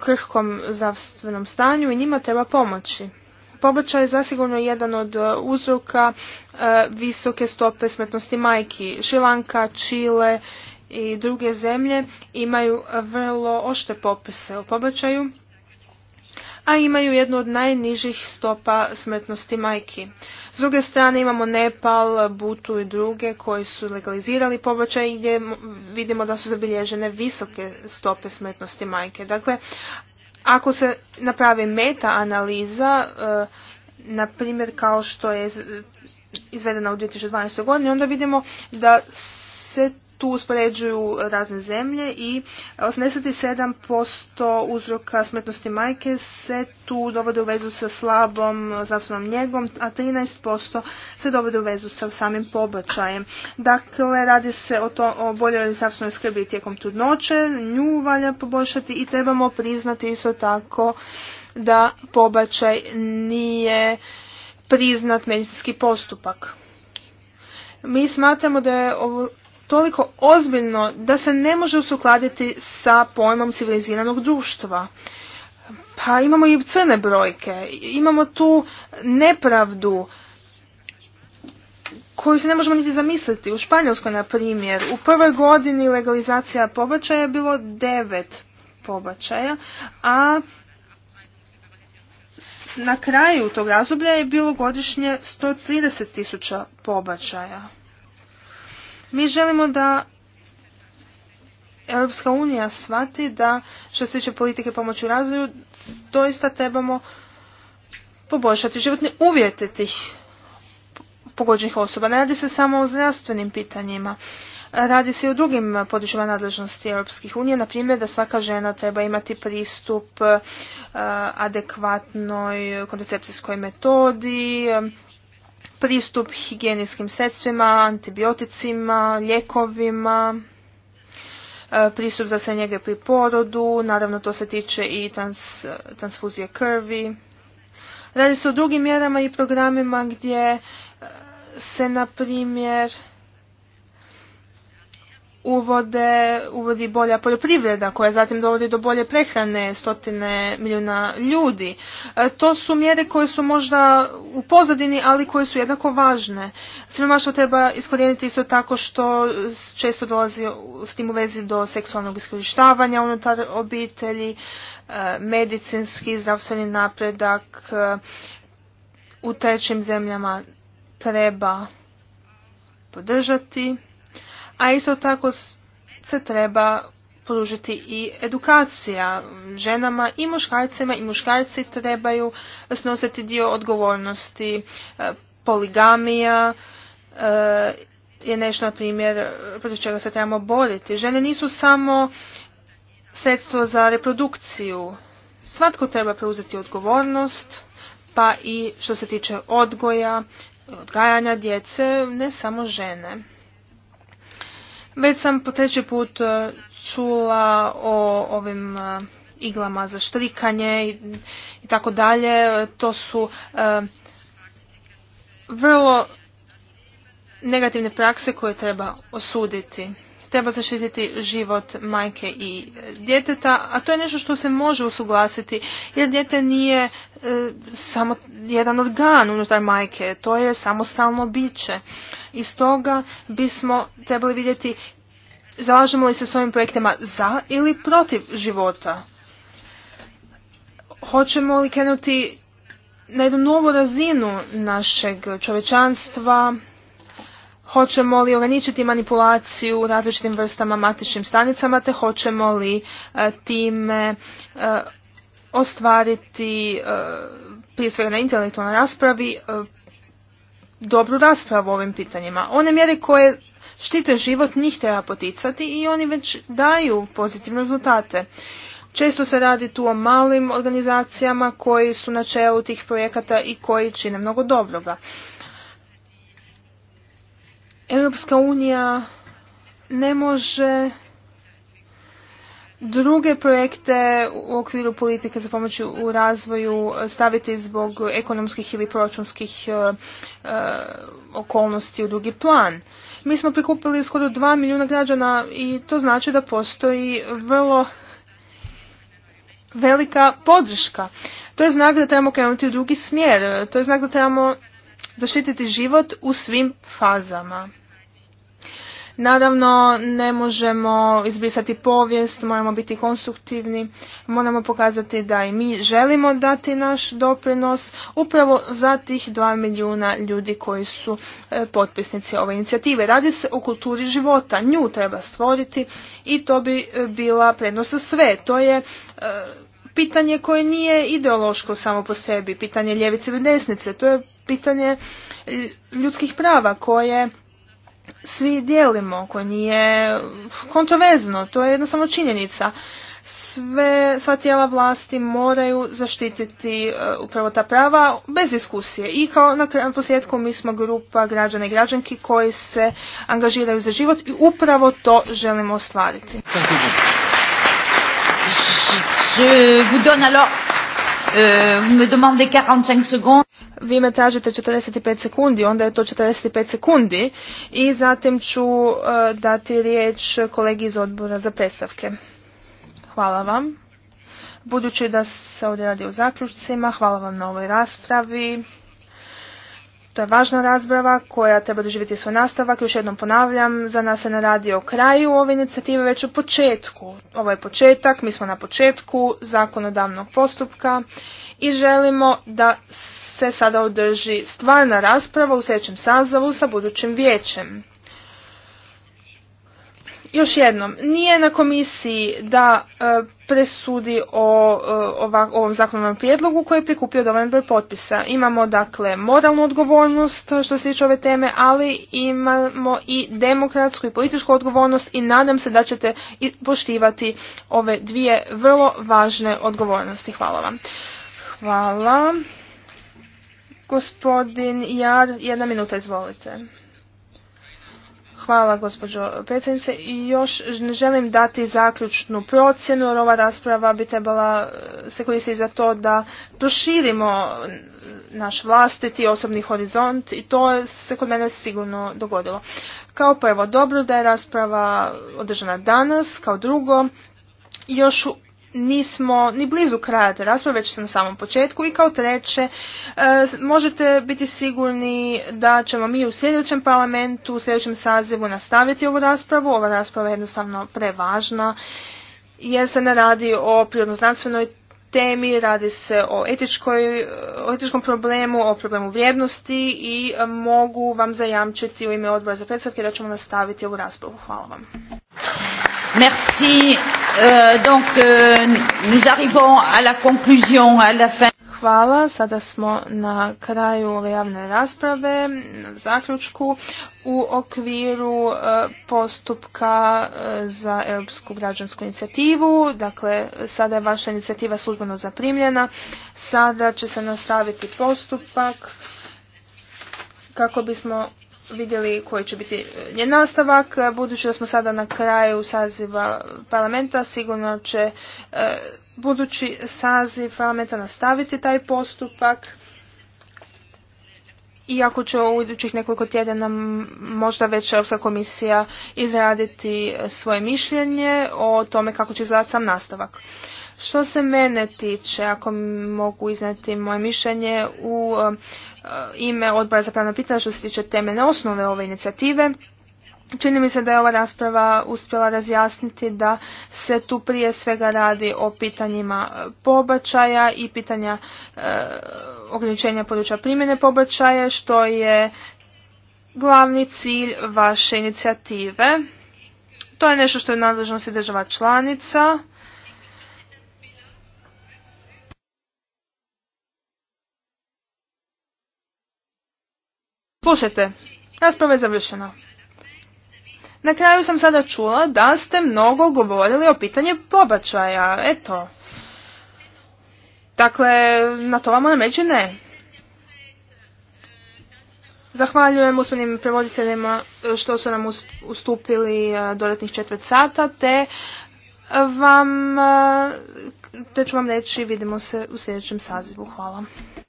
krhkom zdravstvenom stanju i njima treba pomoći. Pobačaj je zasigurno jedan od e, uzroka e, visoke stope smrtnosti majki. Šilanka, Čile i druge zemlje imaju vrlo ošte popise o pobačaju a imaju jednu od najnižih stopa smrtnosti majki. S druge strane imamo Nepal, Butu i druge koji su legalizirali pobačaj gdje vidimo da su zabilježene visoke stope smrtnosti majke. Dakle, ako se napravi meta analiza, e, na primjer kao što je izvedena u 2012. godini, onda vidimo da se tu uspoređuju razne zemlje i 87% uzroka smrtnosti majke se tu dovode u vezu sa slabom zdravstvenom njegom, a 13% se dovode u vezu sa samim pobačajem. Dakle, radi se o, to, o boljoj zdravstvenoj skrbi tijekom trudnoće, nju valja poboljšati i trebamo priznati isto tako da pobačaj nije priznat medicinski postupak. Mi smatramo da je ovo toliko ozbiljno da se ne može usukladiti sa pojmom civiliziranog društva. Pa imamo i crne brojke, imamo tu nepravdu koju se ne možemo niti zamisliti. U Španjolskoj, na primjer, u prvoj godini legalizacija pobačaja je bilo devet pobačaja, a na kraju tog razdoblja je bilo godišnje 130 tisuća pobačaja. Mi želimo da Europska unija shvati da što se tiče politike pomoći u razvoju doista trebamo poboljšati životne uvjete tih pogođenih osoba. Ne radi se samo o zdravstvenim pitanjima. Radi se i o drugim područjima nadležnosti Europskih unije, na primjer da svaka žena treba imati pristup eh, adekvatnoj kontracepcijskoj metodi, eh, pristup higijenijskim sredstvima, antibioticima, ljekovima, e, pristup za sve njege pri porodu, naravno to se tiče i transfuzije krvi. Radi se o drugim mjerama i programima gdje e, se, na primjer, uvode, uvodi bolja poljoprivreda koja zatim dovodi do bolje prehrane stotine milijuna ljudi. E, to su mjere koje su možda u pozadini, ali koje su jednako važne. Siromaštvo treba iskorijeniti isto tako što često dolazi s tim u vezi do seksualnog iskorištavanja unutar obitelji, e, medicinski, zdravstveni napredak e, u trećim zemljama treba podržati a isto tako se treba pružiti i edukacija ženama i muškarcima i muškarci trebaju snositi dio odgovornosti. E, poligamija e, je nešto, na primjer, protiv čega se trebamo boriti. Žene nisu samo sredstvo za reprodukciju. Svatko treba preuzeti odgovornost, pa i što se tiče odgoja, odgajanja djece, ne samo žene. Već sam po treći put e, čula o ovim e, iglama za štrikanje i tako dalje. To su e, vrlo negativne prakse koje treba osuditi. Treba zaštititi život majke i djeteta, a to je nešto što se može usuglasiti jer dijete nije samo jedan organ unutar majke, to je samostalno biće i stoga bismo trebali vidjeti zalažemo li se s ovim projektima za ili protiv života. Hoćemo li krenuti na jednu novu razinu našeg čovečanstva, hoćemo li ograničiti manipulaciju različitim vrstama matičnim stanicama, te hoćemo li e, time e, ostvariti e, prije svega na intelektualnoj raspravi dobru raspravu o ovim pitanjima. One mjere koje štite život njih treba poticati i oni već daju pozitivne rezultate. Često se radi tu o malim organizacijama koji su na čelu tih projekata i koji čine mnogo dobroga. Europska unija ne može druge projekte u okviru politike za pomoć u razvoju e, staviti zbog ekonomskih ili proračunskih e, e, okolnosti u drugi plan. Mi smo prikupili skoro 2 milijuna građana i to znači da postoji vrlo velika podrška. To je znak da trebamo krenuti u drugi smjer, to je znak da trebamo zaštititi život u svim fazama. Naravno, ne možemo izbrisati povijest, moramo biti konstruktivni, moramo pokazati da i mi želimo dati naš doprinos upravo za tih 2 milijuna ljudi koji su e, potpisnici ove inicijative. Radi se o kulturi života, nju treba stvoriti i to bi e, bila prednost za sve. To je e, pitanje koje nije ideološko samo po sebi, pitanje ljevice ili desnice, to je pitanje ljudskih prava koje svi dijelimo, koje nije kontrovezno, to je jednostavno činjenica. Sve, sva tijela vlasti moraju zaštititi e, upravo ta prava bez diskusije. I kao na posljedku mi smo grupa građana i građanki koji se angažiraju za život i upravo to želimo ostvariti. Je vous donne alors, euh, vous me 45 secondes vi me tražite 45 sekundi, onda je to 45 sekundi i zatim ću e, dati riječ kolegi iz odbora za predstavke. Hvala vam. Budući da se ovdje radi o zaključcima, hvala vam na ovoj raspravi. To je važna razbrava koja treba doživjeti svoj nastavak. Još jednom ponavljam, za nas se ne radi o kraju ove inicijative, već o početku. Ovo je početak, mi smo na početku zakonodavnog postupka i želimo da se sada održi stvarna rasprava u sljedećem sazavu sa budućim vijećem. Još jednom, nije na komisiji da e, presudi o e, ovom zakonovnom prijedlogu koji je prikupio dovoljno broj potpisa. Imamo dakle moralnu odgovornost što se tiče ove teme, ali imamo i demokratsku i političku odgovornost i nadam se da ćete poštivati ove dvije vrlo važne odgovornosti. Hvala vam. Hvala. Gospodin Jar, jedna minuta, izvolite. Hvala gospođo predsjednice. I još ne želim dati zaključnu procjenu jer ova rasprava bi trebala eh, se koristiti za to da proširimo naš vlastiti osobni horizont i to se kod mene sigurno dogodilo. Kao prvo, dobro da je rasprava održana danas, kao drugo, još nismo ni blizu kraja te rasprave, već na samom početku. I kao treće, e, možete biti sigurni da ćemo mi u sljedećem parlamentu, u sljedećem sazivu nastaviti ovu raspravu. Ova rasprava je jednostavno prevažna jer se ne radi o prirodnoznanstvenoj temi, radi se o, etičkoj, o etičkom problemu, o problemu vrijednosti i mogu vam zajamčiti u ime odbora za predstavke da ćemo nastaviti ovu raspravu. Hvala vam. Merci. Euh, donc, euh, nous arrivons à la conclusion, à la fin. Hvala, sada smo na kraju ove javne rasprave, na zaključku, u okviru e, postupka e, za Europsku građansku inicijativu. Dakle, sada je vaša inicijativa službeno zaprimljena, sada će se nastaviti postupak kako bismo vidjeli koji će biti e, njen nastavak. E, budući da smo sada na kraju saziva parlamenta, sigurno će e, budući saziv parlamenta nastaviti taj postupak. Iako će u idućih nekoliko tjedana možda već Europska komisija izraditi svoje mišljenje o tome kako će izgledati sam nastavak. Što se mene tiče, ako mogu iznati moje mišljenje, u E, ime odbora za pravna pitanja što se tiče temeljne osnove ove inicijative. Čini mi se da je ova rasprava uspjela razjasniti da se tu prije svega radi o pitanjima e, pobačaja i pitanja e, ograničenja područja primjene pobačaja, što je glavni cilj vaše inicijative. To je nešto što je nadležnosti država članica Slušajte, rasprava je završena. Na kraju sam sada čula da ste mnogo govorili o pitanju pobačaja, eto. Dakle, na to vam moram reći ne. Zahvaljujem usmenim prevoditeljima što su nam ustupili e, dodatnih četvrt sata, te e, vam, e, te ću vam reći vidimo se u sljedećem sazivu. Hvala.